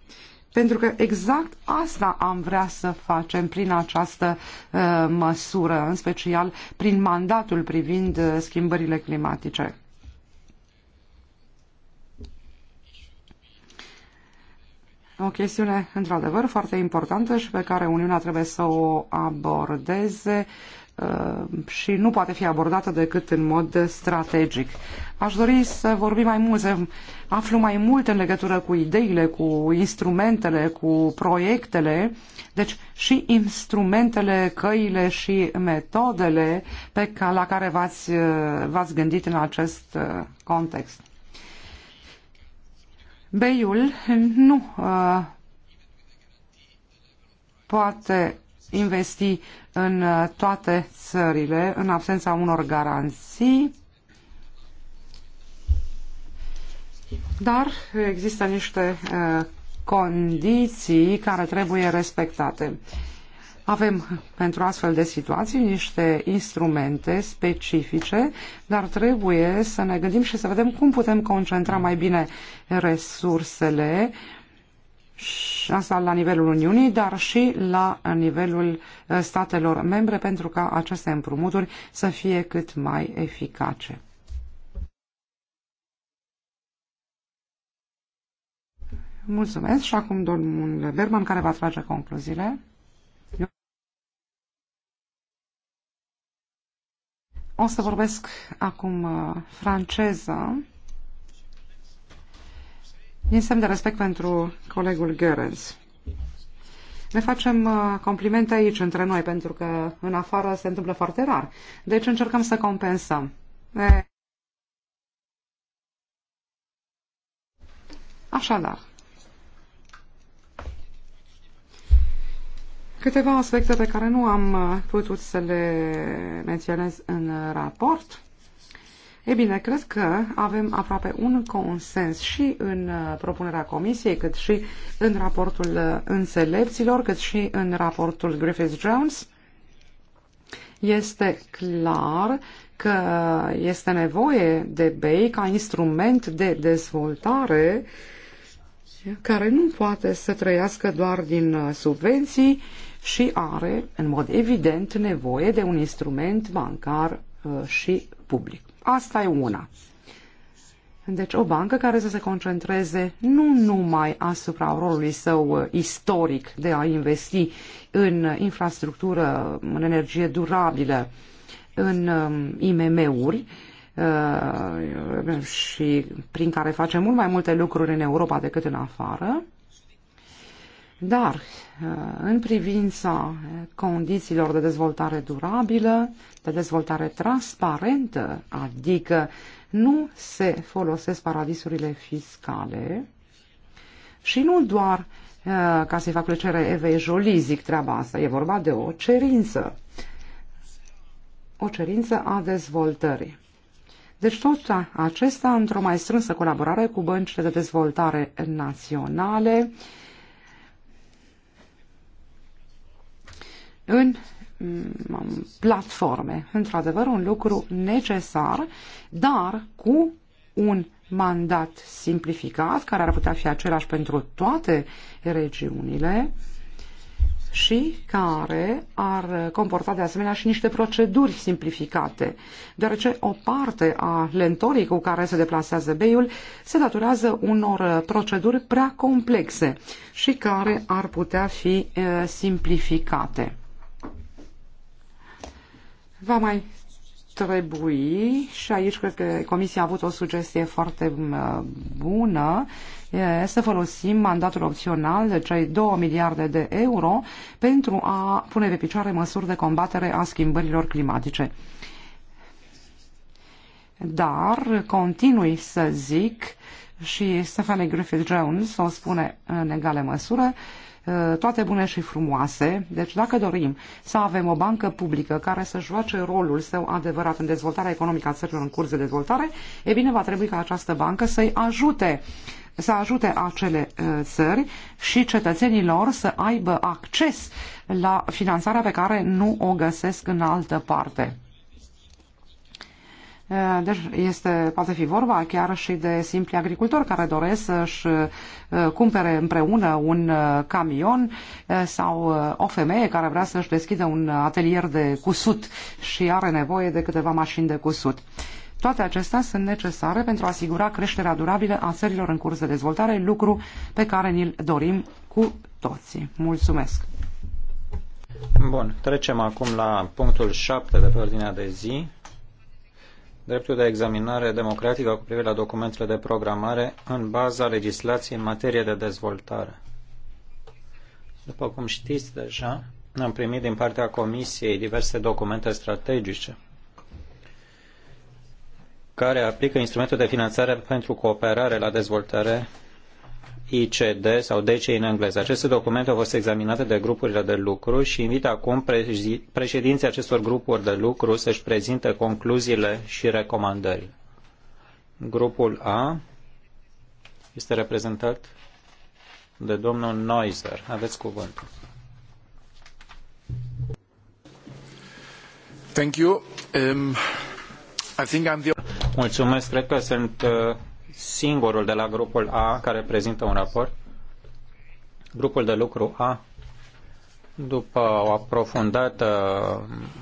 Pentru că exact asta am vrea să facem prin această uh, măsură, în special prin mandatul privind uh, schimbările climatice. o chestiune într-adevăr foarte importantă și pe care Uniunea trebuie să o abordeze uh, și nu poate fi abordată decât în mod strategic. Aș dori să vorbim mai mult, să aflu mai mult în legătură cu ideile, cu instrumentele, cu proiectele, deci și instrumentele, căile și metodele pe ca, la care v-ați, gândit în acest uh, context. Beiul nu uh, poate investi în uh, toate țările, în absența unor garanții, dar există niște uh, condiții care trebuie respectate. Uh, avem pentru astfel de situații niște instrumente specifice, dar trebuie să ne gândim și să vedem cum putem concentra mai bine resursele și asta la nivelul Uniunii, dar și la nivelul uh, statelor membre pentru ca aceste împrumuturi să fie cât mai eficace. Mulțumesc și acum domnul Berman care va trage concluziile. O să vorbesc acum uh, franceză. Din semn de respect pentru colegul Goerens. Ne facem uh, complimente aici între noi, pentru că în afară se întâmplă foarte rar. Deci încercăm să compensăm. Așadar, Câteva aspecte pe care nu am uh, putut să le menționez în uh, raport. E bine, cred că avem aproape un consens și în uh, propunerea comisiei, cât și în raportul înțelepților, cât și în raportul Griffith-Jones. Este clar că este nevoie de BEI ca instrument de dezvoltare care nu poate să trăiască doar din subvenții, și are, în mod evident, nevoie de un instrument bancar uh, și public. Asta e una. Deci o bancă care să se concentreze nu numai asupra rolului său uh, istoric de a investi în infrastructură, în energie durabilă, în um, IMM-uri uh, și prin care face mult mai multe lucruri în Europa decât în afară, dar uh, în privința condițiilor de dezvoltare durabilă, de dezvoltare transparentă, adică nu se folosesc paradisurile fiscale și nu doar uh, ca să-i fac plăcere Evei Jolie, zic treaba asta, e vorba de o cerință. O cerință a dezvoltării. Deci tot acesta într-o mai strânsă colaborare cu băncile de dezvoltare naționale, uh, în mm, platforme. Într-adevăr, un lucru necesar, dar cu un mandat simplificat, care ar putea fi același pentru toate regiunile și care ar comporta de asemenea și niște proceduri simplificate, deoarece o parte a lentorii cu care se deplasează beiul se datorează unor proceduri prea complexe și care ar putea fi eh, simplificate. Va mai trebui, și aici cred că Comisia a avut o sugestie foarte uh, bună, să folosim mandatul opțional de cei 2 miliarde de euro pentru a pune pe picioare măsuri de combatere a schimbărilor climatice. Dar continui să zic și Stephanie Griffith Jones o spune în egală măsură, uh, Eh, toate bune și frumoase. Deci dacă dorim să avem o bancă publică care să joace rolul său adevărat în dezvoltarea economică a țărilor în curs de dezvoltare, e bine, va trebui ca această bancă să-i ajute să ajute acele eh, țări și cetățenilor să aibă acces la finanțarea pe care nu o găsesc în altă parte. Deci este, poate fi vorba chiar și de simpli agricultori care doresc să-și cumpere împreună un camion sau o femeie care vrea să-și deschidă un atelier de cusut și are nevoie de câteva mașini de cusut. Toate acestea sunt necesare pentru a asigura creșterea durabilă a țărilor în curs de dezvoltare, lucru pe care ni-l dorim cu toții. Mulțumesc! Bun, trecem acum la punctul 7 de pe ordinea de zi, dreptul de examinare democratică cu privire la documentele de programare în baza legislației în materie de dezvoltare. După cum știți deja, am primit din partea Comisiei diverse documente strategice care aplică instrumentul de finanțare pentru cooperare la dezvoltare ICD sau DC în engleză. Aceste documente au fost examinate de grupurile de lucru și invit acum președinții acestor grupuri de lucru să-și prezinte concluziile și recomandările. Grupul A este reprezentat de domnul Noiser. Aveți cuvântul. Thank you. Um, I think I'm the... Mulțumesc. Cred că sunt uh, singurul de la grupul A care prezintă un raport. Grupul de lucru A, după o aprofundată,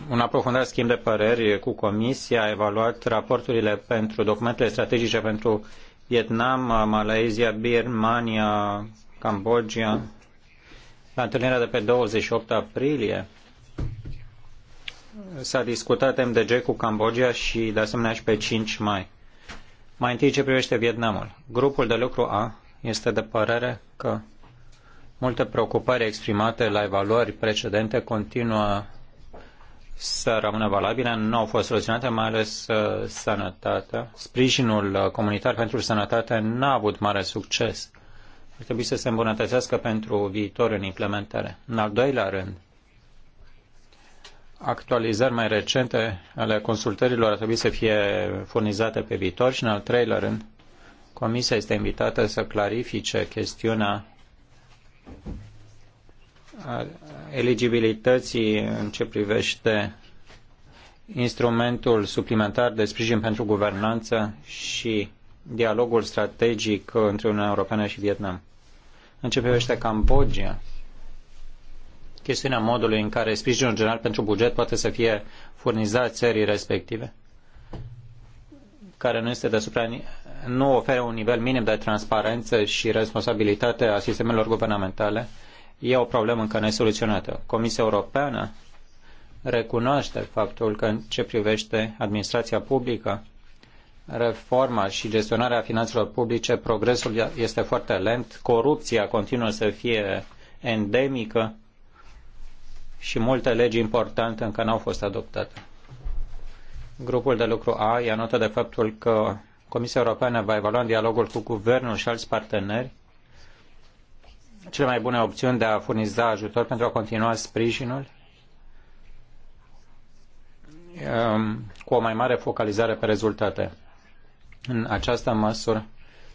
un aprofundat schimb de păreri cu Comisia, a evaluat raporturile pentru documentele strategice pentru Vietnam, Malaysia, Birmania, Cambodgia, la întâlnirea de pe 28 aprilie s-a discutat MDG cu Cambodgia și de asemenea și pe 5 mai. Mai întâi ce privește Vietnamul. Grupul de lucru A este de părere că multe preocupări exprimate la evaluări precedente continuă să rămână valabile, nu au fost soluționate, mai ales uh, sănătatea. Sprijinul uh, comunitar pentru sănătate n-a avut mare succes. Ar trebui să se îmbunătățească pentru viitor în implementare. În al doilea rând, actualizări mai recente ale consultărilor ar trebui să fie furnizate pe viitor și, în al treilea rând, Comisia este invitată să clarifice chestiunea eligibilității în ce privește instrumentul suplimentar de sprijin pentru guvernanță și dialogul strategic între Uniunea Europeană și Vietnam. În ce privește Cambodgia, chestiunea modului în care sprijinul general pentru buget poate să fie furnizat țării respective, care nu este deasupra, nu oferă un nivel minim de transparență și responsabilitate a sistemelor guvernamentale, e o problemă încă nesoluționată. Comisia Europeană recunoaște faptul că în ce privește administrația publică, reforma și gestionarea finanțelor publice, progresul este foarte lent, corupția continuă să fie endemică, și multe legi importante încă n-au fost adoptate. Grupul de lucru A ia notă de faptul că Comisia Europeană va evalua în dialogul cu guvernul și alți parteneri cele mai bune opțiuni de a furniza ajutor pentru a continua sprijinul um, cu o mai mare focalizare pe rezultate. În această măsură,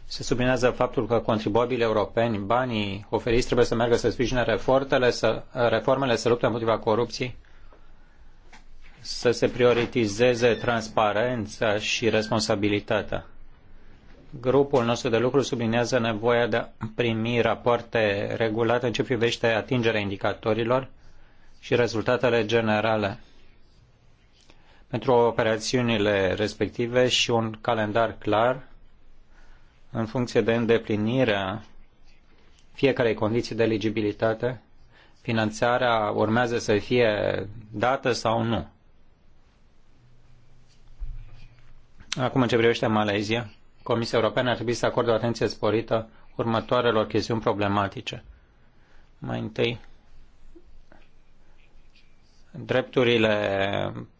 se sublinează faptul că contribuabilii europeni, banii oferiți trebuie să meargă să sprijine reformele, să, reformele, să lupte împotriva corupției, să se prioritizeze transparența și responsabilitatea. Grupul nostru de lucru sublinează nevoia de a primi rapoarte regulate în ce privește atingerea indicatorilor și rezultatele generale pentru operațiunile respective și un calendar clar în funcție de îndeplinirea fiecarei condiții de eligibilitate, finanțarea urmează să fie dată sau nu. Acum, în ce privește Malezia, Comisia Europeană ar trebui să acorde o atenție sporită următoarelor chestiuni problematice. Mai întâi, drepturile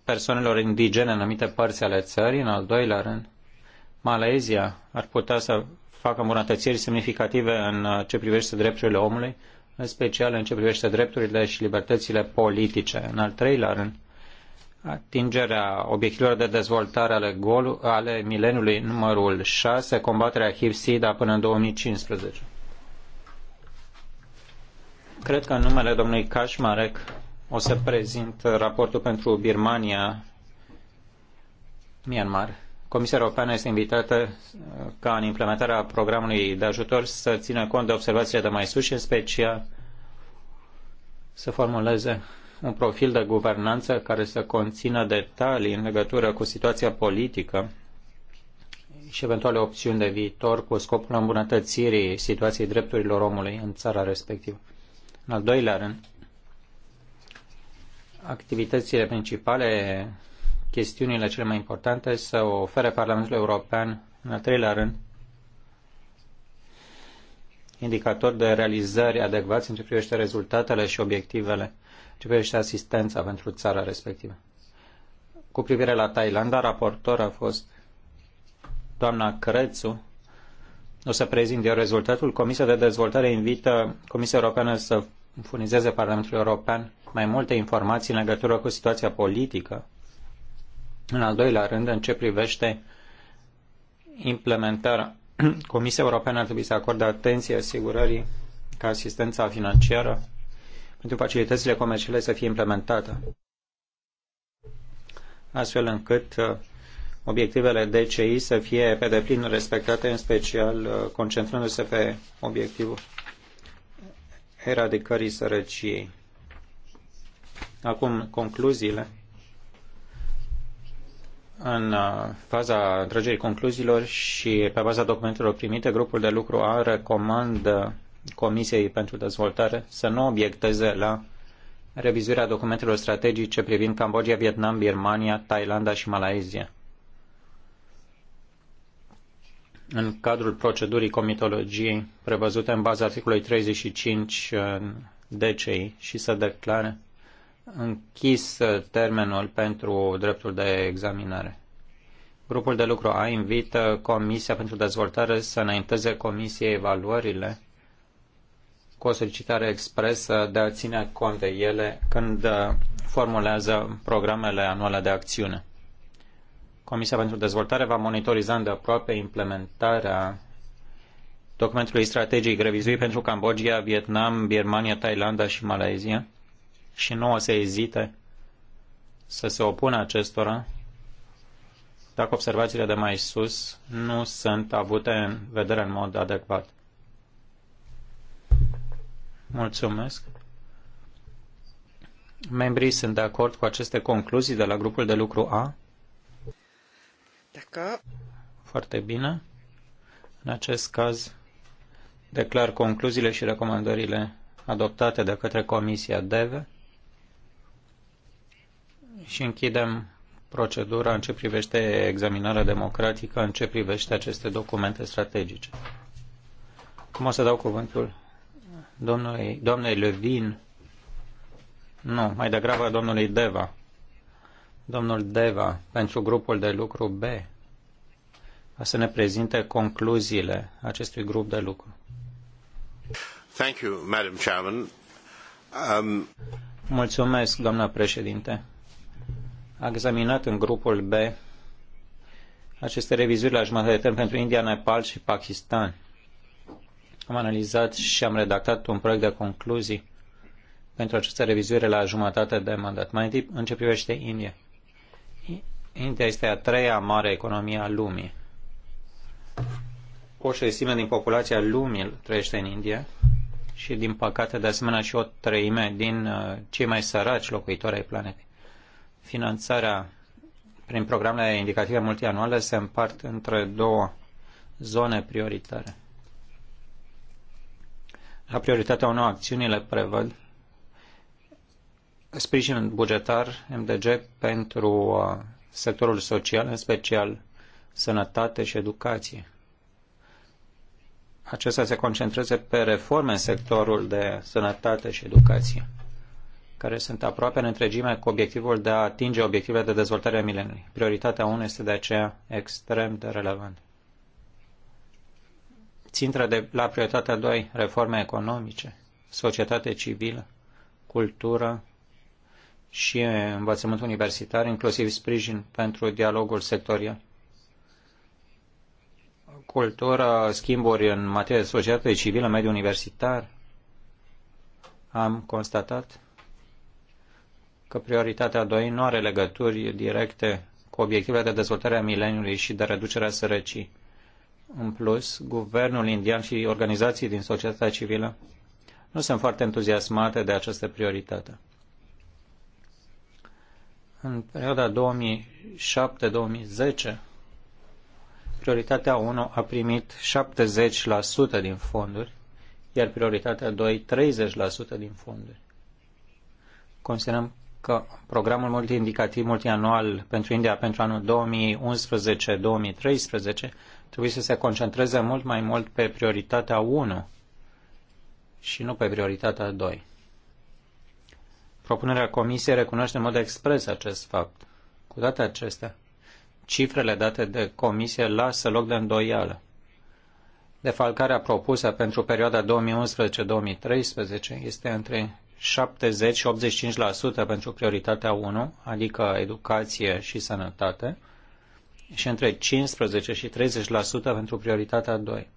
persoanelor indigene în anumite părți ale țării, în al doilea rând, Malaezia ar putea să facă îmbunătățiri semnificative în uh, ce privește drepturile omului, în special în ce privește drepturile și libertățile politice. În al treilea rând, atingerea obiectivelor de dezvoltare ale, gol, ale mileniului numărul 6, combaterea HIV-SIDA până în 2015. Cred că în numele domnului Kașmarek o să prezint raportul pentru Birmania, Myanmar, Comisia Europeană este invitată uh, ca în implementarea programului de ajutor să țină cont de observațiile de mai sus și în special să formuleze un profil de guvernanță care să conțină detalii în legătură cu situația politică și eventuale opțiuni de viitor cu scopul îmbunătățirii situației drepturilor omului în țara respectivă. În al doilea rând, activitățile principale chestiunile cele mai importante, să ofere Parlamentului European, în al treilea rând, indicatori de realizări adecvați în ce privește rezultatele și obiectivele, în ce privește asistența pentru țara respectivă. Cu privire la Thailanda, raportor a fost doamna Crețu. O să prezint eu rezultatul. Comisia de dezvoltare invită Comisia Europeană să furnizeze Parlamentului European mai multe informații în legătură cu situația politică în al doilea rând, în ce privește implementarea, Comisia Europeană ar trebui să acorde atenție asigurării ca asistența financiară pentru facilitățile comerciale să fie implementată, astfel încât uh, obiectivele DCI să fie pe deplin respectate, în special uh, concentrându-se pe obiectivul eradicării sărăciei. Acum, concluziile în uh, faza tragerii concluziilor și pe baza documentelor primite, grupul de lucru A recomandă Comisiei pentru Dezvoltare să nu obiecteze la revizuirea documentelor strategice privind Cambodgia, Vietnam, Birmania, Thailanda și Malaezia. În cadrul procedurii comitologiei prevăzute în baza articolului 35 DCI uh, și să declare închis termenul pentru dreptul de examinare. Grupul de lucru A invită Comisia pentru Dezvoltare să înainteze Comisiei evaluările cu o solicitare expresă de a ține cont de ele când uh, formulează programele anuale de acțiune. Comisia pentru Dezvoltare va monitoriza îndeaproape implementarea documentului strategic revizuit pentru Cambodgia, Vietnam, Birmania, Thailanda și Malaysia și nu o să ezite să se opună acestora dacă observațiile de mai sus nu sunt avute în vedere în mod adecvat. Mulțumesc. Membrii sunt de acord cu aceste concluzii de la grupul de lucru A? Dacă... Foarte bine. În acest caz, declar concluziile și recomandările adoptate de către Comisia DEVE și închidem procedura în ce privește examinarea democratică, în ce privește aceste documente strategice. Cum o să dau cuvântul domnului, domnului Levin? Nu, mai degrabă domnului Deva. Domnul Deva, pentru grupul de lucru B, a să ne prezinte concluziile acestui grup de lucru. Thank you, Madam Chairman. Um... Mulțumesc, doamna președinte a examinat în grupul B aceste revizuri la jumătate de termen pentru India, Nepal și Pakistan. Am analizat și am redactat un proiect de concluzii pentru această revizuire la jumătate de mandat. Mai întâi, în ce privește India. India este a treia mare economie a lumii. O șesime din populația lumii trăiește în India și, din păcate, de asemenea și o treime din uh, cei mai săraci locuitori ai planetei. Finanțarea prin programele indicative multianuale se împart între două zone prioritare. La prioritatea 1, acțiunile prevăd sprijin bugetar MDG pentru uh, sectorul social, în special sănătate și educație. Acesta se concentrează pe reforme în sectorul de sănătate și educație care sunt aproape în întregime cu obiectivul de a atinge obiectivele de dezvoltare a mileniului. Prioritatea 1 este de aceea extrem de relevantă. Țintră de la prioritatea 2, reforme economice, societate civilă, cultură și învățământ universitar, inclusiv sprijin pentru dialogul sectorial cultură, schimburi în materie de societate civilă, mediu universitar, am constatat că prioritatea 2 nu are legături directe cu obiectivele de dezvoltare a mileniului și de reducerea sărăcii. În plus, guvernul indian și organizații din societatea civilă nu sunt foarte entuziasmate de această prioritate. În perioada 2007-2010, prioritatea 1 a primit 70% din fonduri, iar prioritatea 2 30% din fonduri. Considerăm că programul multiindicativ multianual pentru India pentru anul 2011-2013 trebuie să se concentreze mult mai mult pe prioritatea 1 și nu pe prioritatea 2. Propunerea Comisiei recunoaște în mod expres acest fapt. Cu toate acestea, cifrele date de Comisie lasă loc de îndoială. Defalcarea propusă pentru perioada 2011-2013 este între 70 și 85% pentru prioritatea 1, adică educație și sănătate, și între 15 și 30% pentru prioritatea 2.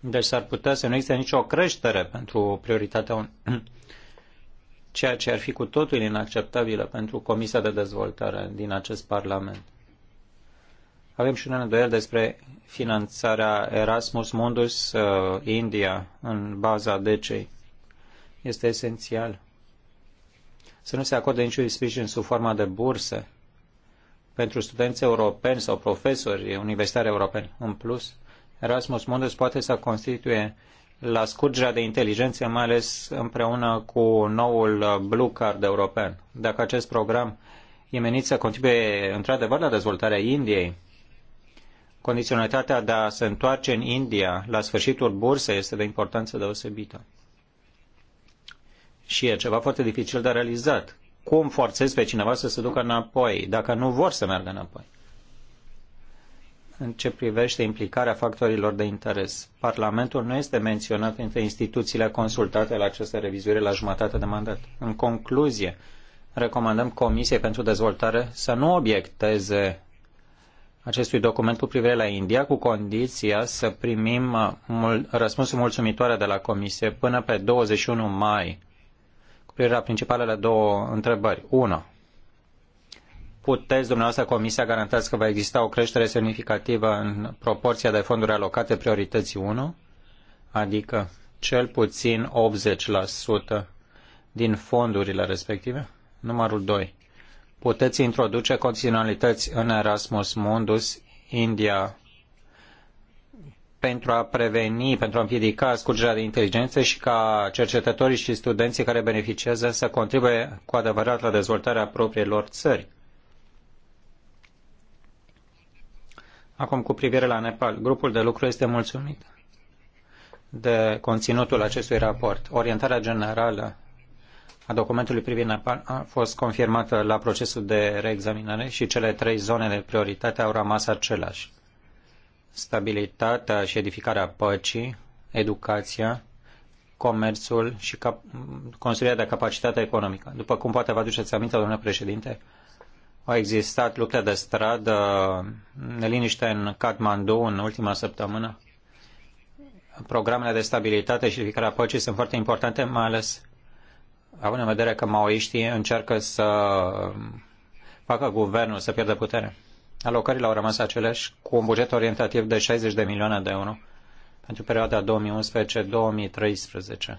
Deci s-ar putea să nu existe nicio creștere pentru prioritatea 1, ceea ce ar fi cu totul inacceptabilă pentru Comisia de Dezvoltare din acest Parlament. Avem și un îndoiel despre finanțarea Erasmus Mundus uh, India în baza DCI este esențial să nu se acorde niciun sprijin sub forma de burse pentru studenți europeni sau profesori universitari europeni. În plus, Erasmus Mundus poate să constituie la scurgerea de inteligență, mai ales împreună cu noul Blue Card european. Dacă acest program e menit să contribuie într-adevăr la dezvoltarea Indiei, condiționalitatea de a se întoarce în India la sfârșitul bursei este de importanță deosebită și e ceva foarte dificil de realizat. Cum forțezi pe cineva să se ducă înapoi, dacă nu vor să meargă înapoi? În ce privește implicarea factorilor de interes, Parlamentul nu este menționat între instituțiile consultate la această revizuire la jumătate de mandat. În concluzie, recomandăm Comisiei pentru Dezvoltare să nu obiecteze acestui document cu privire la India, cu condiția să primim mul- răspunsul mulțumitoare de la Comisie până pe 21 mai privire la principalele două întrebări. 1. Puteți dumneavoastră Comisia garantați că va exista o creștere semnificativă în proporția de fonduri alocate priorității 1, adică cel puțin 80% din fondurile respective? Numărul 2. Puteți introduce condiționalități în Erasmus Mundus, India pentru a preveni, pentru a împiedica scurgerea de inteligență și ca cercetătorii și studenții care beneficiază să contribuie cu adevărat la dezvoltarea propriilor țări. Acum, cu privire la Nepal, grupul de lucru este mulțumit de conținutul acestui raport. Orientarea generală a documentului privind Nepal a fost confirmată la procesul de reexaminare și cele trei zone de prioritate au rămas aceleași stabilitatea și edificarea păcii, educația, comerțul și cap- construirea de capacitate economică. După cum poate vă aduceți aminte, domnule președinte, au existat lupte de stradă, neliniște în Kathmandu în ultima săptămână. Programele de stabilitate și edificarea păcii sunt foarte importante, mai ales având în vedere că maoiștii încearcă să facă guvernul să pierdă putere. Alocările au rămas aceleași cu un buget orientativ de 60 de milioane de euro pentru perioada 2011-2013.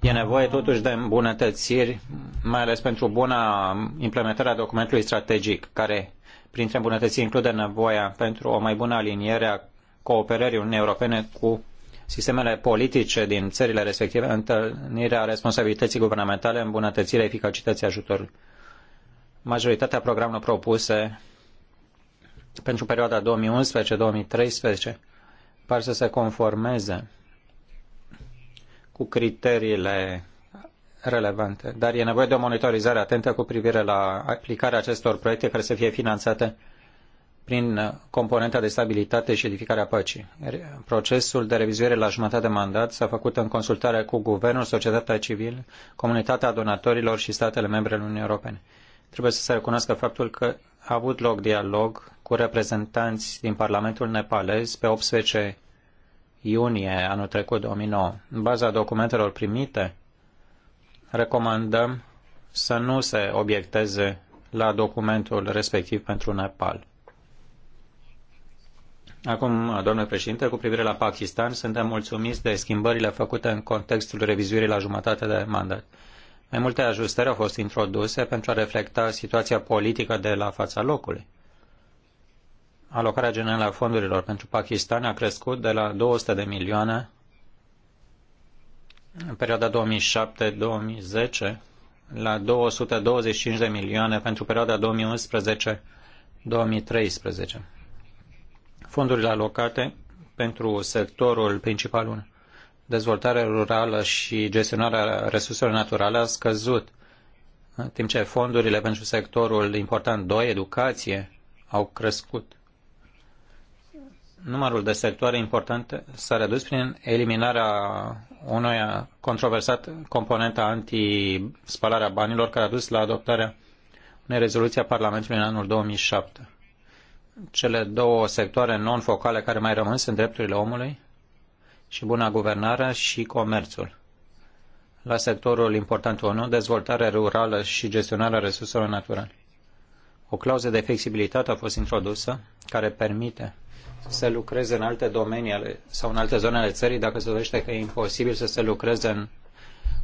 E nevoie totuși de îmbunătățiri, mai ales pentru buna a documentului strategic, care printre îmbunătățiri include nevoia pentru o mai bună aliniere a cooperării Uniunii Europene cu sistemele politice din țările respective, întâlnirea responsabilității guvernamentale, îmbunătățirea eficacității ajutorului. Majoritatea programelor propuse pentru perioada 2011-2013 par să se conformeze cu criteriile relevante, dar e nevoie de o monitorizare atentă cu privire la aplicarea acestor proiecte care să fie finanțate prin componenta de stabilitate și edificarea păcii. Procesul de revizuire la jumătate de mandat s-a făcut în consultare cu guvernul, societatea civilă, comunitatea donatorilor și statele membre ale Uniunii Europene. Trebuie să se recunoască faptul că a avut loc dialog cu reprezentanți din Parlamentul nepalez pe 18 iunie anul trecut 2009. În baza documentelor primite, recomandăm să nu se obiecteze la documentul respectiv pentru Nepal. Acum, doamnă președinte, cu privire la Pakistan, suntem mulțumiți de schimbările făcute în contextul revizuirii la jumătate de mandat. Mai multe ajustări au fost introduse pentru a reflecta situația politică de la fața locului. Alocarea generală a fondurilor pentru Pakistan a crescut de la 200 de milioane în perioada 2007-2010 la 225 de milioane pentru perioada 2011-2013 fondurile alocate pentru sectorul principal, dezvoltarea rurală și gestionarea resurselor naturale, a scăzut, în timp ce fondurile pentru sectorul important 2, educație, au crescut. Numărul de sectoare importante s-a redus prin eliminarea unui controversat componentă anti a banilor care a dus la adoptarea unei rezoluții a Parlamentului în anul 2007 cele două sectoare non-focale care mai rămân sunt drepturile omului și buna guvernare și comerțul. La sectorul important 1, dezvoltare rurală și gestionarea resurselor naturale. O clauză de flexibilitate a fost introdusă care permite să lucreze în alte domenii ale, sau în alte zone ale țării dacă se dorește că e imposibil să se lucreze în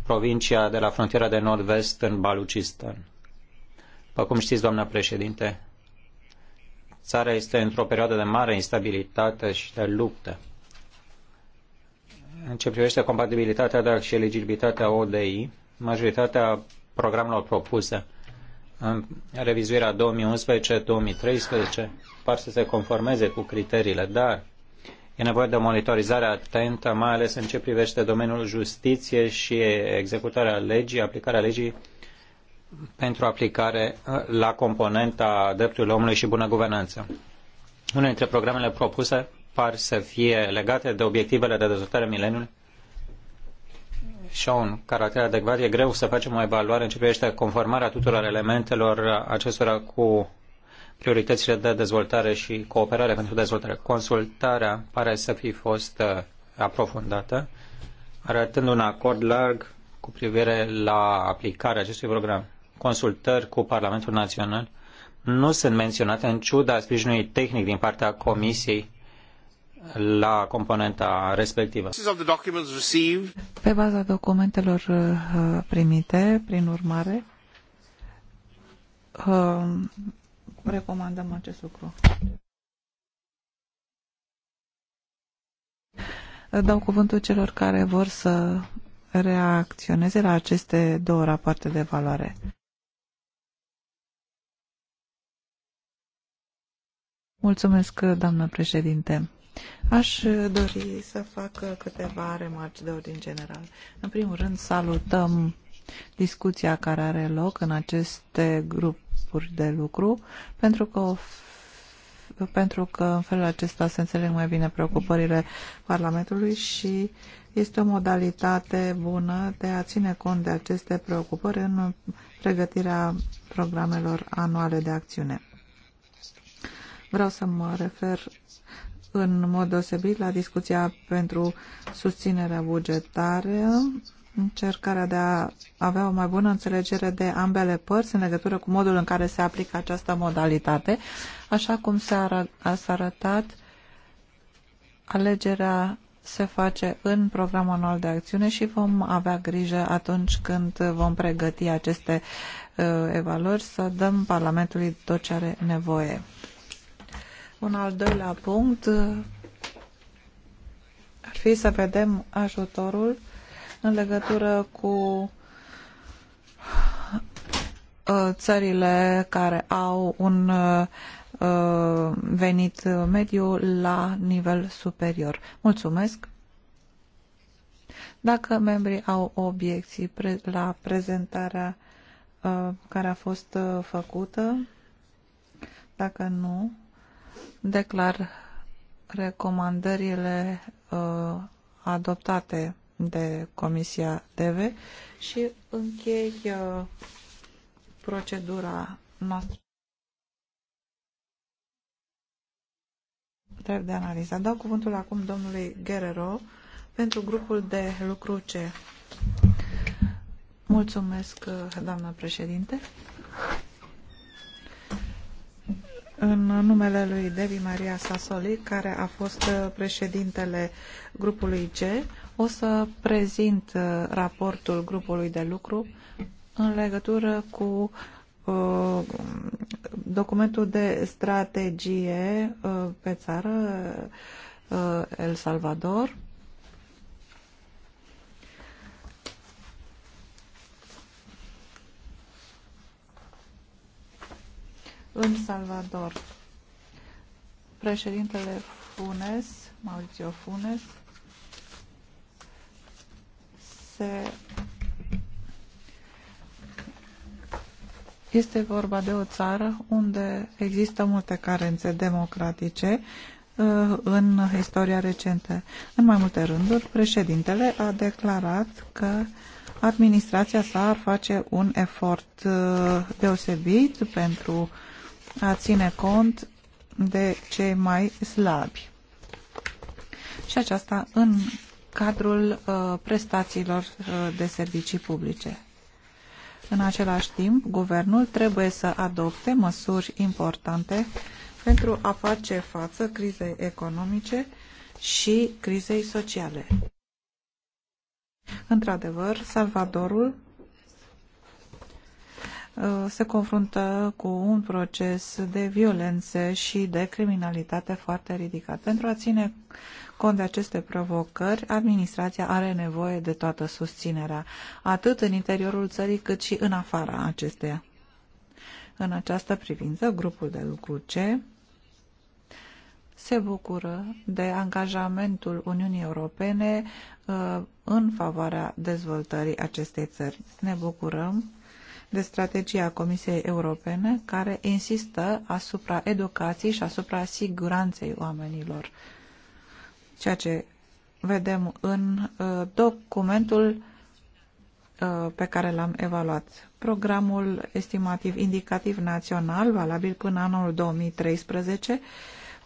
provincia de la frontiera de nord-vest în Baluchistan. După cum știți, doamna președinte, Țara este într-o perioadă de mare instabilitate și de luptă. În ce privește compatibilitatea, dar și eligibilitatea ODI, majoritatea programelor propuse în revizuirea 2011-2013 par să se conformeze cu criteriile, dar e nevoie de o monitorizare atentă, mai ales în ce privește domeniul justiție și executarea legii, aplicarea legii pentru aplicare uh, la componenta drepturilor omului și bună guvernanță. Unele dintre programele propuse par să fie legate de obiectivele de dezvoltare mileniului și au un caracter adecvat. E greu să facem o evaluare în ce privește conformarea tuturor elementelor acestora cu prioritățile de dezvoltare și cooperare pentru dezvoltare. Consultarea pare să fi fost uh, aprofundată, arătând un acord larg cu privire la aplicarea acestui program consultări cu Parlamentul Național nu sunt menționate în ciuda sprijinului tehnic din partea Comisiei la componenta respectivă. Pe baza documentelor uh, primite, prin urmare, uh, recomandăm acest lucru. Dau cuvântul celor care vor să reacționeze la aceste două rapoarte de valoare. Mulțumesc, doamnă președinte. Aș uh, dori să fac uh, câteva remarci de ordin general. În primul rând, salutăm discuția care are loc în aceste grupuri de lucru, pentru că pentru că în felul acesta se înțeleg mai bine preocupările Parlamentului și este o modalitate bună de a ține cont de aceste preocupări în pregătirea programelor anuale de acțiune. Vreau să mă refer în mod deosebit la discuția pentru susținerea bugetară, încercarea de a avea o mai bună înțelegere de ambele părți în legătură cu modul în care se aplică această modalitate, așa cum s-a arătat alegerea se face în programul anual de acțiune și vom avea grijă atunci când vom pregăti aceste uh, evaluări să dăm Parlamentului tot ce are nevoie. Un al doilea punct uh, ar fi să vedem ajutorul în legătură cu uh, țările care au un uh, venit mediu la nivel superior. Mulțumesc! Dacă membrii au obiecții la prezentarea care a fost făcută, dacă nu, declar recomandările uh, adoptate de Comisia DV și închei uh, procedura noastră. Trebuie de analiză. Dau cuvântul acum domnului Guerrero pentru grupul de lucru C. Mulțumesc, uh, doamnă președinte în numele lui Devi Maria Sassoli, care a fost uh, președintele grupului G, o să prezint uh, raportul grupului de lucru în legătură cu uh, documentul de strategie pe țară El Salvador, în Salvador. Președintele Funes, Mauricio Funes, se Este vorba de o țară unde există multe carențe democratice uh, în istoria recentă. În mai multe rânduri, președintele a declarat că administrația sa ar face un efort uh, deosebit pentru a ține cont de cei mai slabi. Și aceasta în cadrul uh, prestațiilor uh, de servicii publice. În același timp, guvernul trebuie să adopte măsuri importante pentru a face față crizei economice și crizei sociale. Într-adevăr, Salvadorul Uh, se confruntă cu un proces de violențe și de criminalitate foarte ridicat. Pentru a ține cont de aceste provocări, administrația are nevoie de toată susținerea, atât în interiorul țării cât și în afara acesteia. În această privință, grupul de lucru C se bucură de angajamentul Uniunii Europene uh, în favoarea dezvoltării acestei țări. Ne bucurăm de strategia Comisiei Europene care insistă asupra educației și asupra siguranței oamenilor. Ceea ce vedem în uh, documentul uh, pe care l-am evaluat. Programul estimativ indicativ național, valabil până anul 2013,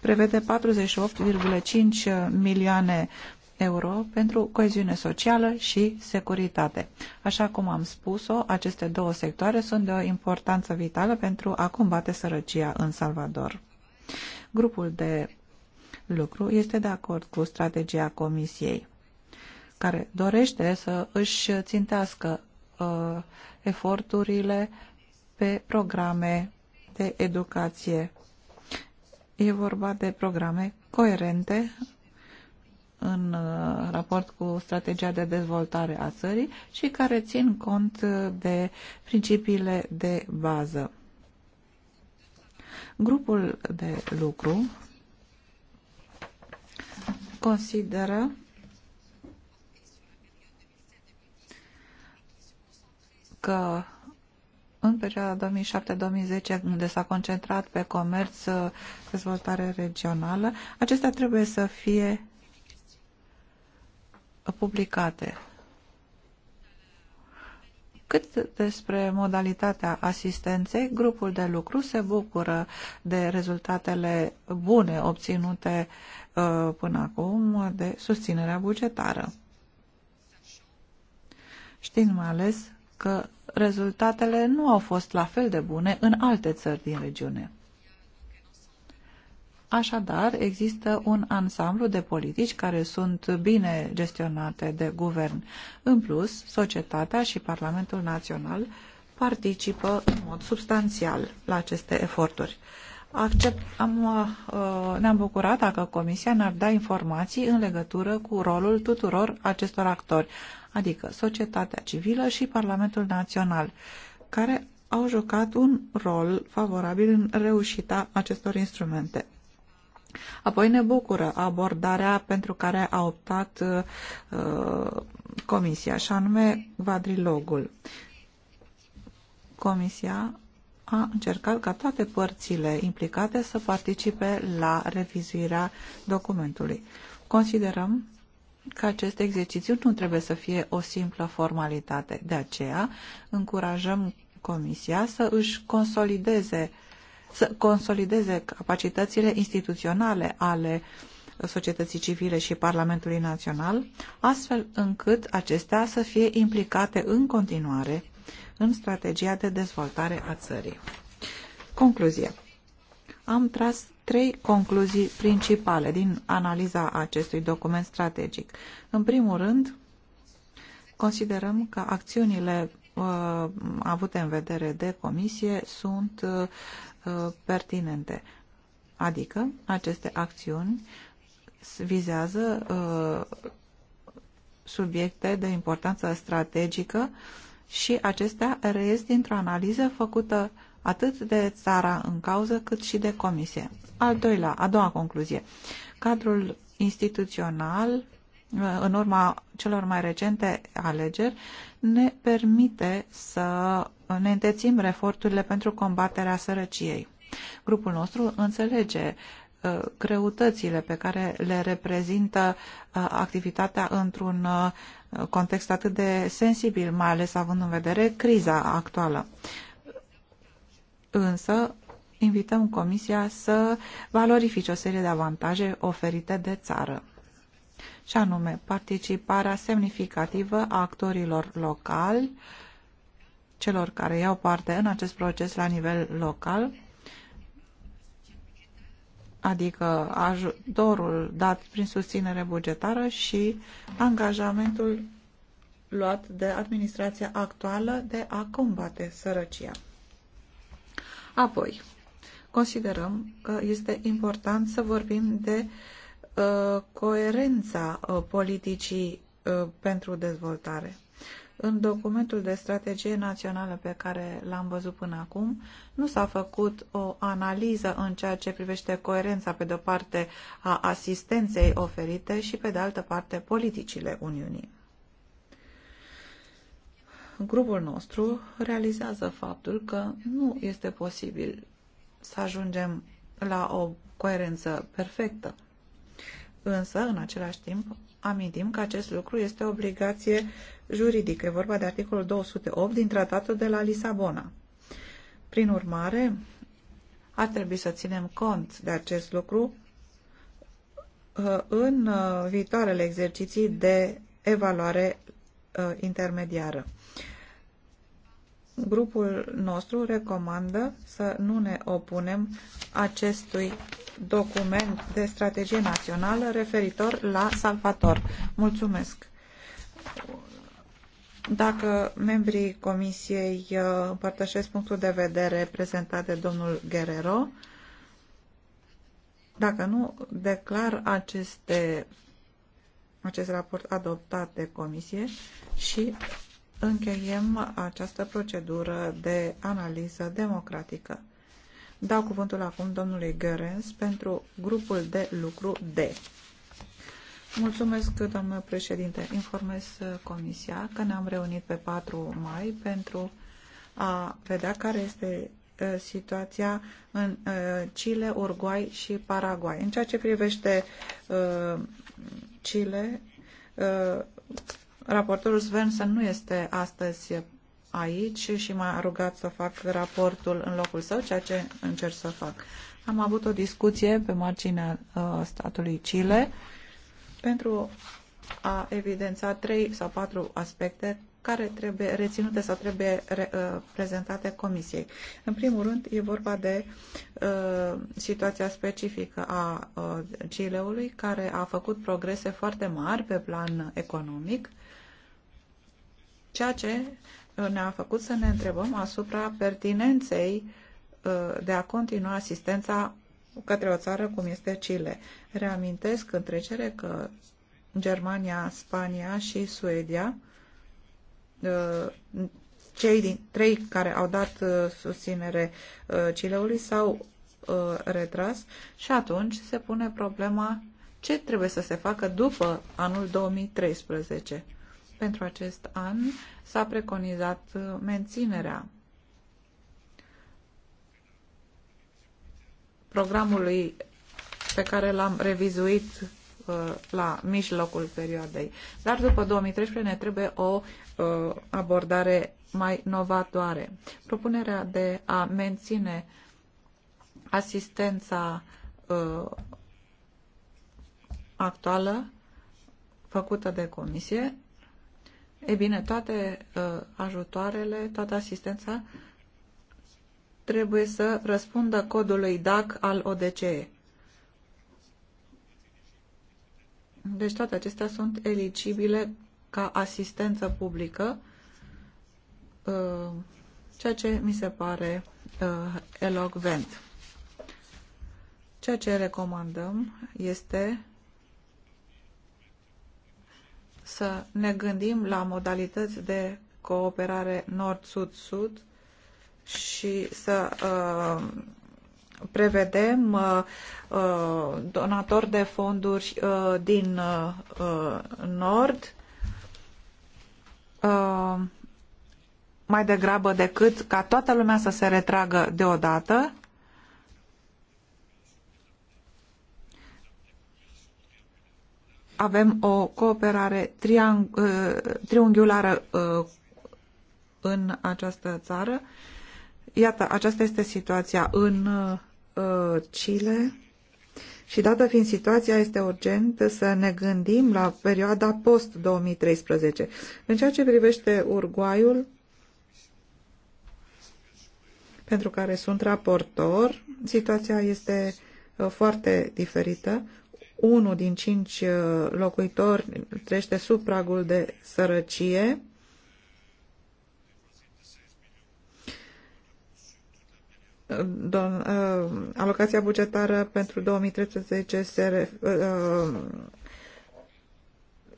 prevede 48,5 milioane euro pentru coeziune socială și securitate. Așa cum am spus-o, aceste două sectoare sunt de o importanță vitală pentru a combate sărăcia în Salvador. Grupul de lucru este de acord cu strategia Comisiei, care dorește să își țintească uh, eforturile pe programe de educație. E vorba de programe coerente în uh, raport cu strategia de dezvoltare a țării și care țin cont uh, de principiile de bază. Grupul de lucru consideră că în perioada 2007-2010, unde s-a concentrat pe comerț, uh, dezvoltare regională, acestea trebuie să fie publicate. Cât despre modalitatea asistenței, grupul de lucru se bucură de rezultatele bune obținute uh, până acum de susținerea bugetară. Știind mai ales că rezultatele nu au fost la fel de bune în alte țări din regiune. Așadar, există un ansamblu de politici care sunt bine gestionate de guvern. În plus, societatea și Parlamentul Național participă în mod substanțial la aceste eforturi. Accept, am, uh, ne-am bucurat dacă Comisia ne-ar da informații în legătură cu rolul tuturor acestor actori, adică societatea civilă și Parlamentul Național, care au jucat un rol favorabil în reușita acestor instrumente. Apoi ne bucură abordarea pentru care a optat uh, Comisia, și anume quadrilogul. Comisia a încercat ca toate părțile implicate să participe la revizuirea documentului. Considerăm că acest exercițiu nu trebuie să fie o simplă formalitate. De aceea, încurajăm Comisia să își consolideze uh, să consolideze capacitățile instituționale ale societății civile și Parlamentului Național, astfel încât acestea să fie implicate în continuare în strategia de dezvoltare a țării. Concluzie. Am tras trei concluzii principale din analiza acestui document strategic. În primul rând, considerăm că acțiunile uh, avute în vedere de comisie sunt uh, Uh, pertinente. Adică, aceste acțiuni vizează uh, subiecte de importanță strategică și acestea reies dintr-o analiză făcută atât de țara în cauză cât și de comisie. Al doilea, a doua concluzie. Cadrul instituțional în urma celor mai recente alegeri, ne permite să ne întețim eforturile pentru combaterea sărăciei. Grupul nostru înțelege uh, greutățile pe care le reprezintă uh, activitatea într-un uh, context atât de sensibil, mai ales având în vedere criza actuală. Însă, invităm Comisia să valorifice o serie de avantaje oferite de țară și anume participarea semnificativă a actorilor locali, celor care iau parte în acest proces la nivel local, adică ajutorul dat prin susținere bugetară și angajamentul luat de administrația actuală de a combate sărăcia. Apoi, considerăm că este important să vorbim de Uh, coerența uh, politicii uh, pentru dezvoltare. În documentul de strategie națională pe care l-am văzut până acum, nu s-a făcut o analiză în ceea ce privește coerența, pe de-o parte, a asistenței oferite și, pe de altă parte, politicile Uniunii. Grupul nostru realizează faptul că nu este posibil să ajungem la o coerență perfectă Însă, în același timp, amintim că acest lucru este o obligație juridică. E vorba de articolul 208 din Tratatul de la Lisabona. Prin urmare, ar trebui să ținem cont de acest lucru uh, în uh, viitoarele exerciții de evaluare uh, intermediară. Grupul nostru recomandă să nu ne opunem acestui document de strategie națională referitor la Salvator. Mulțumesc! Dacă membrii Comisiei uh, împărtășesc punctul de vedere prezentat de domnul Guerrero, dacă nu, declar aceste, acest raport adoptat de Comisie și încheiem această procedură de analiză democratică. Dau cuvântul acum domnului Gărens pentru grupul de lucru D. Mulțumesc, domnule președinte. Informez uh, Comisia că ne-am reunit pe 4 mai pentru a vedea care este uh, situația în uh, Chile, Uruguay și Paraguay. În ceea ce privește Chile, raportorul Svensson nu este astăzi aici și m-a rugat să fac raportul în locul său, ceea ce încerc să fac. Am avut o discuție pe marginea uh, statului Chile pentru a evidența trei sau patru aspecte care trebuie reținute sau trebuie re, uh, prezentate comisiei. În primul rând, e vorba de uh, situația specifică a uh, Chileului, care a făcut progrese foarte mari pe plan economic, ceea ce ne-a făcut să ne întrebăm asupra pertinenței uh, de a continua asistența către o țară cum este Chile. Reamintesc în trecere că Germania, Spania și Suedia, uh, cei din trei care au dat uh, susținere Chileului s-au retras și atunci se pune problema ce trebuie să se facă după anul 2013 pentru acest an s-a preconizat menținerea programului pe care l-am revizuit uh, la mijlocul perioadei. Dar după 2013 ne trebuie o uh, abordare mai novatoare. Propunerea de a menține asistența uh, actuală făcută de comisie E bine, toate uh, ajutoarele, toată asistența trebuie să răspundă codului DAC al ODCE. Deci toate acestea sunt eligibile ca asistență publică, uh, ceea ce mi se pare uh, elocvent. Ceea ce recomandăm este să ne gândim la modalități de cooperare nord-sud-sud și să uh, prevedem uh, uh donatori de fonduri uh, din uh, nord mai degrabă decât ca toată lumea să se retragă deodată avem o cooperare uh, triunghiulară uh, în această țară. Iată, aceasta este situația în uh, Chile. Și dată fiind situația, este urgent să ne gândim la perioada post-2013. În ceea ce privește Uruguayul, pentru care sunt raportor, situația este foarte diferită unul din cinci uh, locuitori trește sub pragul de sărăcie. Don, uh, alocația bugetară pentru 2013 se, uh, uh,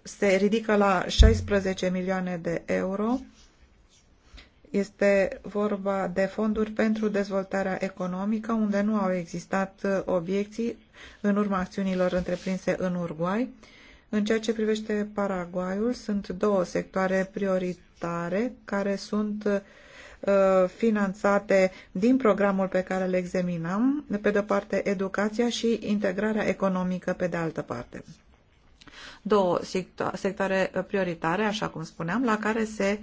se ridică la 16 milioane de euro. Este vorba de fonduri pentru dezvoltarea economică, unde nu au existat uh, obiecții în urma acțiunilor întreprinse în Uruguay. În ceea ce privește Paraguayul, sunt două sectoare prioritare care sunt uh, finanțate din programul pe care le examinăm, pe de-o parte educația și integrarea economică pe de altă parte. Două sectoare prioritare, așa cum spuneam, la care se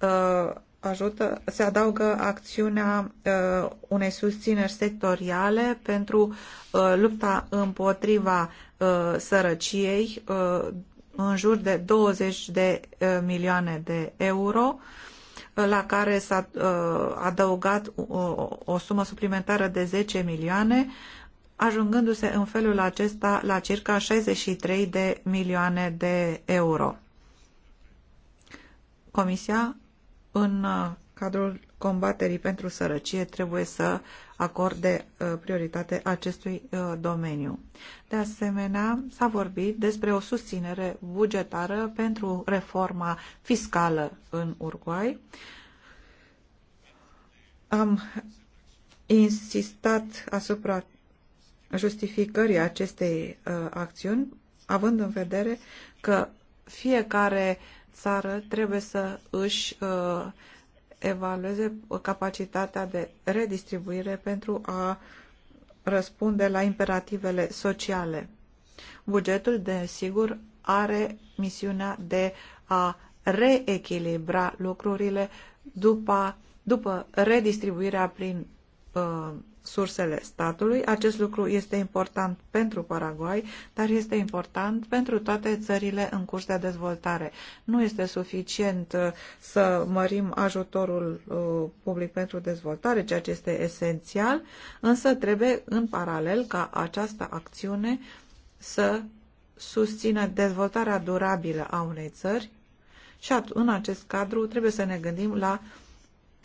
uh, ajută, se adaugă acțiunea uh, unei susțineri sectoriale pentru uh, lupta împotriva uh, sărăciei uh, în jur de 20 de uh, milioane de euro uh, la care s-a uh, adăugat o, uh, o sumă suplimentară de 10 milioane, ajungându-se în felul acesta la circa 63 de milioane de euro. Comisia în uh, cadrul combaterii pentru sărăcie trebuie să acorde uh, prioritate acestui uh, domeniu. De asemenea, s-a vorbit despre o susținere bugetară pentru reforma fiscală în Uruguay. Am insistat asupra justificării acestei acțiuni, având în vedere că fiecare uh, țară trebuie să își uh, evalueze capacitatea de redistribuire pentru a răspunde la imperativele sociale. Bugetul, desigur, are misiunea de a reechilibra lucrurile după, după redistribuirea prin uh, sursele statului. Acest lucru este important pentru Paraguay, dar este important pentru toate țările în curs de dezvoltare. Nu este suficient uh, să mărim ajutorul uh, public pentru dezvoltare, ceea ce este esențial, însă trebuie în paralel ca această acțiune să susțină dezvoltarea durabilă a unei țări și în acest cadru trebuie să ne gândim la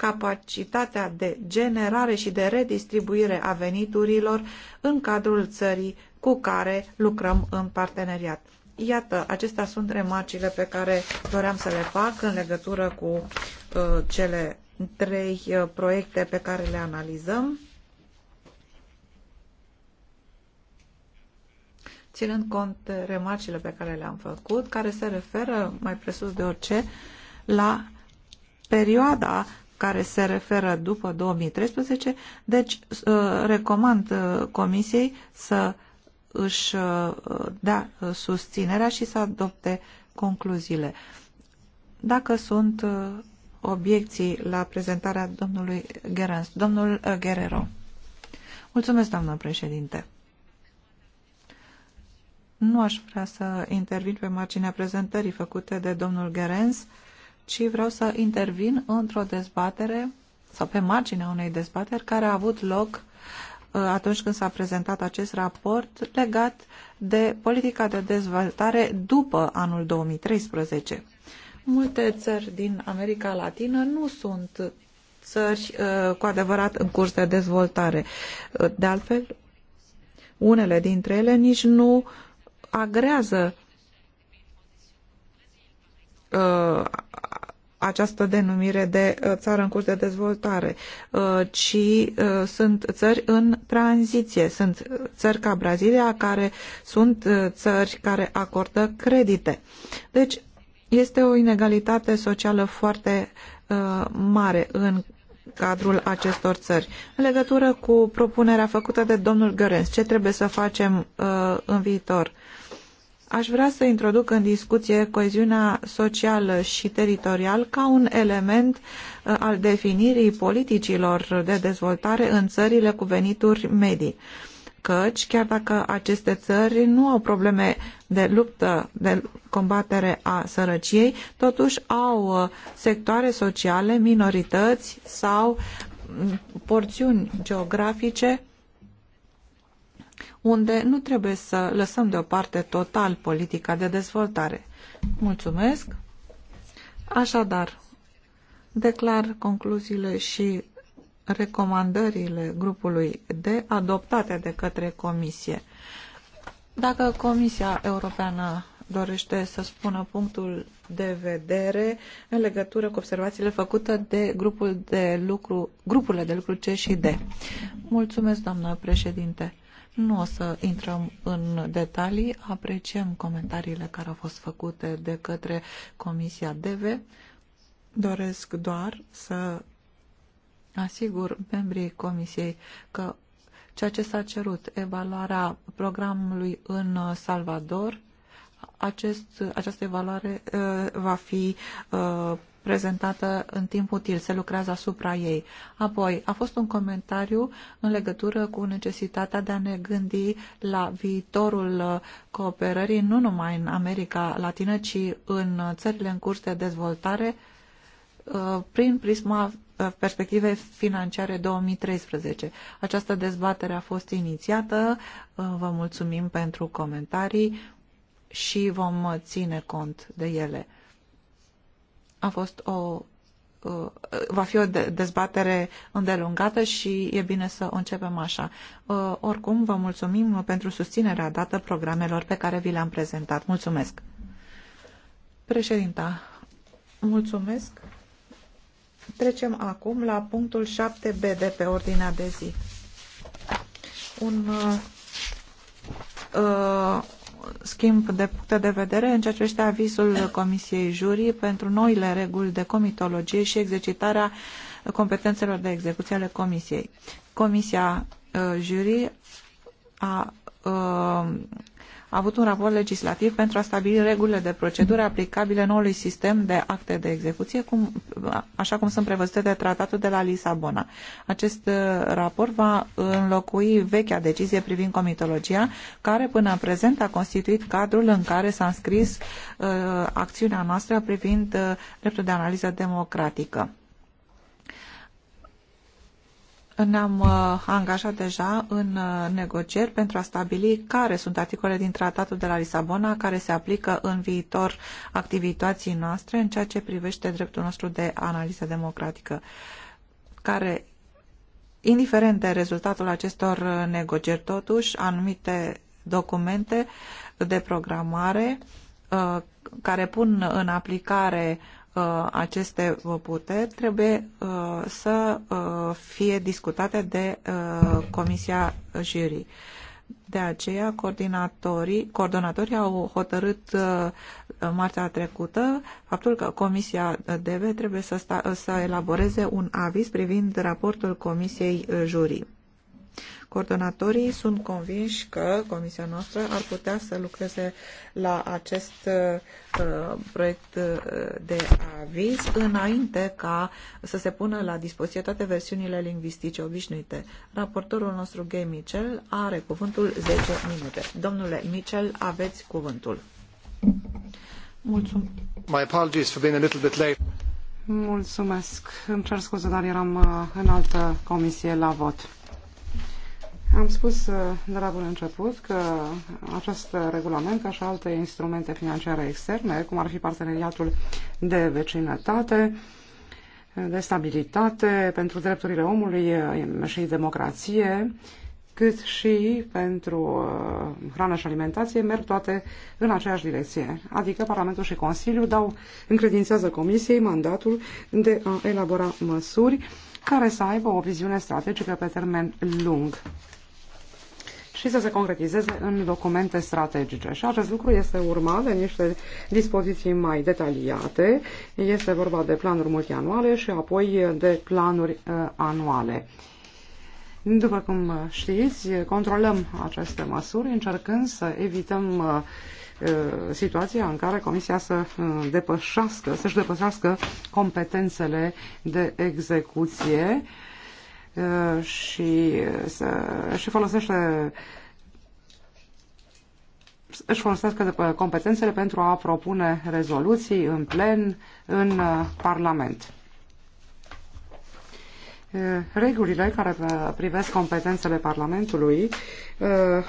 capacitatea de generare și de redistribuire a veniturilor în cadrul țării cu care lucrăm în parteneriat. Iată, acestea sunt remarcile pe care doream să le fac în legătură cu uh, cele trei uh, proiecte pe care le analizăm. ținând cont de remarcile pe care le-am făcut, care se referă mai presus de orice la perioada care se referă după 2013, deci uh, recomand uh, Comisiei să își uh, dea susținerea și să adopte concluziile. Dacă sunt obiecții la prezentarea domnului Gerens, domnul Guerrero. Mulțumesc, doamnă președinte. Nu aș vrea să intervin pe marginea prezentării făcute de domnul Gerens, ci vreau să intervin într-o dezbatere sau pe marginea unei dezbateri care a avut loc uh, atunci când s-a prezentat acest raport legat de politica de dezvoltare după anul 2013. Multe țări din America Latină nu sunt țări uh, cu adevărat în curs de dezvoltare. Uh, de altfel, unele dintre ele nici nu agrează această denumire de uh, țară în curs de dezvoltare, uh, ci uh, sunt țări în tranziție. Sunt țări ca Brazilia, care sunt țări care acordă credite. Deci, este o inegalitate socială foarte mare în cadrul acestor țări. În legătură cu propunerea făcută de domnul Gărens, ce trebuie să facem în viitor? Aș vrea să introduc în discuție coeziunea socială și teritorial ca un element uh, al definirii politicilor de dezvoltare în țările cu venituri medii căci, chiar dacă aceste țări nu au probleme de luptă, de combatere a sărăciei, totuși au uh, sectoare sociale, minorități sau mm, porțiuni geografice unde nu trebuie să lăsăm deoparte total politica de dezvoltare. Mulțumesc! Așadar, declar concluziile și recomandările grupului de adoptate de către Comisie. Dacă Comisia Europeană dorește să spună punctul de vedere în legătură cu observațiile făcute de grupul de lucru, grupurile de lucru C și D. Mulțumesc, doamnă președinte. Nu o să intrăm în detalii, apreciem comentariile care au fost făcute de către Comisia DV. Doresc doar să asigur membrii Comisiei că ceea ce s-a cerut, evaluarea programului în Salvador, acest, această evaluare uh, va fi uh, prezentată în timp util, se lucrează asupra ei. Apoi, a fost un comentariu în legătură cu necesitatea de a ne gândi la viitorul uh, cooperării, nu numai în America Latină, ci în țările în curs de dezvoltare, uh, prin prisma uh, perspective financiare 2013. Această dezbatere a fost inițiată. Vă mulțumim pentru comentarii și vom ține cont de ele a fost o va fi o dezbatere îndelungată și e bine să o începem așa. Oricum, vă mulțumim pentru susținerea dată programelor pe care vi le-am prezentat. Mulțumesc! Președinta, mulțumesc! Trecem acum la punctul 7b de pe ordinea de zi. Un uh, uh schimb de puncte de vedere în ceea ce privește avizul Comisiei juri pentru noile reguli de comitologie și exercitarea competențelor de execuție ale Comisiei. Comisia uh, a uh, a avut un raport legislativ pentru a stabili regulile de procedură aplicabile noului sistem de acte de execuție, cum, așa cum sunt prevăzute de tratatul de la Lisabona. Acest uh, raport va înlocui vechea decizie privind comitologia, care până în prezent a constituit cadrul în care s-a înscris uh, acțiunea noastră privind uh, dreptul de analiză democratică ne-am uh, angajat deja în uh, negocieri pentru a stabili care sunt articolele din tratatul de la Lisabona care se aplică în viitor activității noastre în ceea ce privește dreptul nostru de analiză democratică, care, indiferent de rezultatul acestor uh, negocieri, totuși, anumite documente de programare care pun în aplicare uh, Uh, aceste uh, puteri trebuie uh, să fie discutate de Comisia juri. De aceea, coordonatorii, coordonatorii au hotărât marțea trecută faptul că Comisia DEVE trebuie să, sta, să elaboreze un aviz privind raportul Comisiei juri. Coordonatorii sunt convinși că comisia noastră ar putea să lucreze la acest uh, proiect uh, de aviz înainte ca să se pună la dispoziție toate versiunile lingvistice obișnuite. Raportorul nostru, Gay Mitchell, are cuvântul 10 minute. Domnule Mitchell, aveți cuvântul. Mulțumesc. My apologies for being a little bit late. Mulțumesc. Îmi cer scuze, dar eram uh, în altă comisie la vot. Am spus uh, de la bun început că acest regulament, ca și alte instrumente financiare externe, cum ar fi parteneriatul de vecinătate, de stabilitate, pentru drepturile omului uh, și democrație, cât și pentru uh, hrană și alimentație, merg toate în aceeași direcție. Adică Parlamentul și Consiliul dau, încredințează Comisiei mandatul de a elabora măsuri care să aibă o viziune strategică pe termen lung și să se concretizeze în documente strategice. Și acest lucru este urmat de niște dispoziții mai detaliate. Este vorba de planuri multianuale și apoi de planuri uh, anuale. După cum știți, controlăm aceste măsuri încercând să evităm uh, uh, situația în care Comisia să depășească, să-și depășească competențele de execuție uh, Uh, și uh, să își folosește își folosesc uh, competențele pentru a propune rezoluții în plen în Parlament. Regulile care privesc competențele Parlamentului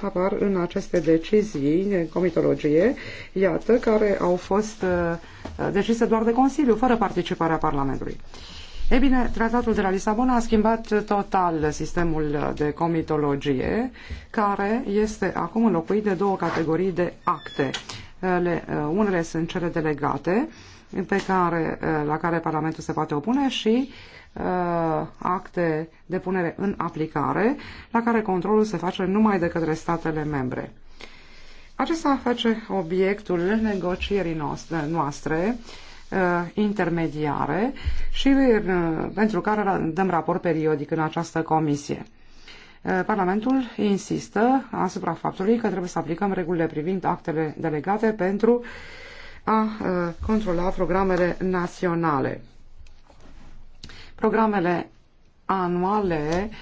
apar în aceste decizii în comitologie, iată, care au fost decise doar de Consiliu, fără participarea Parlamentului. Ei bine, tratatul de la Lisabona a schimbat total sistemul de comitologie, care este acum înlocuit de două categorii de acte. Le, uh, unele sunt cele delegate, pe care, uh, la care Parlamentul se poate opune și uh, acte de punere în aplicare, la care controlul se face numai de către statele membre. Acesta face obiectul negocierii noastre, noastre uh, Uh, intermediare și uh, pentru care dăm raport periodic în această comisie. Uh, Parlamentul insistă asupra faptului că trebuie să aplicăm regulile privind actele delegate pentru a controla programele naționale. Programele anuale uh,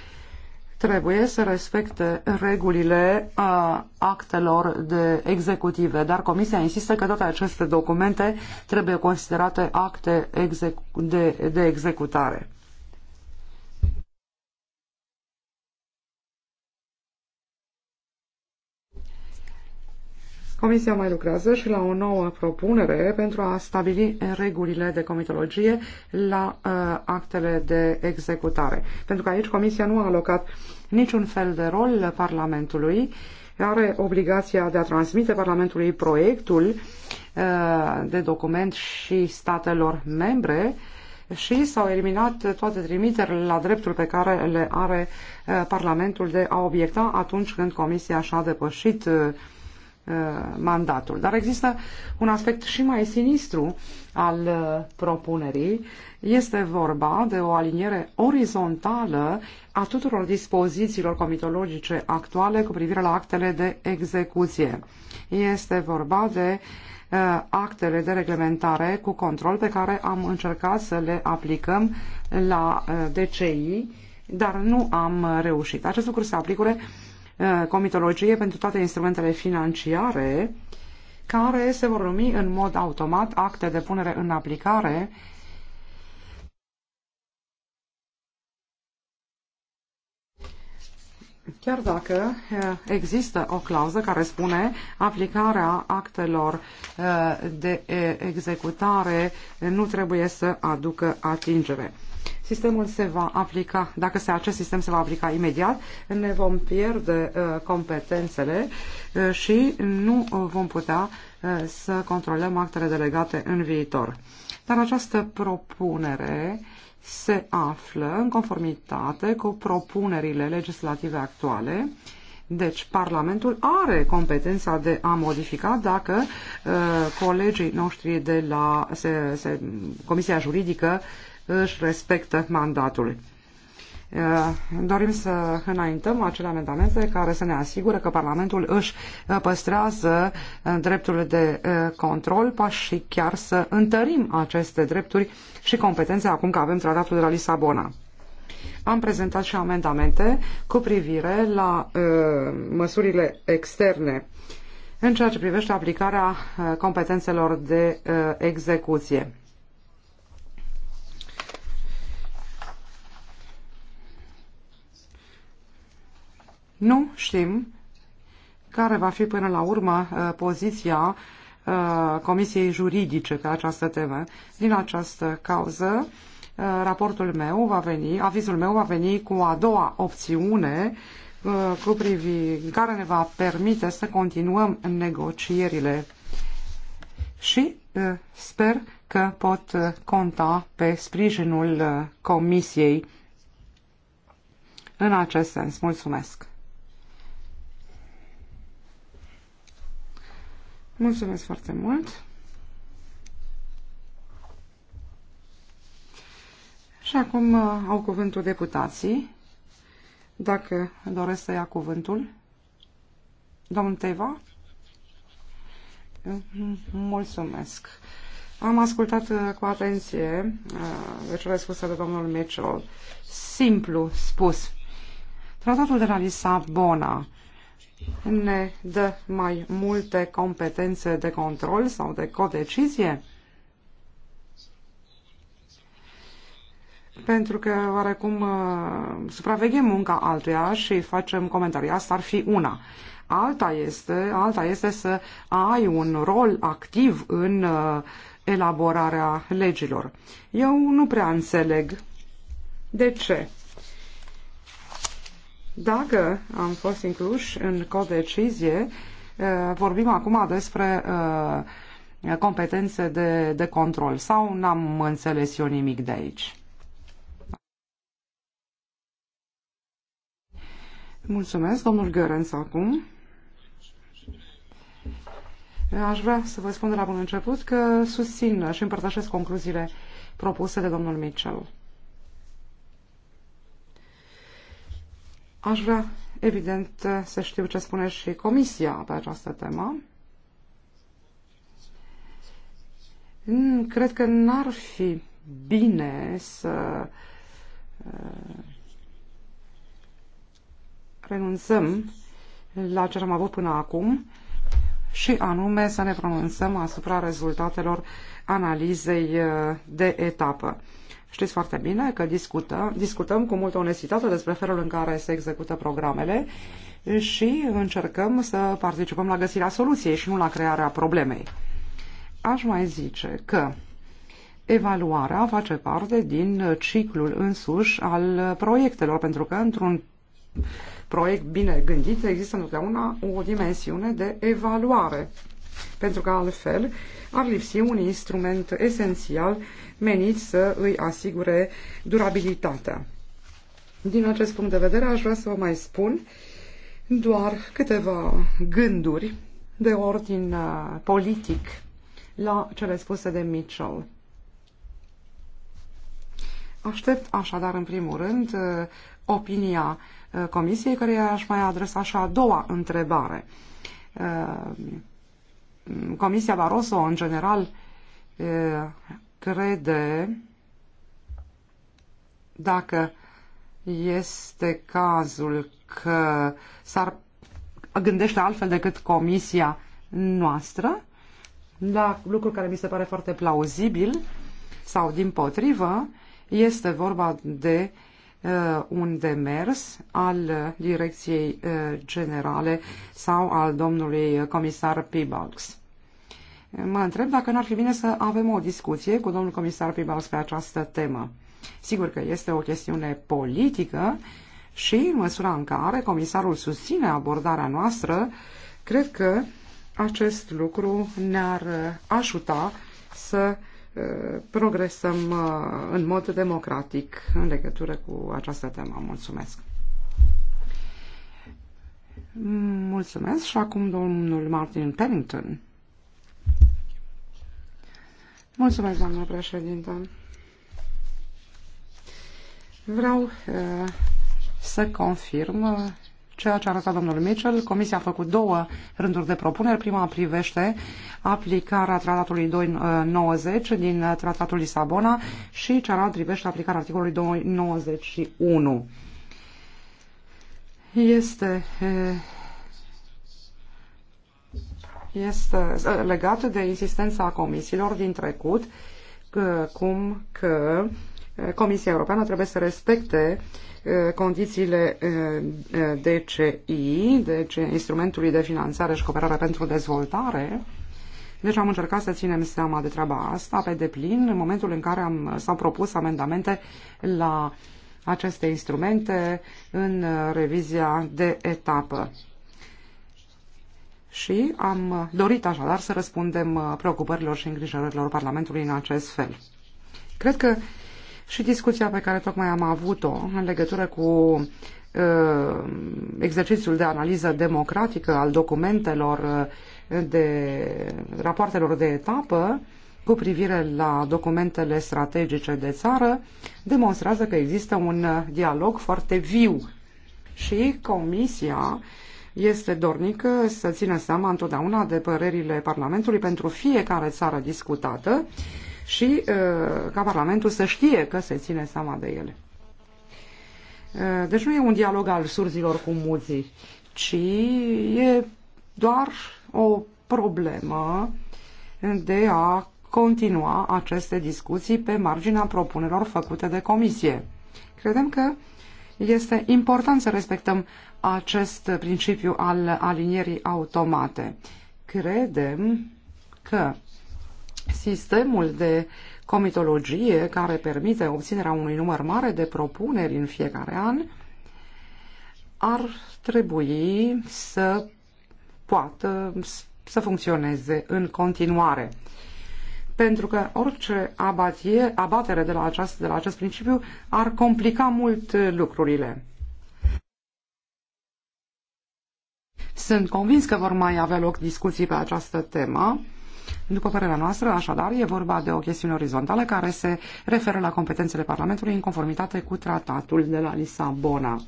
trebuie să respecte regulile uh, actelor de executive, dar Comisia insistă că toate aceste documente trebuie considerate acte de, de executare. Comisia mai lucrează și la o nouă propunere pentru a stabili regulile de comitologie la uh, actele de executare. Pentru că aici Comisia nu a alocat niciun fel de rol Parlamentului, are obligația de a transmite Parlamentului proiectul uh, de document și statelor membre și s-au eliminat toate trimiterile la dreptul pe care le are uh, Parlamentul de a obiecta atunci când Comisia și-a depășit uh, Uh, mandatul. Dar există un aspect și mai sinistru al uh, propunerii. Este vorba de o aliniere orizontală a tuturor dispozițiilor comitologice actuale cu privire la actele de execuție. Este vorba de uh, actele de reglementare cu control pe care am încercat să le aplicăm la DCI, dar nu am reușit. Acest lucru se aplică Uh, comitologie pentru toate instrumentele financiare care se vor numi în mod automat acte de punere în aplicare Chiar dacă uh, există o clauză care spune aplicarea actelor uh, de executare nu trebuie să aducă atingere. Sistemul se va aplica, dacă se, acest sistem se va aplica imediat, ne vom pierde uh, competențele uh, și nu uh, vom putea să controlăm actele delegate în viitor. Dar această propunere se află în conformitate cu propunerile legislative actuale deci, Parlamentul are competența de a modifica dacă uh, colegii noștri de la se, se, Comisia Juridică își respectă mandatul. Uh, dorim să înaintăm acele amendamente care să ne asigure că Parlamentul își uh, păstrează uh, dreptul de control și chiar să întărim aceste drepturi și competențe acum că avem tratatul de la Lisabona. Am prezentat și amendamente cu privire la măsurile externe în ceea ce privește aplicarea competențelor de execuție. Nu știm care va fi până la urmă uh, poziția uh, Comisiei Juridice pe această temă. Din această cauză, uh, raportul meu va veni, avizul meu va veni cu a doua opțiune cu privi, care ne va permite să continuăm negocierile și sper că pot conta pe sprijinul Comisiei în acest sens. Mulțumesc! Mulțumesc foarte mult! Și acum uh, au cuvântul deputații, dacă doresc să ia cuvântul. Domnul Teva? Uh, mulțumesc! Am ascultat uh, cu atenție cele spuse de domnul Mitchell. Simplu spus. Tratatul de la Lisabona ne dă mai multe competențe de control sau de codecizie? Pentru că oarecum uh, supraveghem munca altuia și facem comentarii. Asta ar fi una. Alta este, alta este să ai un rol activ în uh, elaborarea legilor. Eu nu prea înțeleg de ce dacă am fost incluși în codecizie, uh, vorbim acum despre uh, competențe de, de control sau n-am înțeles eu nimic de aici? Mulțumesc, domnul Gărenț, acum. Aș vrea să vă spun de la bun început că susțin și împărtășesc concluziile propuse de domnul Mitchell. Aș vrea, evident, să știu ce spune și Comisia pe această temă. Cred că n-ar fi bine să uh, renunțăm la ce am avut până acum și anume să ne pronunțăm asupra rezultatelor analizei uh, de etapă. Știți foarte bine că discută, discutăm cu multă onestitate despre felul în care se execută programele și încercăm să participăm la găsirea soluției și nu la crearea problemei. Aș mai zice că evaluarea face parte din ciclul însuși al proiectelor, pentru că într-un proiect bine gândit există întotdeauna o dimensiune de evaluare. Pentru că altfel ar lipsi un instrument esențial menit să îi asigure durabilitatea. Din acest punct de vedere, aș vrea să vă mai spun doar câteva gânduri de ordin uh, politic la cele spuse de Mitchell. Aștept așadar, în primul rând, uh, opinia uh, Comisiei, care aș mai adresa și a doua întrebare. Comisia Barroso, în general, crede dacă este cazul că s-ar gândește altfel decât comisia noastră, la lucru care mi se pare foarte plauzibil sau din potrivă, este vorba de uh, un demers al Direcției uh, Generale sau al domnului comisar Pibalks. Mă întreb dacă n-ar fi bine să avem o discuție cu domnul comisar Pibals pe această temă. Sigur că este o chestiune politică și, în măsura în care comisarul susține abordarea noastră, cred că acest lucru ne-ar uh, ajuta să uh, progresăm uh, în mod democratic în legătură cu această temă. Mulțumesc! Mulțumesc și acum domnul Martin Pennington. Vreau uh, să confirm uh, ceea ce a arătat domnul Mitchell. Comisia a făcut două rânduri de propuneri. Prima privește aplicarea tratatului 290 din tratatul Lisabona și cealaltă privește aplicarea articolului 291. Este uh, este ă, legată de insistența comisiilor din trecut, cum că ă, Comisia Europeană trebuie să respecte ă, condițiile DCI, deci instrumentului de finanțare și cooperare pentru dezvoltare. Deci am încercat să ținem seama de treaba asta pe deplin în momentul în care am, s-au propus amendamente la aceste instrumente în revizia de etapă și am uh, dorit așadar să răspundem uh, preocupărilor și îngrijorărilor Parlamentului în acest fel. Cred că și discuția pe care tocmai am avut-o în legătură cu uh, exercițiul de analiză democratică al documentelor uh, de rapoartelor de etapă cu privire la documentele strategice de țară demonstrează că există un dialog foarte viu și Comisia este dornică să țină seama întotdeauna de părerile Parlamentului pentru fiecare țară discutată și uh, ca Parlamentul să știe că se ține seama de ele. Uh, deci nu e un dialog al surzilor cu muții, ci e doar o problemă de a continua aceste discuții pe marginea propunerilor făcute de comisie. Credem că este important să respectăm acest principiu al alinierii automate. Credem că sistemul de comitologie care permite obținerea unui număr mare de propuneri în fiecare an ar trebui să poată să funcționeze în continuare pentru că orice abatie, abatere de la, acest, de la acest principiu ar complica mult uh, lucrurile. Sunt convins că vor mai avea loc discuții pe această temă. După părerea noastră, așadar, e vorba de o chestiune orizontală care se referă la competențele Parlamentului în conformitate cu tratatul de la Lisabona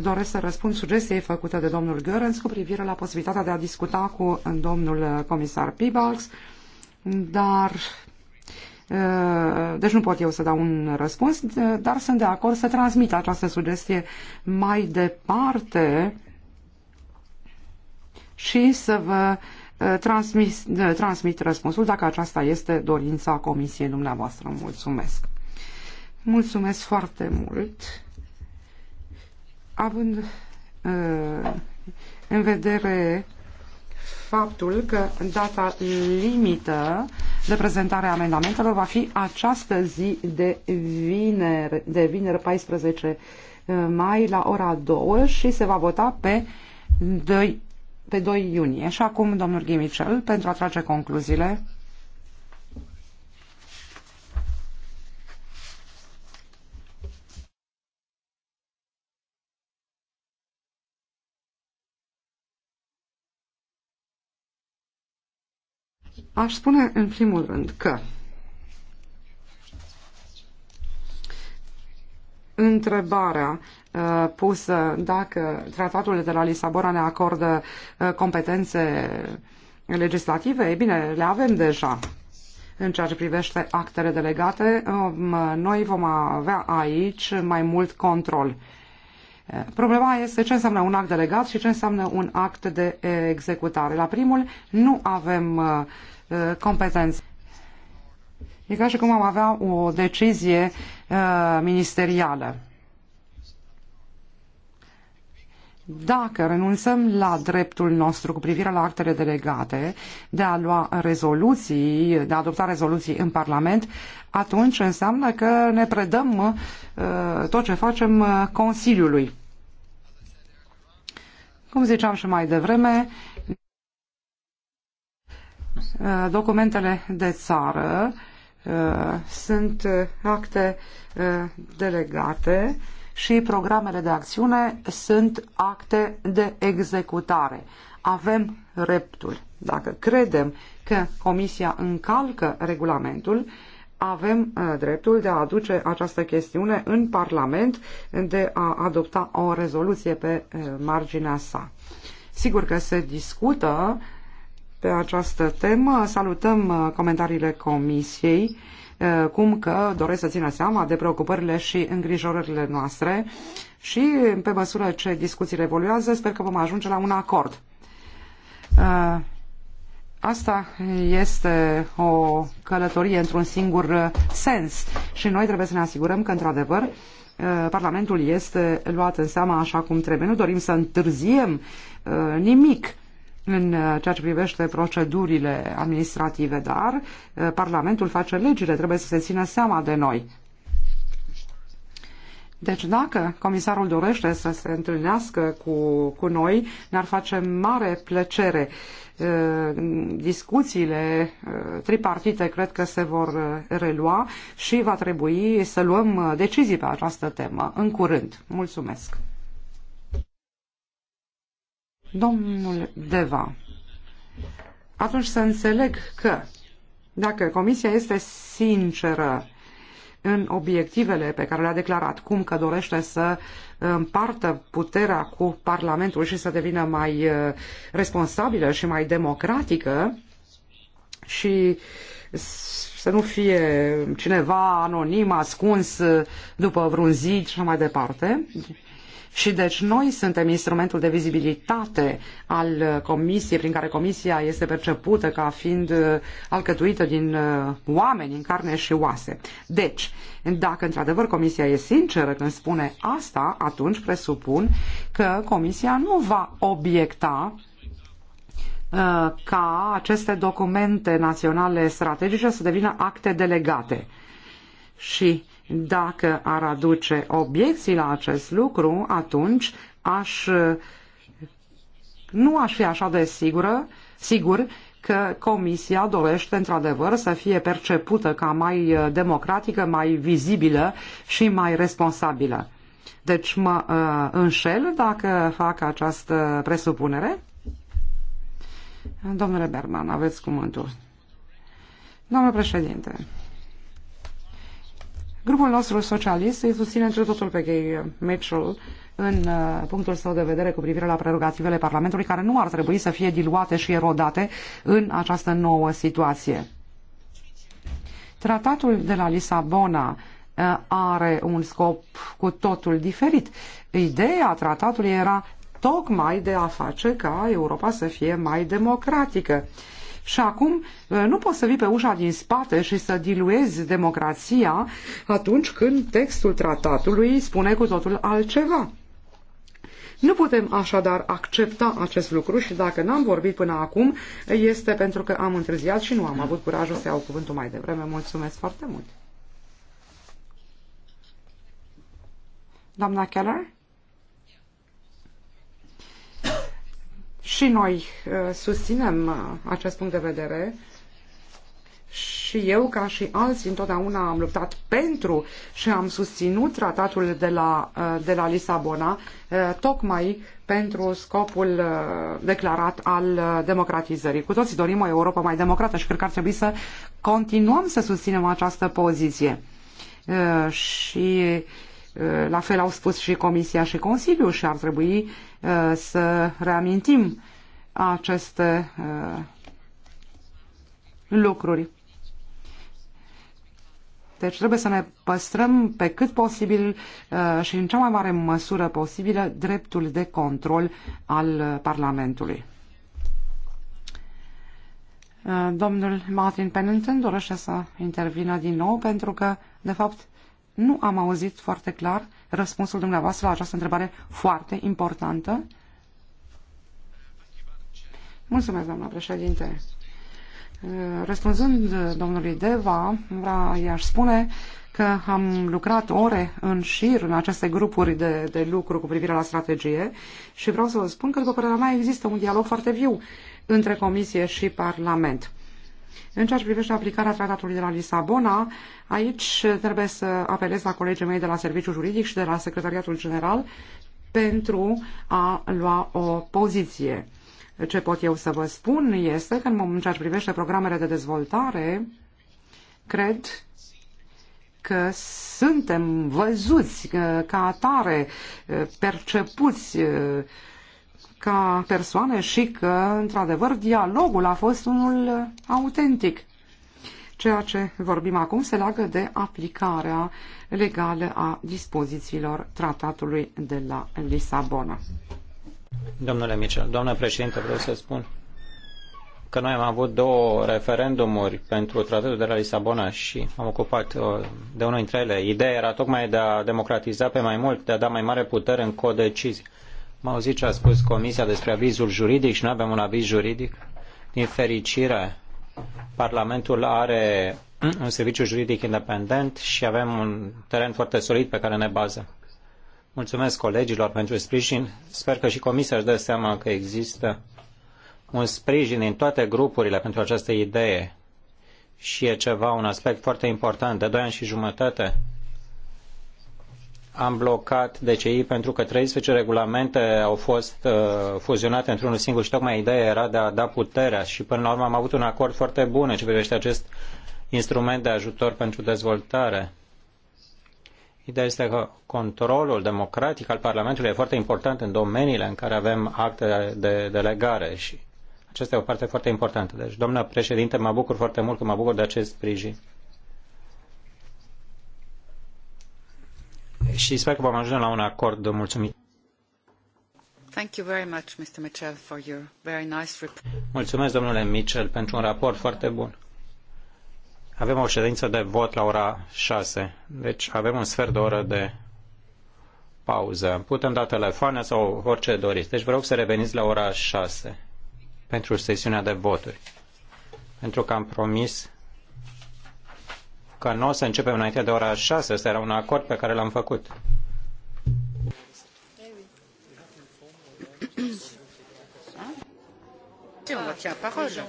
doresc să răspund sugestiei făcute de domnul Görens cu privire la posibilitatea de a discuta cu domnul uh, comisar Piebalgs, dar uh, deci nu pot eu să dau un răspuns, uh, dar sunt de acord să transmit această sugestie mai departe și să vă transmis, transmit răspunsul dacă aceasta este dorința comisiei dumneavoastră. Mulțumesc! Mulțumesc foarte mult! având uh, în vedere faptul că data limită de prezentare a amendamentelor va fi această zi de vineri, de vineri 14 uh, mai la ora 2 și se va vota pe 2, pe 2 iunie. Și acum, domnul Ghimicel, pentru a trage concluziile. Aș spune în primul rând că întrebarea uh, pusă dacă tratatul de la Lisabona ne acordă uh, competențe legislative, e bine, le avem deja. În ceea ce privește actele delegate, um, noi vom avea aici mai mult control. Uh, problema este ce înseamnă un act delegat și ce înseamnă un act de executare. La primul nu avem uh, Uh, competențe. E ca și cum am avea o decizie uh, ministerială. Dacă renunțăm la dreptul nostru cu privire la actele delegate de a lua rezoluții, de a adopta rezoluții în Parlament, atunci înseamnă că ne predăm uh, tot ce facem uh, Consiliului. Cum ziceam și mai devreme, Uh, documentele de țară uh, sunt uh, acte delegate și programele de acțiune sunt acte de executare. Avem dreptul. Dacă credem că Comisia încalcă regulamentul, avem dreptul de a aduce această chestiune în Parlament, de a adopta o rezoluție pe marginea sa. Sigur că se discută pe această temă. Salutăm uh, comentariile Comisiei, uh, cum că doresc să țină seama de preocupările și îngrijorările noastre și, pe măsură ce discuțiile evoluează, sper că vom ajunge la un acord. Uh, asta este o călătorie într-un singur sens și noi trebuie să ne asigurăm că, într-adevăr, Parlamentul este luat în seama așa cum trebuie. Nu dorim să întârziem nimic în uh, ceea ce privește procedurile administrative, dar uh, Parlamentul face legile, trebuie să se țină seama de noi. Deci dacă comisarul dorește să se întâlnească cu, cu noi, ne-ar face mare plăcere. Uh, discuțiile tripartite cred că se vor relua și va trebui să luăm decizii pe această temă în curând. Mulțumesc! Domnul Deva, atunci să înțeleg că dacă Comisia este sinceră în obiectivele pe care le-a declarat, cum că dorește să împartă puterea cu Parlamentul și să devină mai uh, responsabilă și mai democratică și să nu fie cineva anonim, ascuns după vreun zid și mai departe, și deci noi suntem instrumentul de vizibilitate al comisiei, prin care comisia este percepută ca fiind uh, alcătuită din uh, oameni în carne și oase. Deci, dacă într-adevăr comisia e sinceră când spune asta, atunci presupun că comisia nu va obiecta uh, ca aceste documente naționale strategice să devină acte delegate. Și dacă ar aduce obiecții la acest lucru, atunci aș, nu aș fi așa de sigură, sigur că Comisia dorește într-adevăr să fie percepută ca mai democratică, mai vizibilă și mai responsabilă. Deci mă uh, înșel dacă fac această presupunere? Domnule Berman, aveți cuvântul. Domnule președinte, Grupul nostru socialist îi susține într totul pe Gay Mitchell în uh, punctul său de vedere cu privire la prerogativele Parlamentului, care nu ar trebui să fie diluate și erodate în această nouă situație. Tratatul de la Lisabona uh, are un scop cu totul diferit. Ideea tratatului era tocmai de a face ca Europa să fie mai democratică și acum uh, nu poți să vii pe ușa din spate și să diluezi democrația atunci când textul tratatului spune cu totul altceva. Nu putem așadar accepta acest lucru și dacă n-am vorbit până acum, este pentru că am întârziat și nu am avut curajul să iau cuvântul mai devreme. Mulțumesc foarte mult! Doamna Keller? Și noi uh, susținem uh, acest punct de vedere și eu, ca și alții, întotdeauna am luptat pentru și am susținut tratatul de la, uh, de la Lisabona, tocmai pentru scopul declarat al democratizării. Cu toții dorim o Europa mai democrată și cred că ar trebui să continuăm să susținem această poziție. Și Eh, la fel au spus și Comisia și Consiliul și ar trebui eh, să reamintim aceste eh, lucruri. Deci trebuie să ne păstrăm pe cât posibil și în cea mai mare măsură posibilă dreptul de control al Parlamentului. Domnul Martin Pennington dorește să intervină din nou pentru că, de fapt, nu am auzit foarte clar răspunsul dumneavoastră la această întrebare foarte importantă. Mulțumesc, doamna președinte. Răspunzând domnului Deva, vrea i-aș spune că am lucrat ore în șir în aceste grupuri de, de lucru cu privire la strategie și vreau să vă spun că, după părerea mea, există un dialog foarte viu între Comisie și Parlament. În ceea ce privește aplicarea tratatului de la Lisabona, aici trebuie să apelez la colegii mei de la Serviciul Juridic și de la Secretariatul General pentru a lua o poziție. Ce pot eu să vă spun este că în ceea ce privește programele de dezvoltare, cred că suntem văzuți ca atare, percepuți ca persoane și că, într-adevăr, dialogul a fost unul autentic. Ceea ce vorbim acum se leagă de aplicarea legală a dispozițiilor tratatului de la Lisabona. Domnule Michel, doamnă președinte, vreau să spun că noi am avut două referendumuri pentru tratatul de la Lisabona și am ocupat uh, de unul dintre ele. Ideea era tocmai de a democratiza pe mai mult, de a da mai mare putere în codecizie. M-au auzit ce a spus Comisia despre avizul juridic și nu avem un aviz juridic. Din fericire, Parlamentul are un serviciu juridic independent și avem un teren foarte solid pe care ne bază. Mulțumesc colegilor pentru sprijin. Sper că și Comisia își dă seama că există un sprijin din toate grupurile pentru această idee și e ceva, un aspect foarte important. De doi ani și jumătate am blocat DCI pentru că 13 regulamente au fost uh, fuzionate într-unul singur și tocmai ideea era de a da puterea și până la urmă am avut un acord foarte bun în ce privește acest instrument de ajutor pentru dezvoltare. Ideea este că controlul democratic al Parlamentului e foarte important în domeniile în care avem acte de delegare și aceasta e o parte foarte importantă. Deci, doamnă președinte, mă bucur foarte mult că mă bucur de acest sprijin. și sper că vom ajunge la un acord mulțumit. Mulțumesc, domnule Mitchell, pentru un raport foarte bun. Avem o ședință de vot la ora 6, deci avem un sfert de oră de pauză. Putem da telefoane sau orice doriți. Deci vă rog să reveniți la ora 6 pentru sesiunea de voturi. Pentru că am promis că nu o să începem înainte de ora 6. Asta era un acord pe care l-am făcut. Tiens, On va tient parole.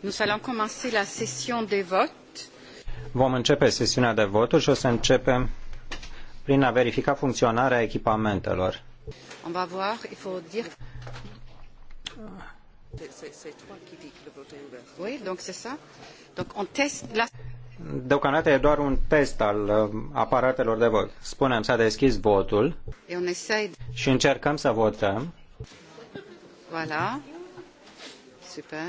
Nous allons commencer la session Vom începe sesiunea de voturi și o să începem prin a verifica funcționarea echipamentelor. On va voir, il faut dire... Oui, donc c'est ça. Donc on teste la... Deocamdată e doar un test al uh, aparatelor de vot. Spunem, s-a deschis votul și încercăm să votăm. Voilà. Super.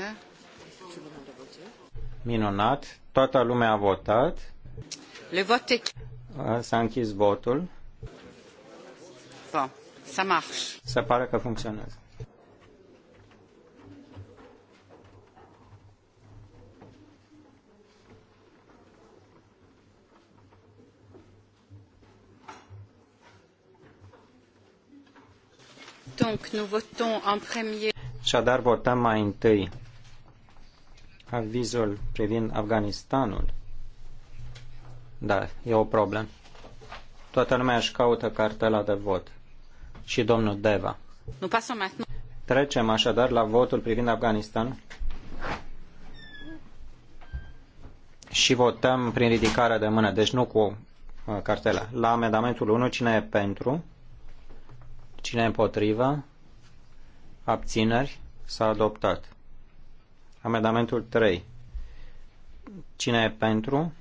Minunat. Toată lumea a votat. Le vote. S-a închis votul. Bon. Ça marche. Se pare că funcționează. Donc, nous votons en premier. Așadar, votăm mai întâi avizul privind Afganistanul. Da, e o problemă. Toată lumea își caută cartela de vot. Și domnul Deva. Nu pasă Trecem așadar la votul privind Afganistan. Și votăm prin ridicarea de mână, deci nu cu uh, cartela. La amendamentul 1, cine e pentru? Cine e împotrivă? Abțineri? S-a adoptat. Amendamentul 3. Cine e pentru?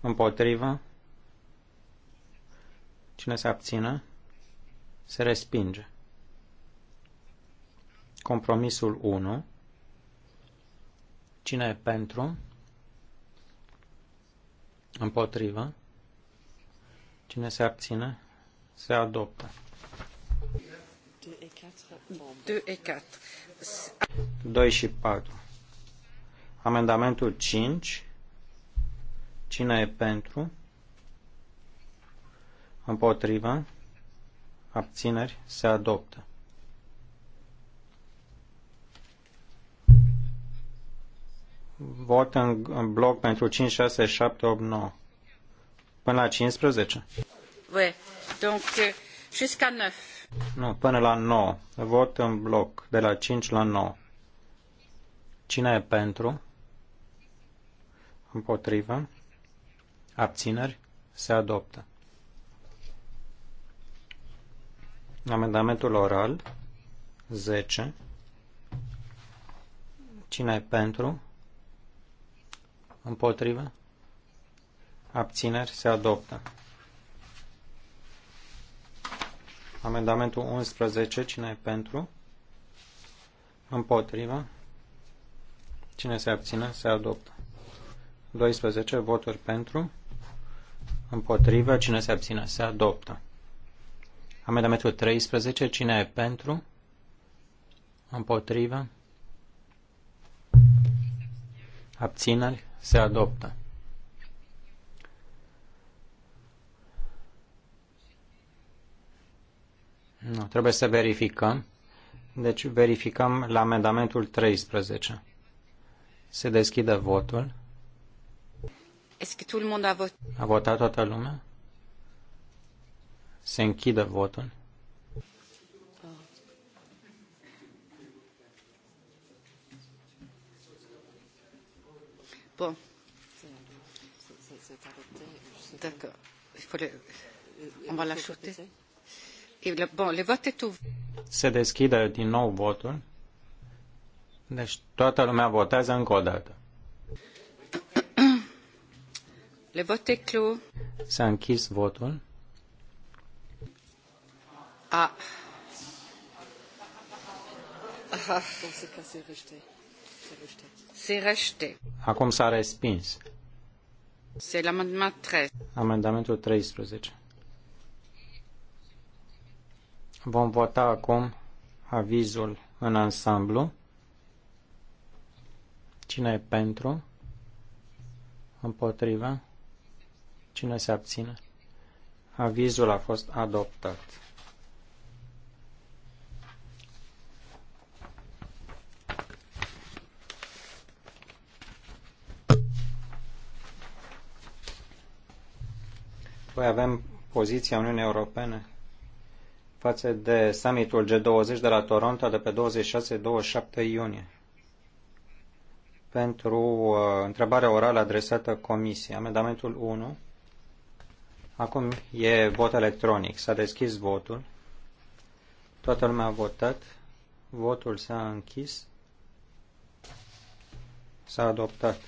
Împotrivă? Cine se abține? Se respinge. Compromisul 1. Cine e pentru? Împotrivă? Cine se abține? Se adoptă. 2 et 4. 2 și 4. Amendamentul 5. Cine e pentru? Împotriva? Abțineri? Se adoptă. Vot în, în bloc pentru 5, 6, 7, 8, 9. Până la 15? Oui. Donc, jusqu'à 9. Nu, până la 9. Vot în bloc, de la 5 la 9. Cine e pentru? Împotrivă? Abțineri? Se adoptă. Amendamentul oral 10. Cine e pentru? Împotrivă? Abțineri? Se adoptă. Amendamentul 11, cine e pentru? Împotrivă. Cine se abține, se adoptă. 12 voturi pentru. Împotrivă. Cine se abține, se adoptă. Amendamentul 13. Cine e pentru? Împotrivă. Abțineri. Se adoptă. Nu, trebuie să verificăm. Deci verificăm la amendamentul 13. Se deschide votul. A votat toată lumea? Se închide votul. Bun. D'accord. Il faut le... On va l'ajouter. Se deschide din nou votul. Deci toată lumea votează încă o dată. Le vote clos. S-a închis votul. A. Se rejeté. Acum s-a respins. l-amendament 3. Amendamentul 13. Vom vota acum avizul în ansamblu. Cine e pentru? Împotriva? Cine se abține? Avizul a fost adoptat. Păi avem poziția Uniunii Europene față de summitul G20 de la Toronto de pe 26-27 iunie pentru uh, întrebarea orală adresată Comisiei. Amendamentul 1. Acum e vot electronic. S-a deschis votul. Toată lumea a votat. Votul s-a închis. S-a adoptat.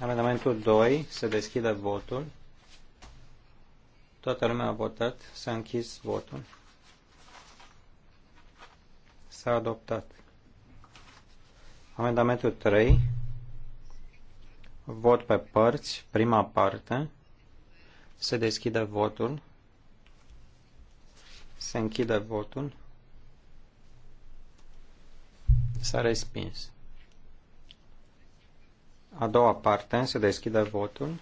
Amendamentul 2. Se deschide votul. Toată lumea a votat. S-a închis votul. S-a adoptat. Amendamentul 3. Vot pe părți. Prima parte. Se deschide votul. Se închide votul. S-a respins. A doua parte. Se deschide votul.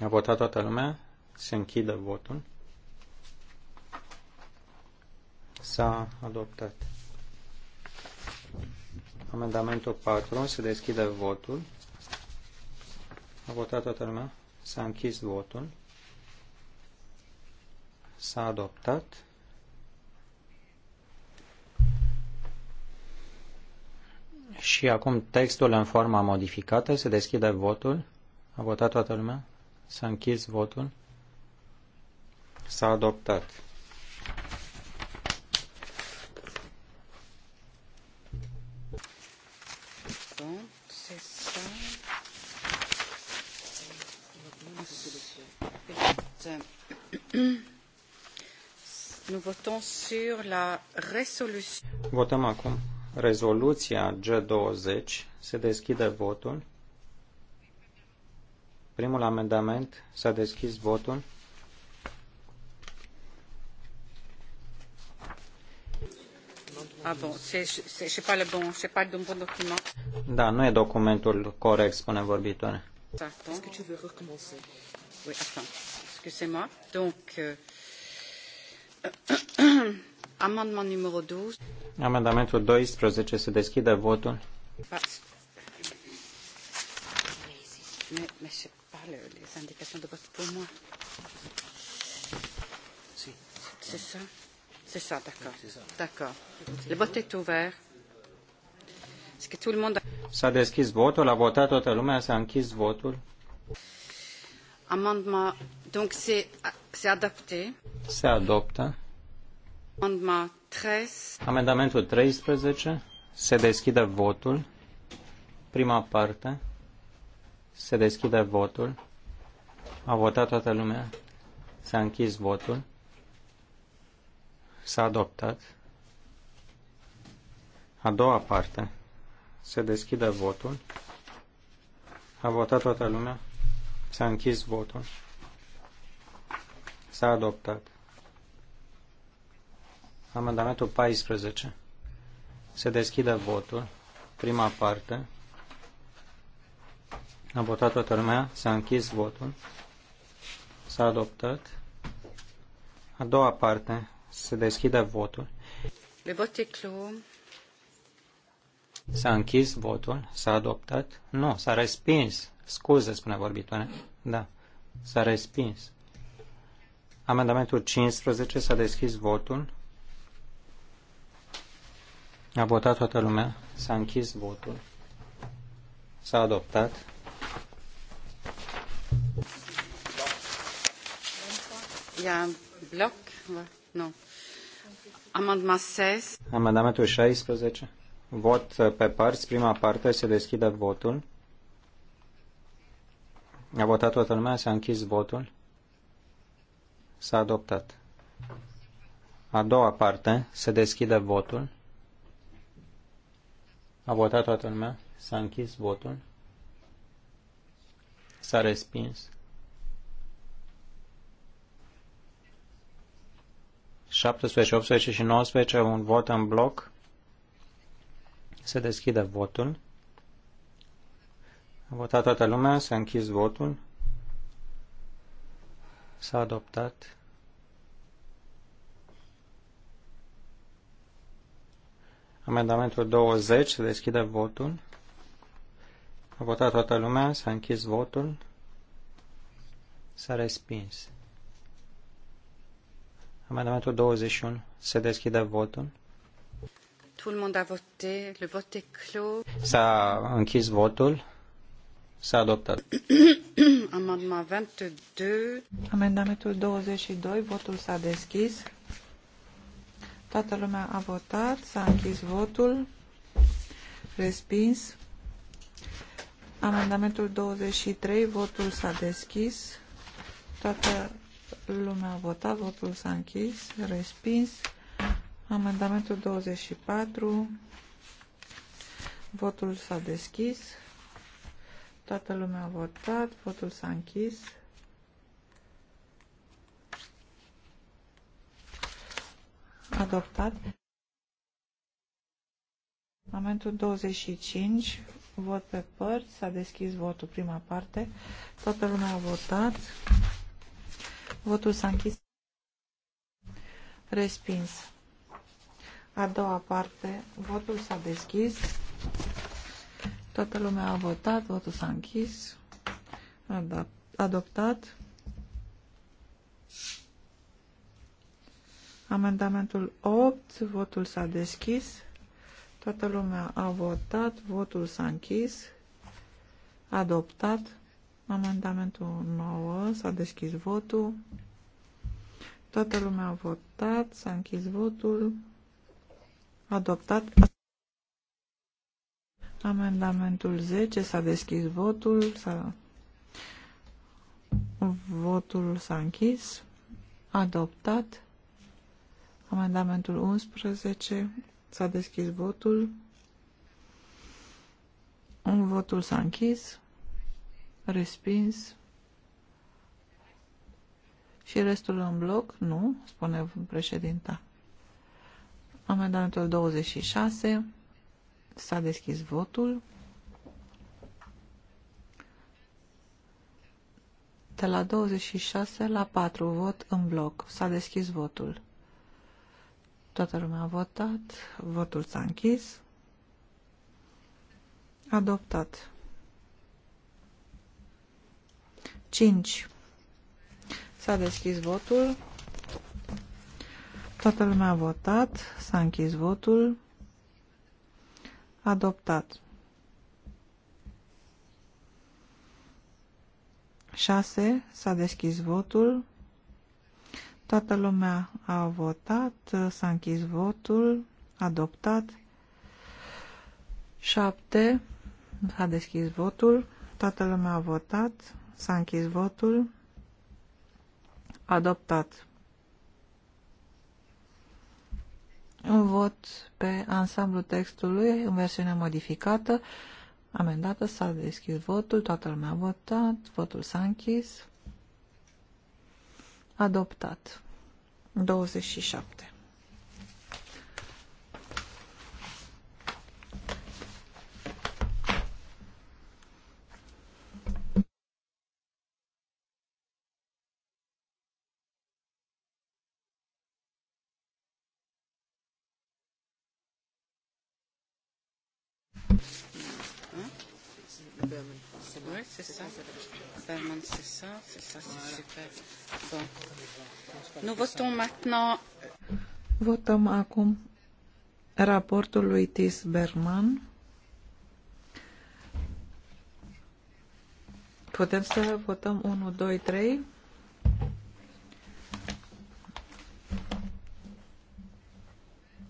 A votat toată lumea? Se închide votul. S-a adoptat. Amendamentul 4. Se deschide votul. A votat toată lumea? S-a închis votul. S-a adoptat. Și acum textul în forma modificată. Se deschide votul. A votat toată lumea? S-a închis votul. S-a adoptat. Nous votons sur la résolution. Votăm acum rezoluția G20. Se deschide votul. Primul amendament s-a deschis votul. Da, nu e documentul corect, spune vorbitoare. Da, Est-ce que tu veux recommencer Oui, attends. Excusez-moi. Donc, euh, amendement numéro 12. Amendamentul 12 se deschide votul. Mais, mais c'est parle, les indications de pour moi. Si. C'est ça C'est ça, d'accord. D'accord. Le vote est ouvert. Est-ce que tout le monde a... S-a deschis votul, a votat toată lumea, s-a închis votul. Amendement, donc c'est adopté. Se adoptă. Amendement 13. Amendamentul 13. Se deschide votul. Prima parte. Se deschide votul. A votat toată lumea. S-a închis votul. S-a adoptat. A doua parte. Se deschide votul. A votat toată lumea. S-a închis votul. S-a adoptat. Amendamentul 14. Se deschide votul. Prima parte. A votat toată lumea, s-a închis votul, s-a adoptat. A doua parte, se deschide votul. Le vot e clos. S-a închis votul, s-a adoptat. Nu, s-a respins. Scuze, spune vorbitoare. Da, s-a respins. Amendamentul 15 s-a deschis votul. A votat toată lumea, s-a închis votul, s-a adoptat. y a un bloc Nu. Amendament 16. Amendamentul 16. Vot pe părți. Prima parte se deschide votul. A votat toată lumea, s-a închis votul. S-a adoptat. A doua parte se deschide votul. A votat toată lumea, s-a închis votul. S-a respins. 17, 18 și 19, un vot în bloc. Se deschide votul. A votat toată lumea, s-a închis votul. S-a adoptat. Amendamentul 20, se deschide votul. A votat toată lumea, s-a închis votul. S-a respins. Amendamentul 21. Se deschide votul. Tout le monde a voté. Le vote est clos. S-a închis votul. S-a adoptat. Amendamentul 22. Amendamentul 22. Votul s-a deschis. Toată lumea a votat. S-a închis votul. Respins. Amendamentul 23. Votul s-a deschis. Toată Lumea a votat, votul s-a închis, respins. Amendamentul 24. Votul s-a deschis. Toată lumea a votat, votul s-a închis. Adoptat. Amendamentul 25, vot pe părți, s-a deschis votul prima parte, toată lumea a votat, Votul s-a închis. Respins. A doua parte, votul s-a deschis. Toată lumea a votat, votul s-a închis. Da, adoptat. Amendamentul 8, votul s-a deschis. Toată lumea a votat, votul s-a închis. Adoptat. Amendamentul 9. S-a deschis votul. Toată lumea a votat. S-a închis votul. Adoptat. Amendamentul 10. S-a deschis votul. S-a... Votul s-a închis. Adoptat. Amendamentul 11. S-a deschis votul. Votul s-a închis respins și restul în bloc, nu, spune președinta. Amendamentul 26, s-a deschis votul. De la 26 la 4 vot în bloc. S-a deschis votul. Toată lumea a votat. Votul s-a închis. Adoptat. 5. S-a deschis votul. Toată lumea a votat. S-a închis votul. Adoptat. 6. S-a deschis votul. Toată lumea a votat. S-a închis votul. Adoptat. 7. S-a deschis votul. Toată lumea a votat. S-a închis votul. Adoptat. Un vot pe ansamblu textului în versiunea modificată. Amendată s-a deschis votul, toată lumea a votat, votul s-a închis. Adoptat. 27. c'est ça Berman, c'est ça C'est ça, c'est super. Bon. Nous votons maintenant... Votăm acum raportul lui Tis Berman. Putem să votăm 1, 2, 3.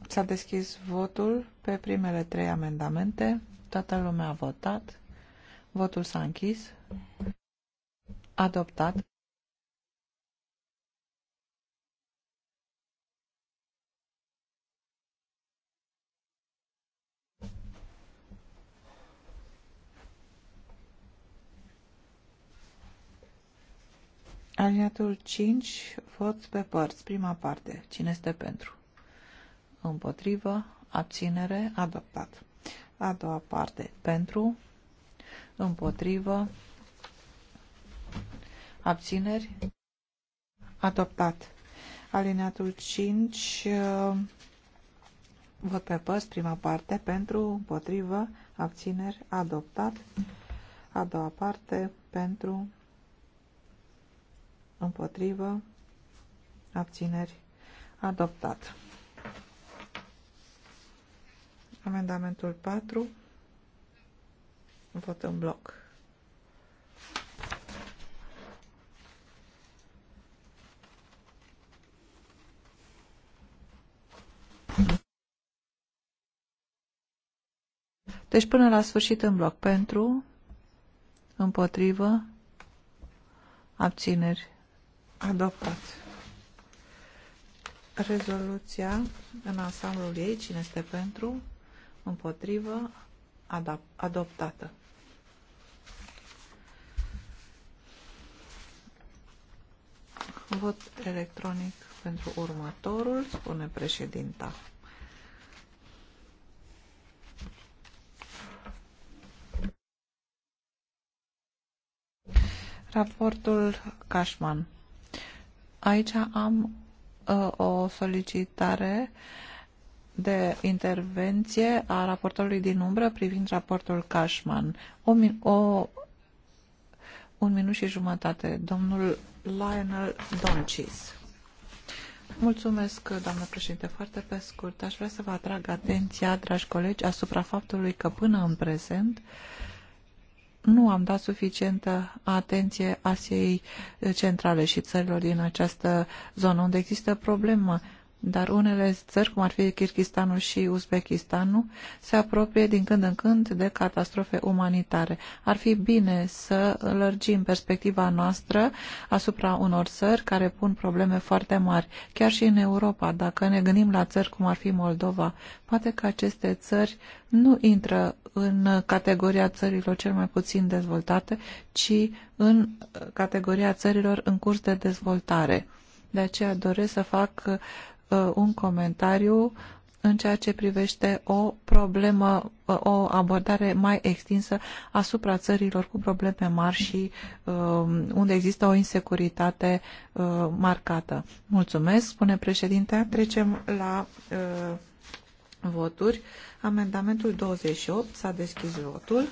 S-a deschis votul pe primele trei amendamente. Toată lumea a votat. Votul s-a închis. Adoptat. Alineatul 5, vot pe părți, prima parte. Cine este pentru? Împotrivă, abținere, adoptat. A doua parte, pentru, împotrivă, abțineri, adoptat. Alineatul 5, uh, Văd pe păst, prima parte, pentru, împotrivă, abțineri, adoptat. A doua parte, pentru, împotrivă, abțineri, adoptat. Amendamentul 4 Vot în bloc. Deci până la sfârșit în bloc. Pentru, împotrivă, abțineri. Adoptat. Rezoluția în ansamblul ei, cine este pentru, împotrivă, adoptată. Vot electronic pentru următorul, spune președinta. Raportul Cashman. Aici am uh, o solicitare de intervenție a raportorului din umbră privind raportul Cashman. O, o, un minut și jumătate. Domnul Lionel Doncis. Mulțumesc, doamnă președinte. Foarte pe scurt, aș vrea să vă atrag atenția, dragi colegi, asupra faptului că până în prezent nu am dat suficientă atenție Asiei Centrale și țărilor din această zonă unde există problemă dar unele țări, cum ar fi Kirghistanul și Uzbekistanul, se apropie din când în când de catastrofe umanitare. Ar fi bine să lărgim perspectiva noastră asupra unor țări care pun probleme foarte mari, chiar și în Europa, dacă ne gândim la țări cum ar fi Moldova. Poate că aceste țări nu intră în categoria țărilor cel mai puțin dezvoltate, ci în categoria țărilor în curs de dezvoltare. De aceea doresc să fac Uh, un comentariu în ceea ce privește o problemă, uh, o abordare mai extinsă asupra țărilor cu probleme mari și uh, unde există o insecuritate uh, marcată. Mulțumesc, spune președinte. Trecem la uh, voturi. Amendamentul 28 s-a deschis votul.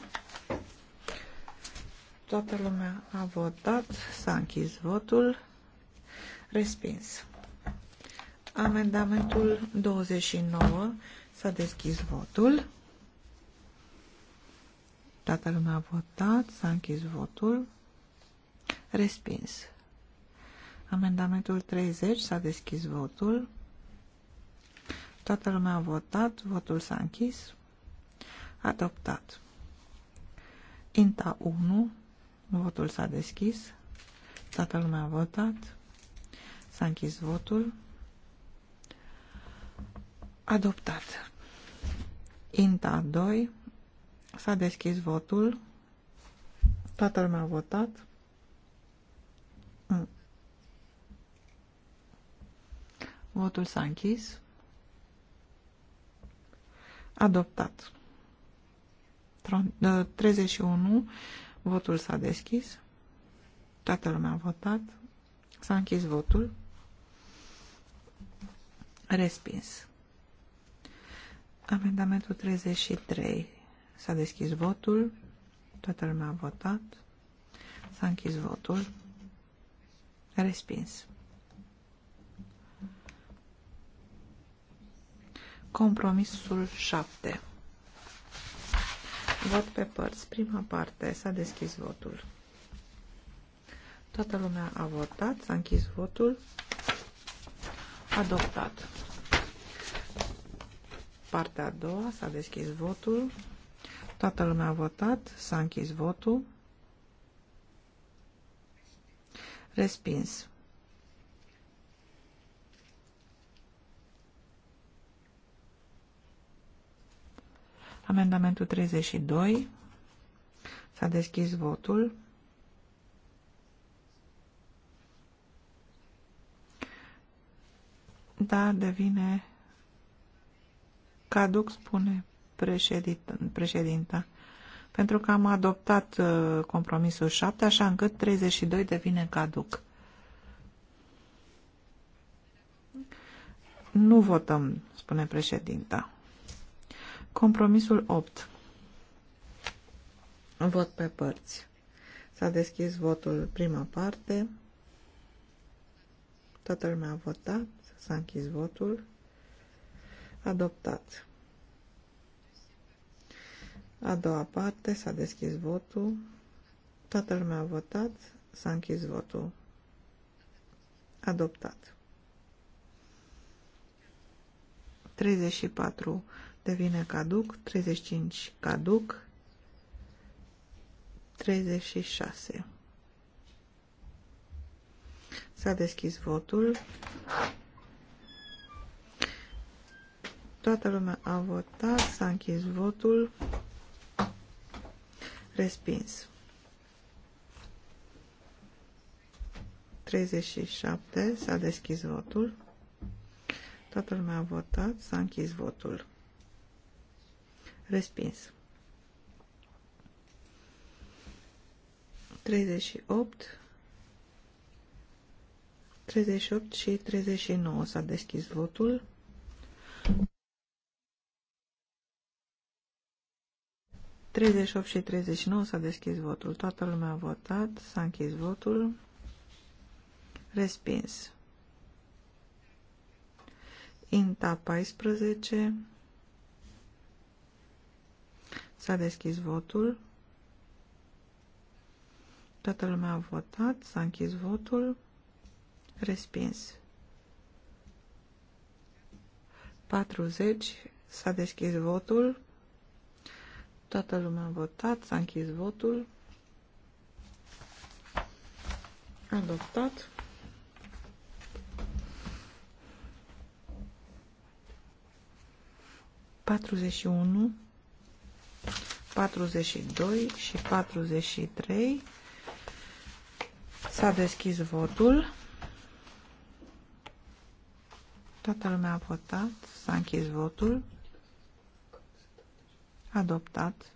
Toată lumea a votat, s-a închis votul. Respins. Amendamentul 29. S-a deschis votul. Toată lumea a votat. S-a închis votul. Respins. Amendamentul 30. S-a deschis votul. Toată lumea a votat. Votul s-a închis. Adoptat. INTA 1. Votul s-a deschis. Toată lumea a votat. S-a închis votul. Adoptat. INTA 2. S-a deschis votul. Toată lumea a votat. Mm. Votul s-a închis. Adoptat. 31. Votul s-a deschis. Toată lumea a votat. S-a închis votul. Respins. Amendamentul 33. S-a deschis votul. Toată lumea a votat. S-a închis votul. Respins. Compromisul 7. Vot pe părți. Prima parte. S-a deschis votul. Toată lumea a votat. S-a închis votul. Adoptat. Partea a doua, s-a deschis votul. Toată lumea a votat, s-a închis votul. Respins. Amendamentul 32. S-a deschis votul. Da, devine caduc, spune președinta, pentru că am adoptat uh, compromisul 7, așa încât 32 devine caduc. Nu votăm, spune președinta. Compromisul 8. Vot pe părți. S-a deschis votul prima parte. Toată lumea a votat. S-a închis votul. Adoptat. A doua parte s-a deschis votul. Toată lumea a votat. S-a închis votul. Adoptat. 34 devine caduc, 35 caduc, 36. S-a deschis votul. Toată lumea a votat, s-a închis votul. Respins. 37 s-a deschis votul. Toată lumea a votat, s-a închis votul. Respins. 38 38 și 39 s-a deschis votul. 38 și 39 s-a deschis votul. Toată lumea a votat, s-a închis votul. Respins. Inta 14. S-a deschis votul. Toată lumea a votat, s-a închis votul. Respins. 40. S-a deschis votul. Toată lumea a votat, s-a închis votul. Adoptat. Patruzeci și unu, patruzeci și doi și patruzeci și trei. S-a deschis votul. Toată lumea a votat, s-a închis votul adoptat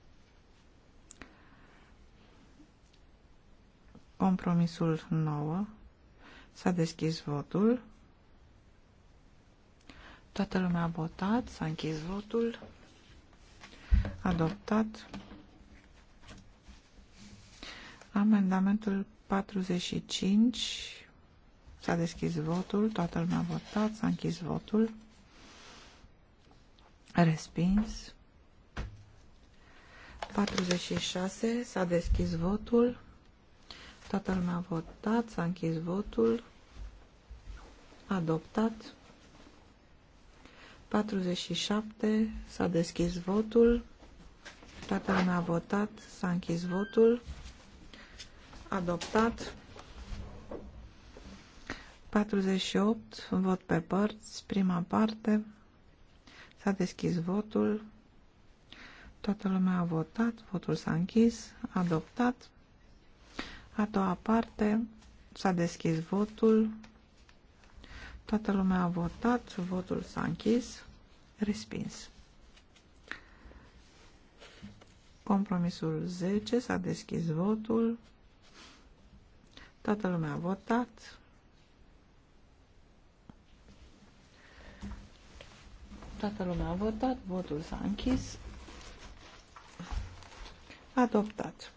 compromisul 9 s-a deschis votul toată lumea a votat s-a închis votul adoptat amendamentul 45 s-a deschis votul toată lumea a votat s-a închis votul respins 46. S-a deschis votul. Toată lumea a votat. S-a închis votul. Adoptat. 47. S-a deschis votul. Toată lumea a votat. S-a închis votul. Adoptat. 48. Vot pe părți. Prima parte. S-a deschis votul. Toată lumea a votat, votul s-a închis, adoptat. A doua parte, s-a deschis votul, toată lumea a votat, votul s-a închis, respins. Compromisul 10, s-a deschis votul, toată lumea a votat, toată lumea a votat, votul s-a închis, adoptat.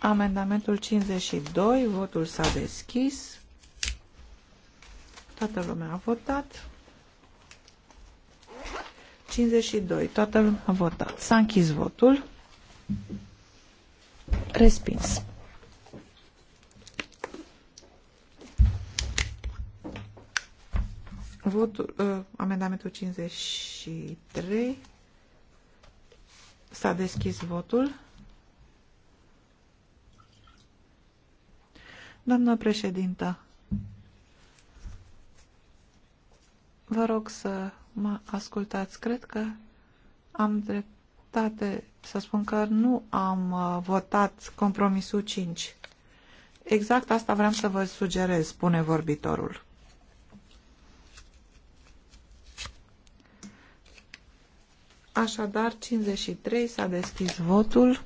Amendamentul 52, votul s-a deschis. Toată lumea a votat. 52, toată lumea a votat. S-a închis votul. Respins. Votul, uh, amendamentul 53. S-a deschis votul. Doamnă președintă, vă rog să mă ascultați. Cred că am dreptate să spun că nu am uh, votat compromisul 5. Exact asta vreau să vă sugerez, spune vorbitorul. Așadar, 53 s-a deschis votul.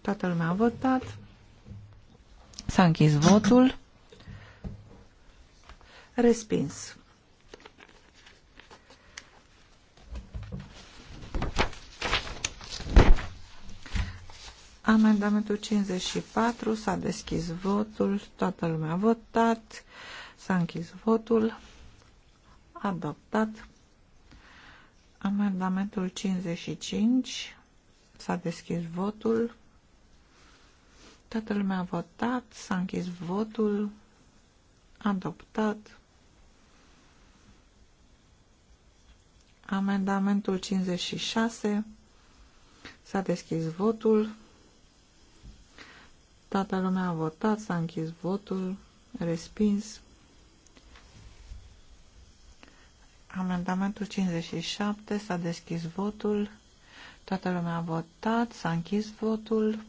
Toată lumea a votat. S-a închis votul. Respins. Amendamentul 54 s-a deschis votul, toată lumea a votat, s-a închis votul, adoptat. Amendamentul 55. S-a deschis votul. Toată lumea a votat. S-a închis votul. Adoptat. Amendamentul 56. S-a deschis votul. Toată lumea a votat. S-a închis votul. Respins. Amendamentul 57 s-a deschis votul. Toată lumea a votat, s-a închis votul.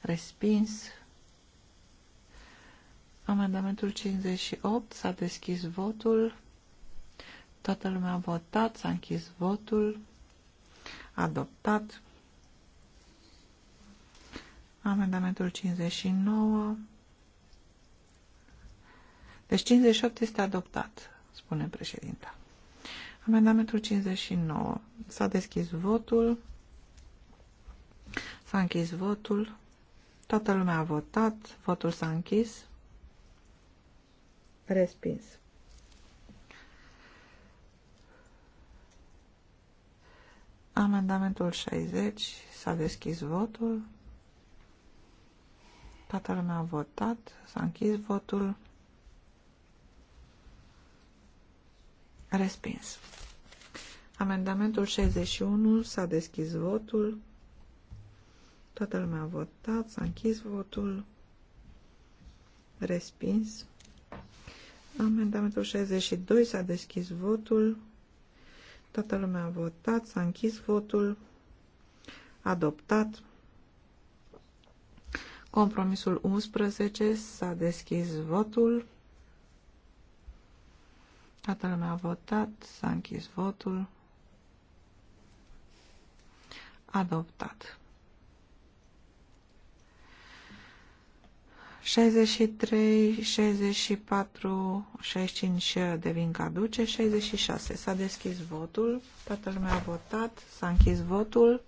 Respins. Amendamentul 58 s-a deschis votul. Toată lumea a votat, s-a închis votul. Adoptat. Amendamentul 59. Deci 58 este adoptat spune președinta. Amendamentul 59. S-a deschis votul. S-a închis votul. Toată lumea a votat. Votul s-a închis. Respins. Amendamentul 60. S-a deschis votul. Toată lumea a votat. S-a închis votul. Respins. Amendamentul 61 s-a deschis votul. Toată lumea a votat, s-a închis votul. Respins. Amendamentul 62 s-a deschis votul. Toată lumea a votat, s-a închis votul. Adoptat. Compromisul 11 s-a deschis votul. Toată lumea a votat, s-a închis votul. Adoptat. 63, 64, 65 devin caduce, 66. S-a deschis votul, toată lumea a votat, s-a închis votul.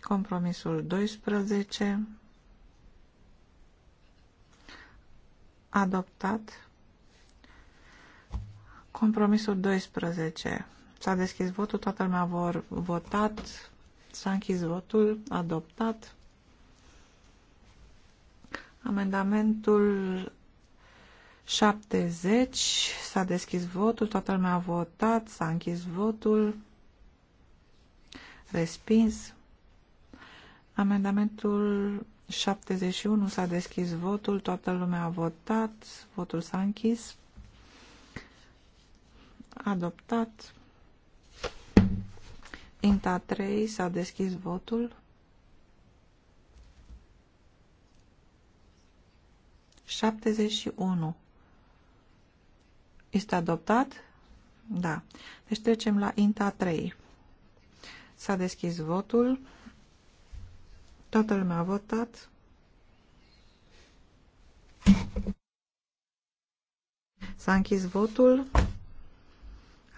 Compromisul 12. Adoptat. Compromisul 12. S-a deschis votul, toată lumea vor votat, s-a închis votul, adoptat. Amendamentul 70, s-a deschis votul, toată lumea a votat, s-a închis votul, respins. Amendamentul 71, s-a deschis votul, toată lumea a votat, votul s-a închis adoptat. Inta 3 s-a deschis votul. Șaptezeci și unu. Este adoptat? Da. Deci trecem la INTA 3. S-a deschis votul. Toată lumea a votat. S-a închis votul.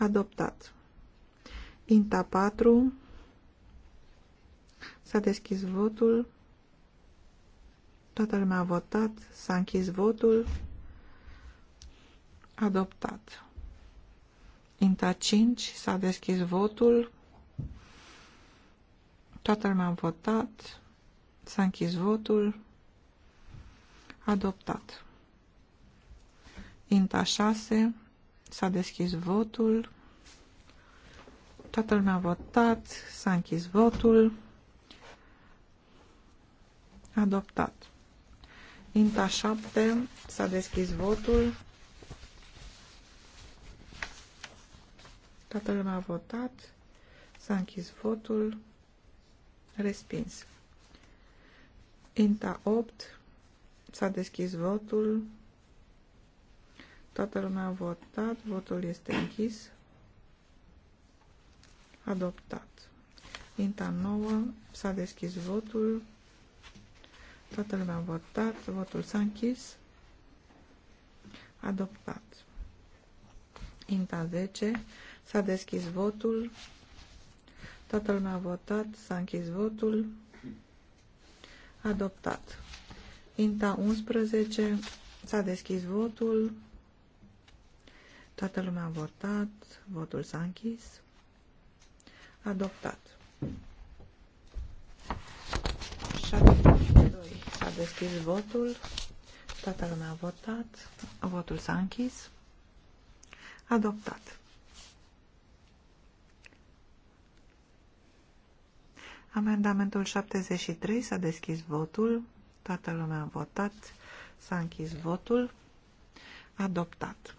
Adoptat. Inta 4. S-a deschis votul. Toată lumea a votat. S-a închis votul. Adoptat. Inta 5. S-a deschis votul. Toată lumea a votat. S-a închis votul. Adoptat. Inta 6. S-a deschis votul. Toată lumea a votat. S-a închis votul. Adoptat. Inta 7. S-a deschis votul. Toată lumea a votat. S-a închis votul. Respins. Inta 8. S-a deschis votul. Toată lumea a votat, votul este închis. Adoptat. Inta nouă, s-a deschis votul. Toată lumea a votat, votul s-a închis. Adoptat. Inta 10, s-a deschis votul. Toată lumea a votat, s-a închis votul. Adoptat. Inta 11, s-a deschis votul. Toată lumea a votat, votul s-a închis. Adoptat. 72. S-a deschis votul. Toată lumea a votat. Votul s-a închis. Adoptat. Amendamentul 73. S-a deschis votul. Toată lumea a votat. S-a închis votul. Adoptat.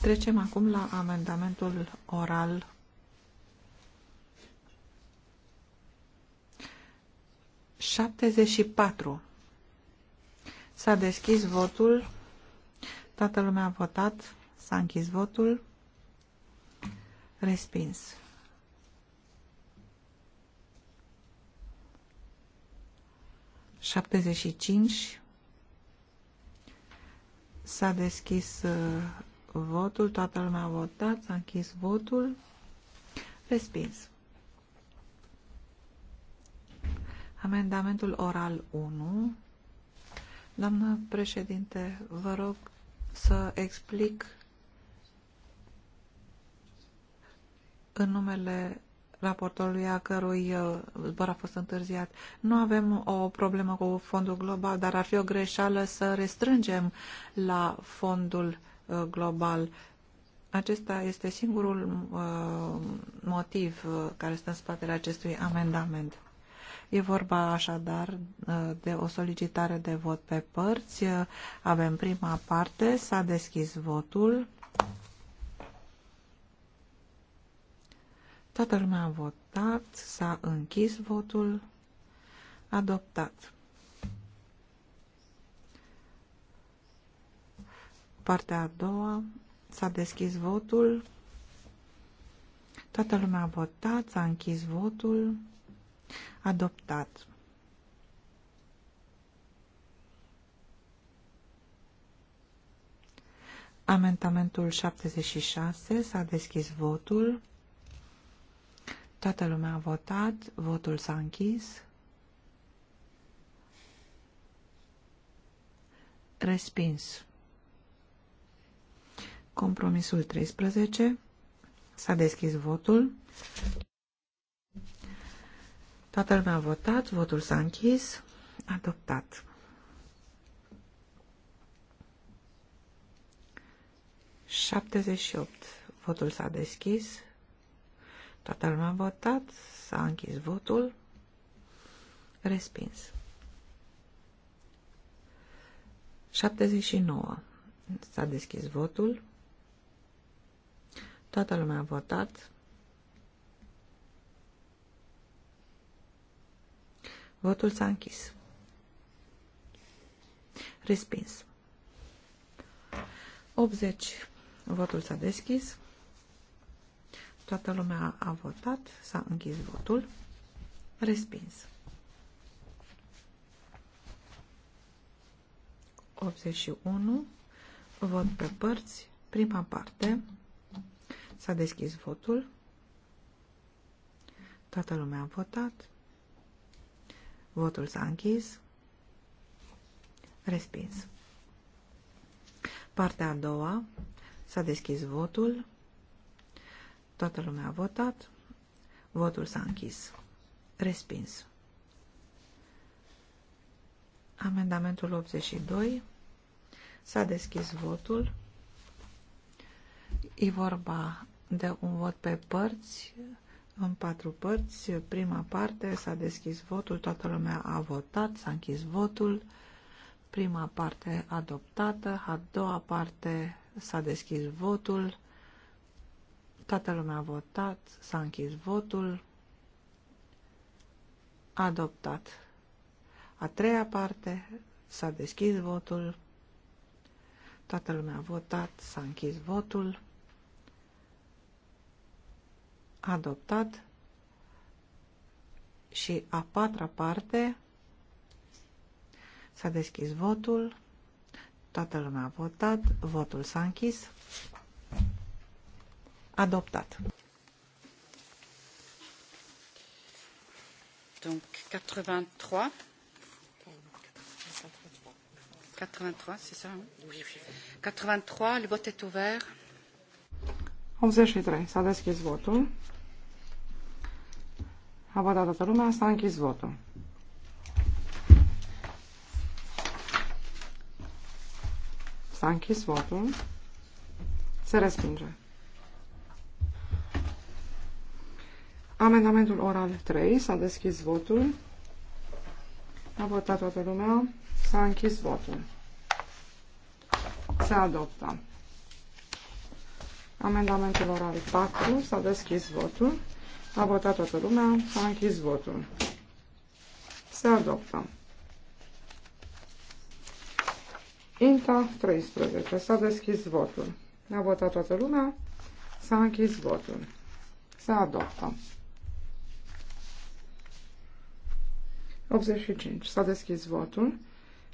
Trecem acum la amendamentul oral S-a deschis votul. Toată lumea a votat. S-a închis votul. Respins. Șaptezeci S-a deschis uh, votul, toată lumea a votat, s-a închis votul, respins. Amendamentul oral 1. Doamnă președinte, vă rog să explic în numele raportorului a cărui uh, zbor a fost întârziat. Nu avem o problemă cu fondul global, dar ar fi o greșeală să restrângem la fondul Uh, global. Acesta este singurul uh, motiv uh, care stă în spatele acestui amendament. E vorba așadar de o solicitare de vot pe părți. Avem prima parte, s-a deschis votul. Toată lumea a votat, s-a închis votul, adoptat. Partea a doua. S-a deschis votul. Toată lumea a votat, s-a închis votul. Adoptat. Amentamentul 76 s-a deschis votul. Toată lumea a votat, votul s-a închis. Respins. Compromisul 13. S-a deschis votul. Toată lumea a votat, votul s-a închis, adoptat. Șaptezeci opt. Votul s-a deschis. Toată lumea a votat, s-a închis votul. Respins. 79. S-a deschis votul. Toată lumea a votat. Votul s-a închis. Respins. 80. Votul s-a deschis. Toată lumea a votat. S-a închis votul. Respins. 81. Vot pe părți. Prima parte. S-a deschis votul. Toată lumea a votat. Votul s-a închis. Respins. Partea a doua. S-a deschis votul. Toată lumea a votat. Votul s-a închis. Respins. Amendamentul 82. S-a deschis votul. E vorba de un vot pe părți, în patru părți. Prima parte s-a deschis votul, toată lumea a votat, s-a închis votul. Prima parte adoptată, a doua parte s-a deschis votul, toată lumea a votat, s-a închis votul, adoptat. A treia parte s-a deschis votul, toată lumea a votat, s-a închis votul adoptat și a patra parte s-a deschis votul toată lumea a votat votul s-a închis adoptat Donc 83 83, c'est ça hein? 83, le vote est ouvert. 83, s-a deschis votul. A votat toată lumea, s-a închis votul. S-a închis votul. Se respinge. Amendamentul oral 3. S-a deschis votul. A votat toată lumea. S-a închis votul. Se adoptă. Amendamentul oral 4. S-a deschis votul. A votat toată lumea, s-a închis votul. Se adoptă. INTA 13. S-a deschis votul. A votat toată lumea, s-a închis votul. Se adoptă. 85. S-a deschis votul.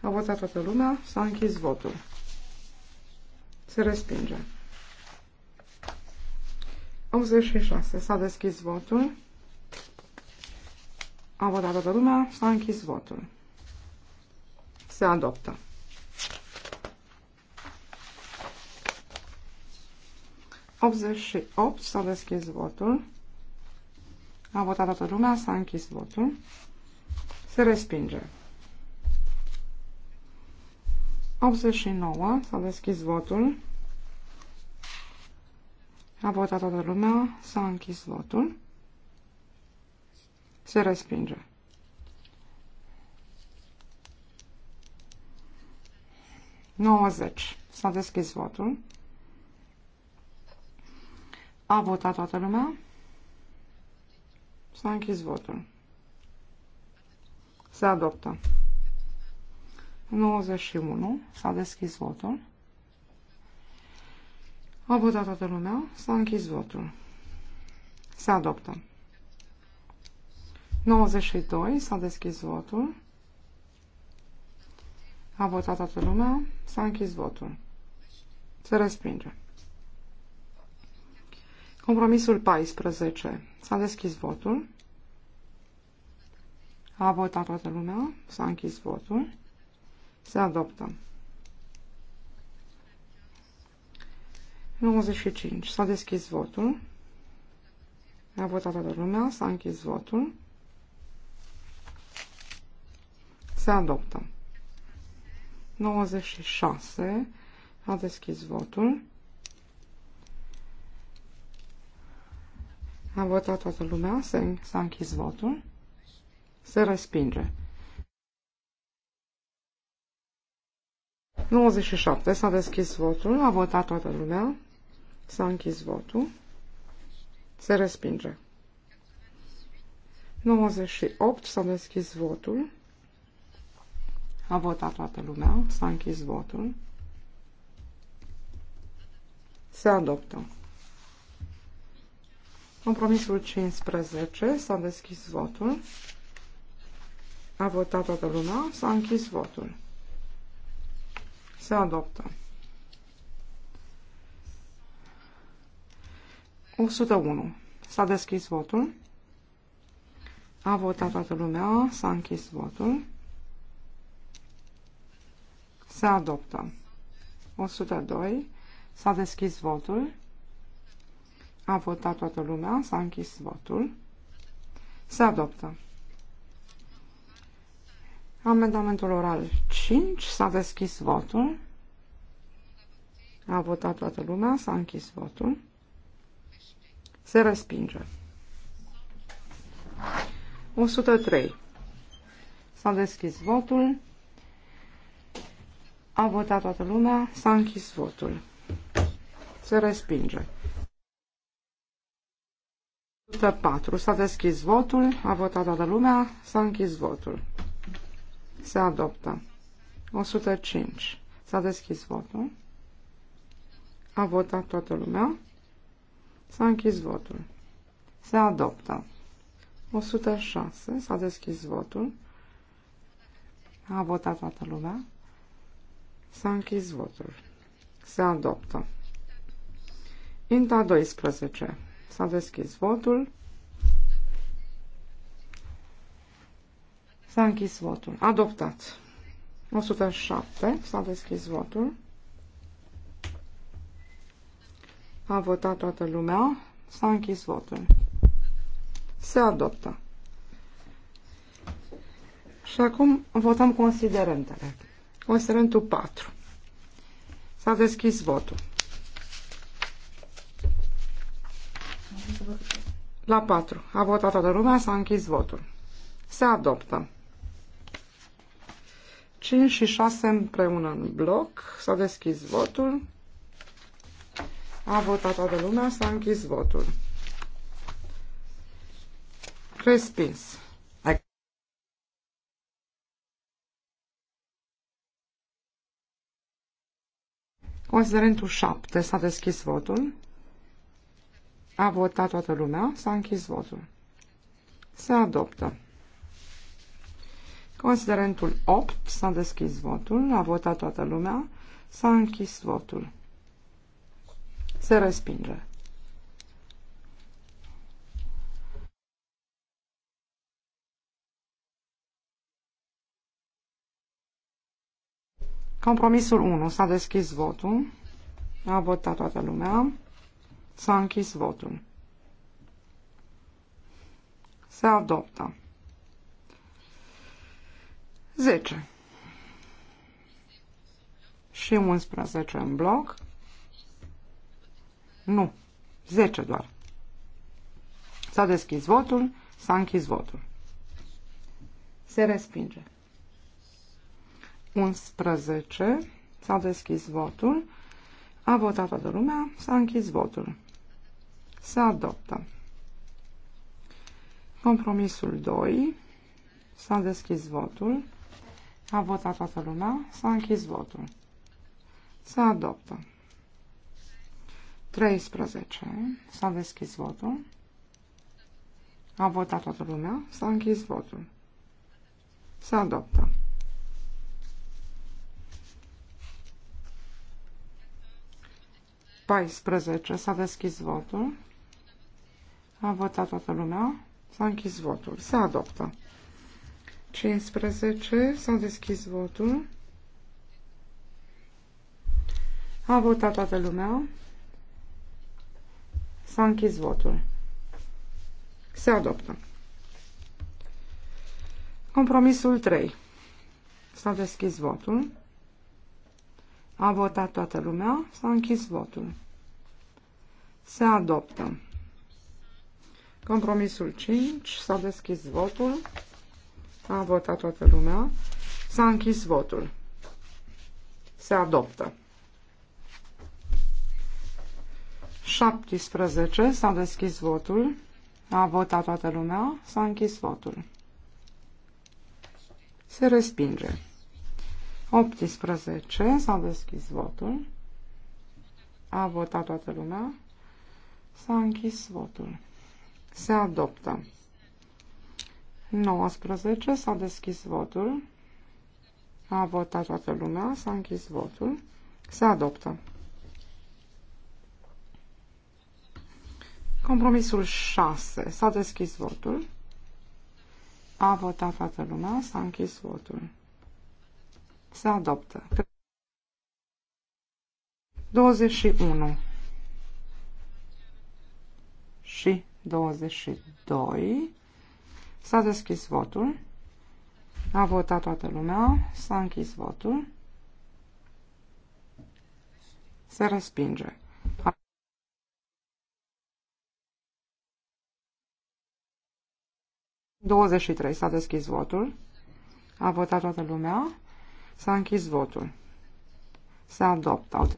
A votat toată lumea, s-a închis votul. Se respinge. 86. S-a deschis votul. A votat toată lumea. S-a închis votul. Se adoptă. S-a deschis votul. A votat toată lumea. S-a închis votul. Se respinge. 89. S-a deschis votul. A votat toată lumea, s-a închis votul. Se respinge. Nouăzeci. S-a deschis votul. A votat toată lumea. S-a închis votul. Se adoptă. 91. S-a deschis votul. A votat toată lumea? S-a închis votul. Se adoptă. 92. S-a deschis votul. A votat toată lumea? S-a închis votul. Se respinge. Compromisul 14. S-a deschis votul. A votat toată lumea. S-a închis votul. Se adoptă. 95. S-a deschis votul. A votat toată lumea, s-a închis votul. Se adoptă. 96. A deschis votul. A votat toată lumea, s-a închis votul. Se respinge. 97. S-a deschis votul, a votat toată lumea, S-a închis votul. Se respinge. 98. S-a deschis votul. A votat toată lumea. S-a închis votul. Se adoptă. Compromisul 15. S-a deschis votul. A votat toată lumea. S-a închis votul. Se adoptă. 101. S-a deschis votul. A votat toată lumea. S-a închis votul. Se adoptă. 102. S-a deschis votul. A votat toată lumea. S-a închis votul. Se adoptă. Amendamentul oral 5. S-a deschis votul. A votat toată lumea. S-a închis votul. Se respinge. 103. S-a deschis votul. A votat toată lumea. S-a închis votul. Se respinge. 104. S-a deschis votul. A votat toată lumea. S-a închis votul. Se adoptă. 105. S-a deschis votul. A votat toată lumea. S-a închis votul. Se adoptă. 106. S-a deschis votul. A votat toată lumea. S-a închis votul. Se adoptă. Inta 12. S-a deschis votul. S-a închis votul. Adoptat. 107. S-a deschis votul. A votat toată lumea. S-a închis votul. Se adoptă. Și acum votăm considerentele. Considerentul 4. S-a deschis votul. La 4. A votat toată lumea, s-a închis votul. Se adoptă. 5 și 6 împreună în bloc. S-a deschis votul. A votat toată lumea, s-a închis votul. Respins. Considerentul 7 s-a deschis votul. A votat toată lumea, s-a închis votul. Se adoptă. Considerentul 8 s-a deschis votul, a votat toată lumea, s-a închis votul. Se respinge. Compromisul 1. S-a deschis votul. A votat toată lumea. S-a închis votul. Se adoptă. 10 și 11 în bloc. Nu. zece doar. S-a deschis votul, s-a închis votul. Se respinge. 11. S-a deschis votul. A votat toată lumea, s-a închis votul. Se adoptă. Compromisul 2. S-a deschis votul. A votat toată lumea, s-a închis votul. Se adoptă. 13. S-a deschis votul. A votat toată lumea. S-a închis votul. Se adoptă. paisprezece, S-a deschis votul. A votat toată lumea. S-a închis votul. Se adoptă. 15. S-a deschis votul. A votat toată lumea. S-a închis votul. Se adoptă. Compromisul 3. S-a deschis votul. A votat toată lumea. S-a închis votul. Se adoptă. Compromisul 5. S-a deschis votul. A votat toată lumea. S-a închis votul. Se adoptă. 17. S-a deschis votul. A votat toată lumea. S-a închis votul. Se respinge. 18. S-a deschis votul. A votat toată lumea. S-a închis votul. Se adoptă. 19. S-a deschis votul. A votat toată lumea. S-a închis votul. Se adoptă. Compromisul 6. S-a deschis votul. A votat toată lumea, s-a închis votul. Se adoptă. 21 și 22. S-a deschis votul. A votat toată lumea. S-a închis votul. Se respinge. 23. S-a deschis votul. A votat toată lumea. S-a închis votul. Se adoptă.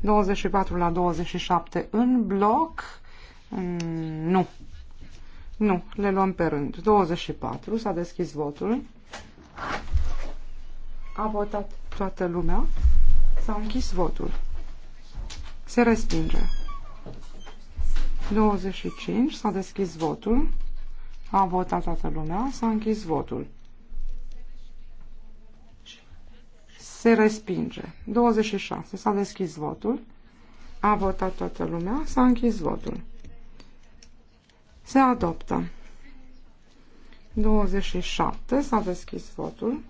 24 la 27 în bloc. Mm, nu. Nu, le luăm pe rând. 24, s-a deschis votul. A votat toată lumea. S-a închis votul. Se respinge. 25. S-a deschis votul. A votat toată lumea. S-a închis votul. Se respinge. 26. S-a deschis votul. A votat toată lumea. S-a închis votul. Se adoptă. 27. S-a deschis votul.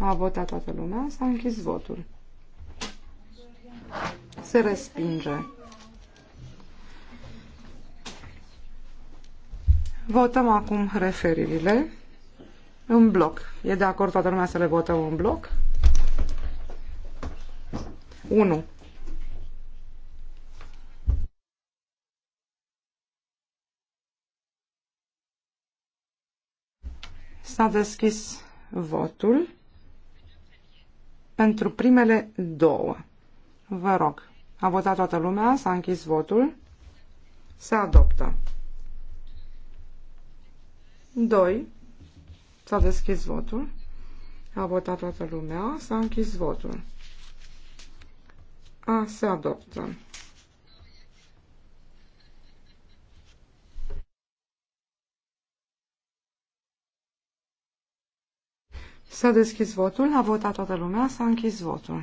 A votat toată lumea. S-a închis votul. Se respinge. Votăm acum referirile în bloc. E de acord toată lumea să le votăm în bloc? 1. S-a deschis votul pentru primele două. Vă rog, a votat toată lumea, s-a închis votul, se adoptă. 2. S-a deschis votul. A votat toată lumea. S-a închis votul. A, se adoptă. S-a deschis votul, a votat toată lumea, s-a închis votul.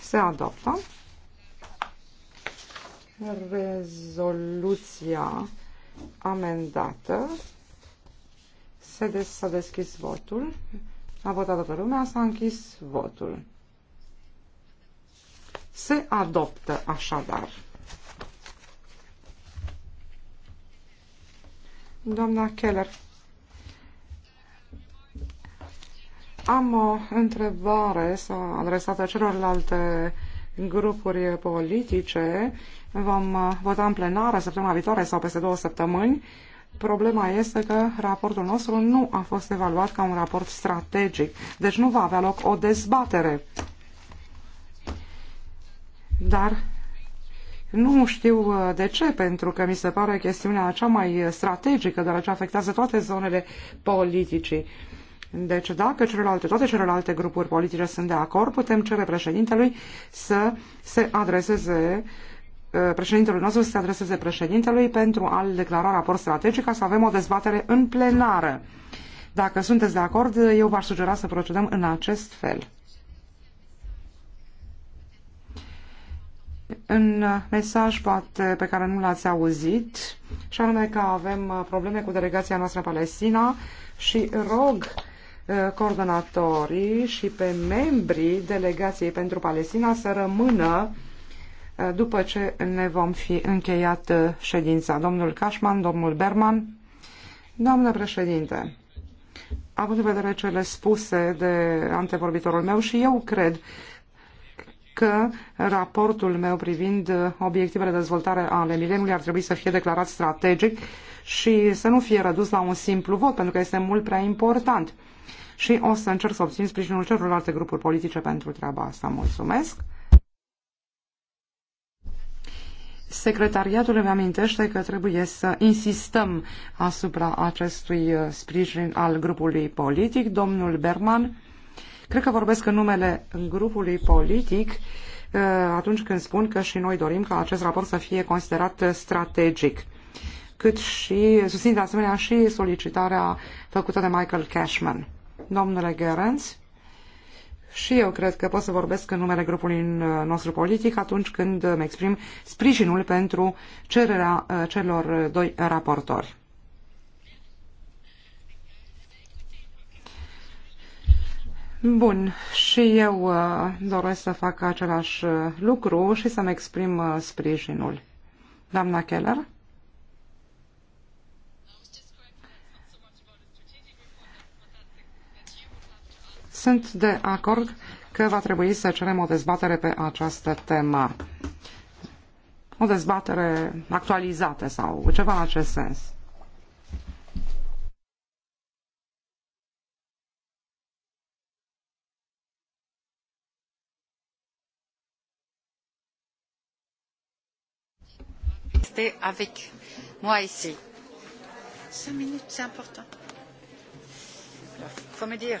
Se adoptă. Rezoluția amendată se des, s-a deschis votul. A votat toată lumea, s-a închis votul. Se adoptă așadar. Doamna Keller, am o întrebare sau adresată celorlalte grupuri politice. Vom vota în plenară săptămâna viitoare sau peste două săptămâni Problema este că raportul nostru nu a fost evaluat ca un raport strategic, deci nu va avea loc o dezbatere. Dar nu știu uh, de ce, pentru că mi se pare chestiunea cea mai strategică, dar ce afectează toate zonele politicii. Deci dacă celelalte, toate celelalte grupuri politice sunt de acord, putem cere președintelui să se adreseze uh, Uh, președintelui nostru să se adreseze președintelui pentru a-l declara raport strategic ca să avem o dezbatere în plenară. Dacă sunteți de acord, eu v-aș sugera să procedăm în acest fel. În mesaj poate pe care nu l-ați auzit, și anume că avem probleme cu delegația noastră Palestina și rog uh, coordonatorii și pe membrii delegației pentru Palestina să rămână după ce ne vom fi încheiat uh, ședința. Domnul Cașman, domnul Berman, doamnă președinte, având în vedere cele spuse de antevorbitorul meu și eu cred că raportul meu privind uh, obiectivele de dezvoltare ale mileniului ar trebui să fie declarat strategic și să nu fie redus la un simplu vot, pentru că este mult prea important. Și o să încerc să obțin sprijinul celorlalte grupuri politice pentru treaba asta. Mulțumesc! Secretariatul îmi amintește că trebuie să insistăm asupra acestui uh, sprijin al grupului politic. Domnul Berman, cred că vorbesc în numele grupului politic uh, atunci când spun că și noi dorim ca acest raport să fie considerat uh, strategic cât și susțin de asemenea și solicitarea făcută de Michael Cashman. Domnule Gerenți, și eu cred că pot să vorbesc în numele grupului uh, nostru politic atunci când uh, îmi exprim sprijinul pentru cererea uh, celor doi raportori. Bun, și eu doresc să fac același lucru și să-mi exprim sprijinul. Doamna Keller? Sunt de acord că va trebui să cerem o dezbatere pe această temă. O dezbatere actualizată sau ceva în acest sens. Restez avec moi ici. Cinq minutes, c'est important faut me dire.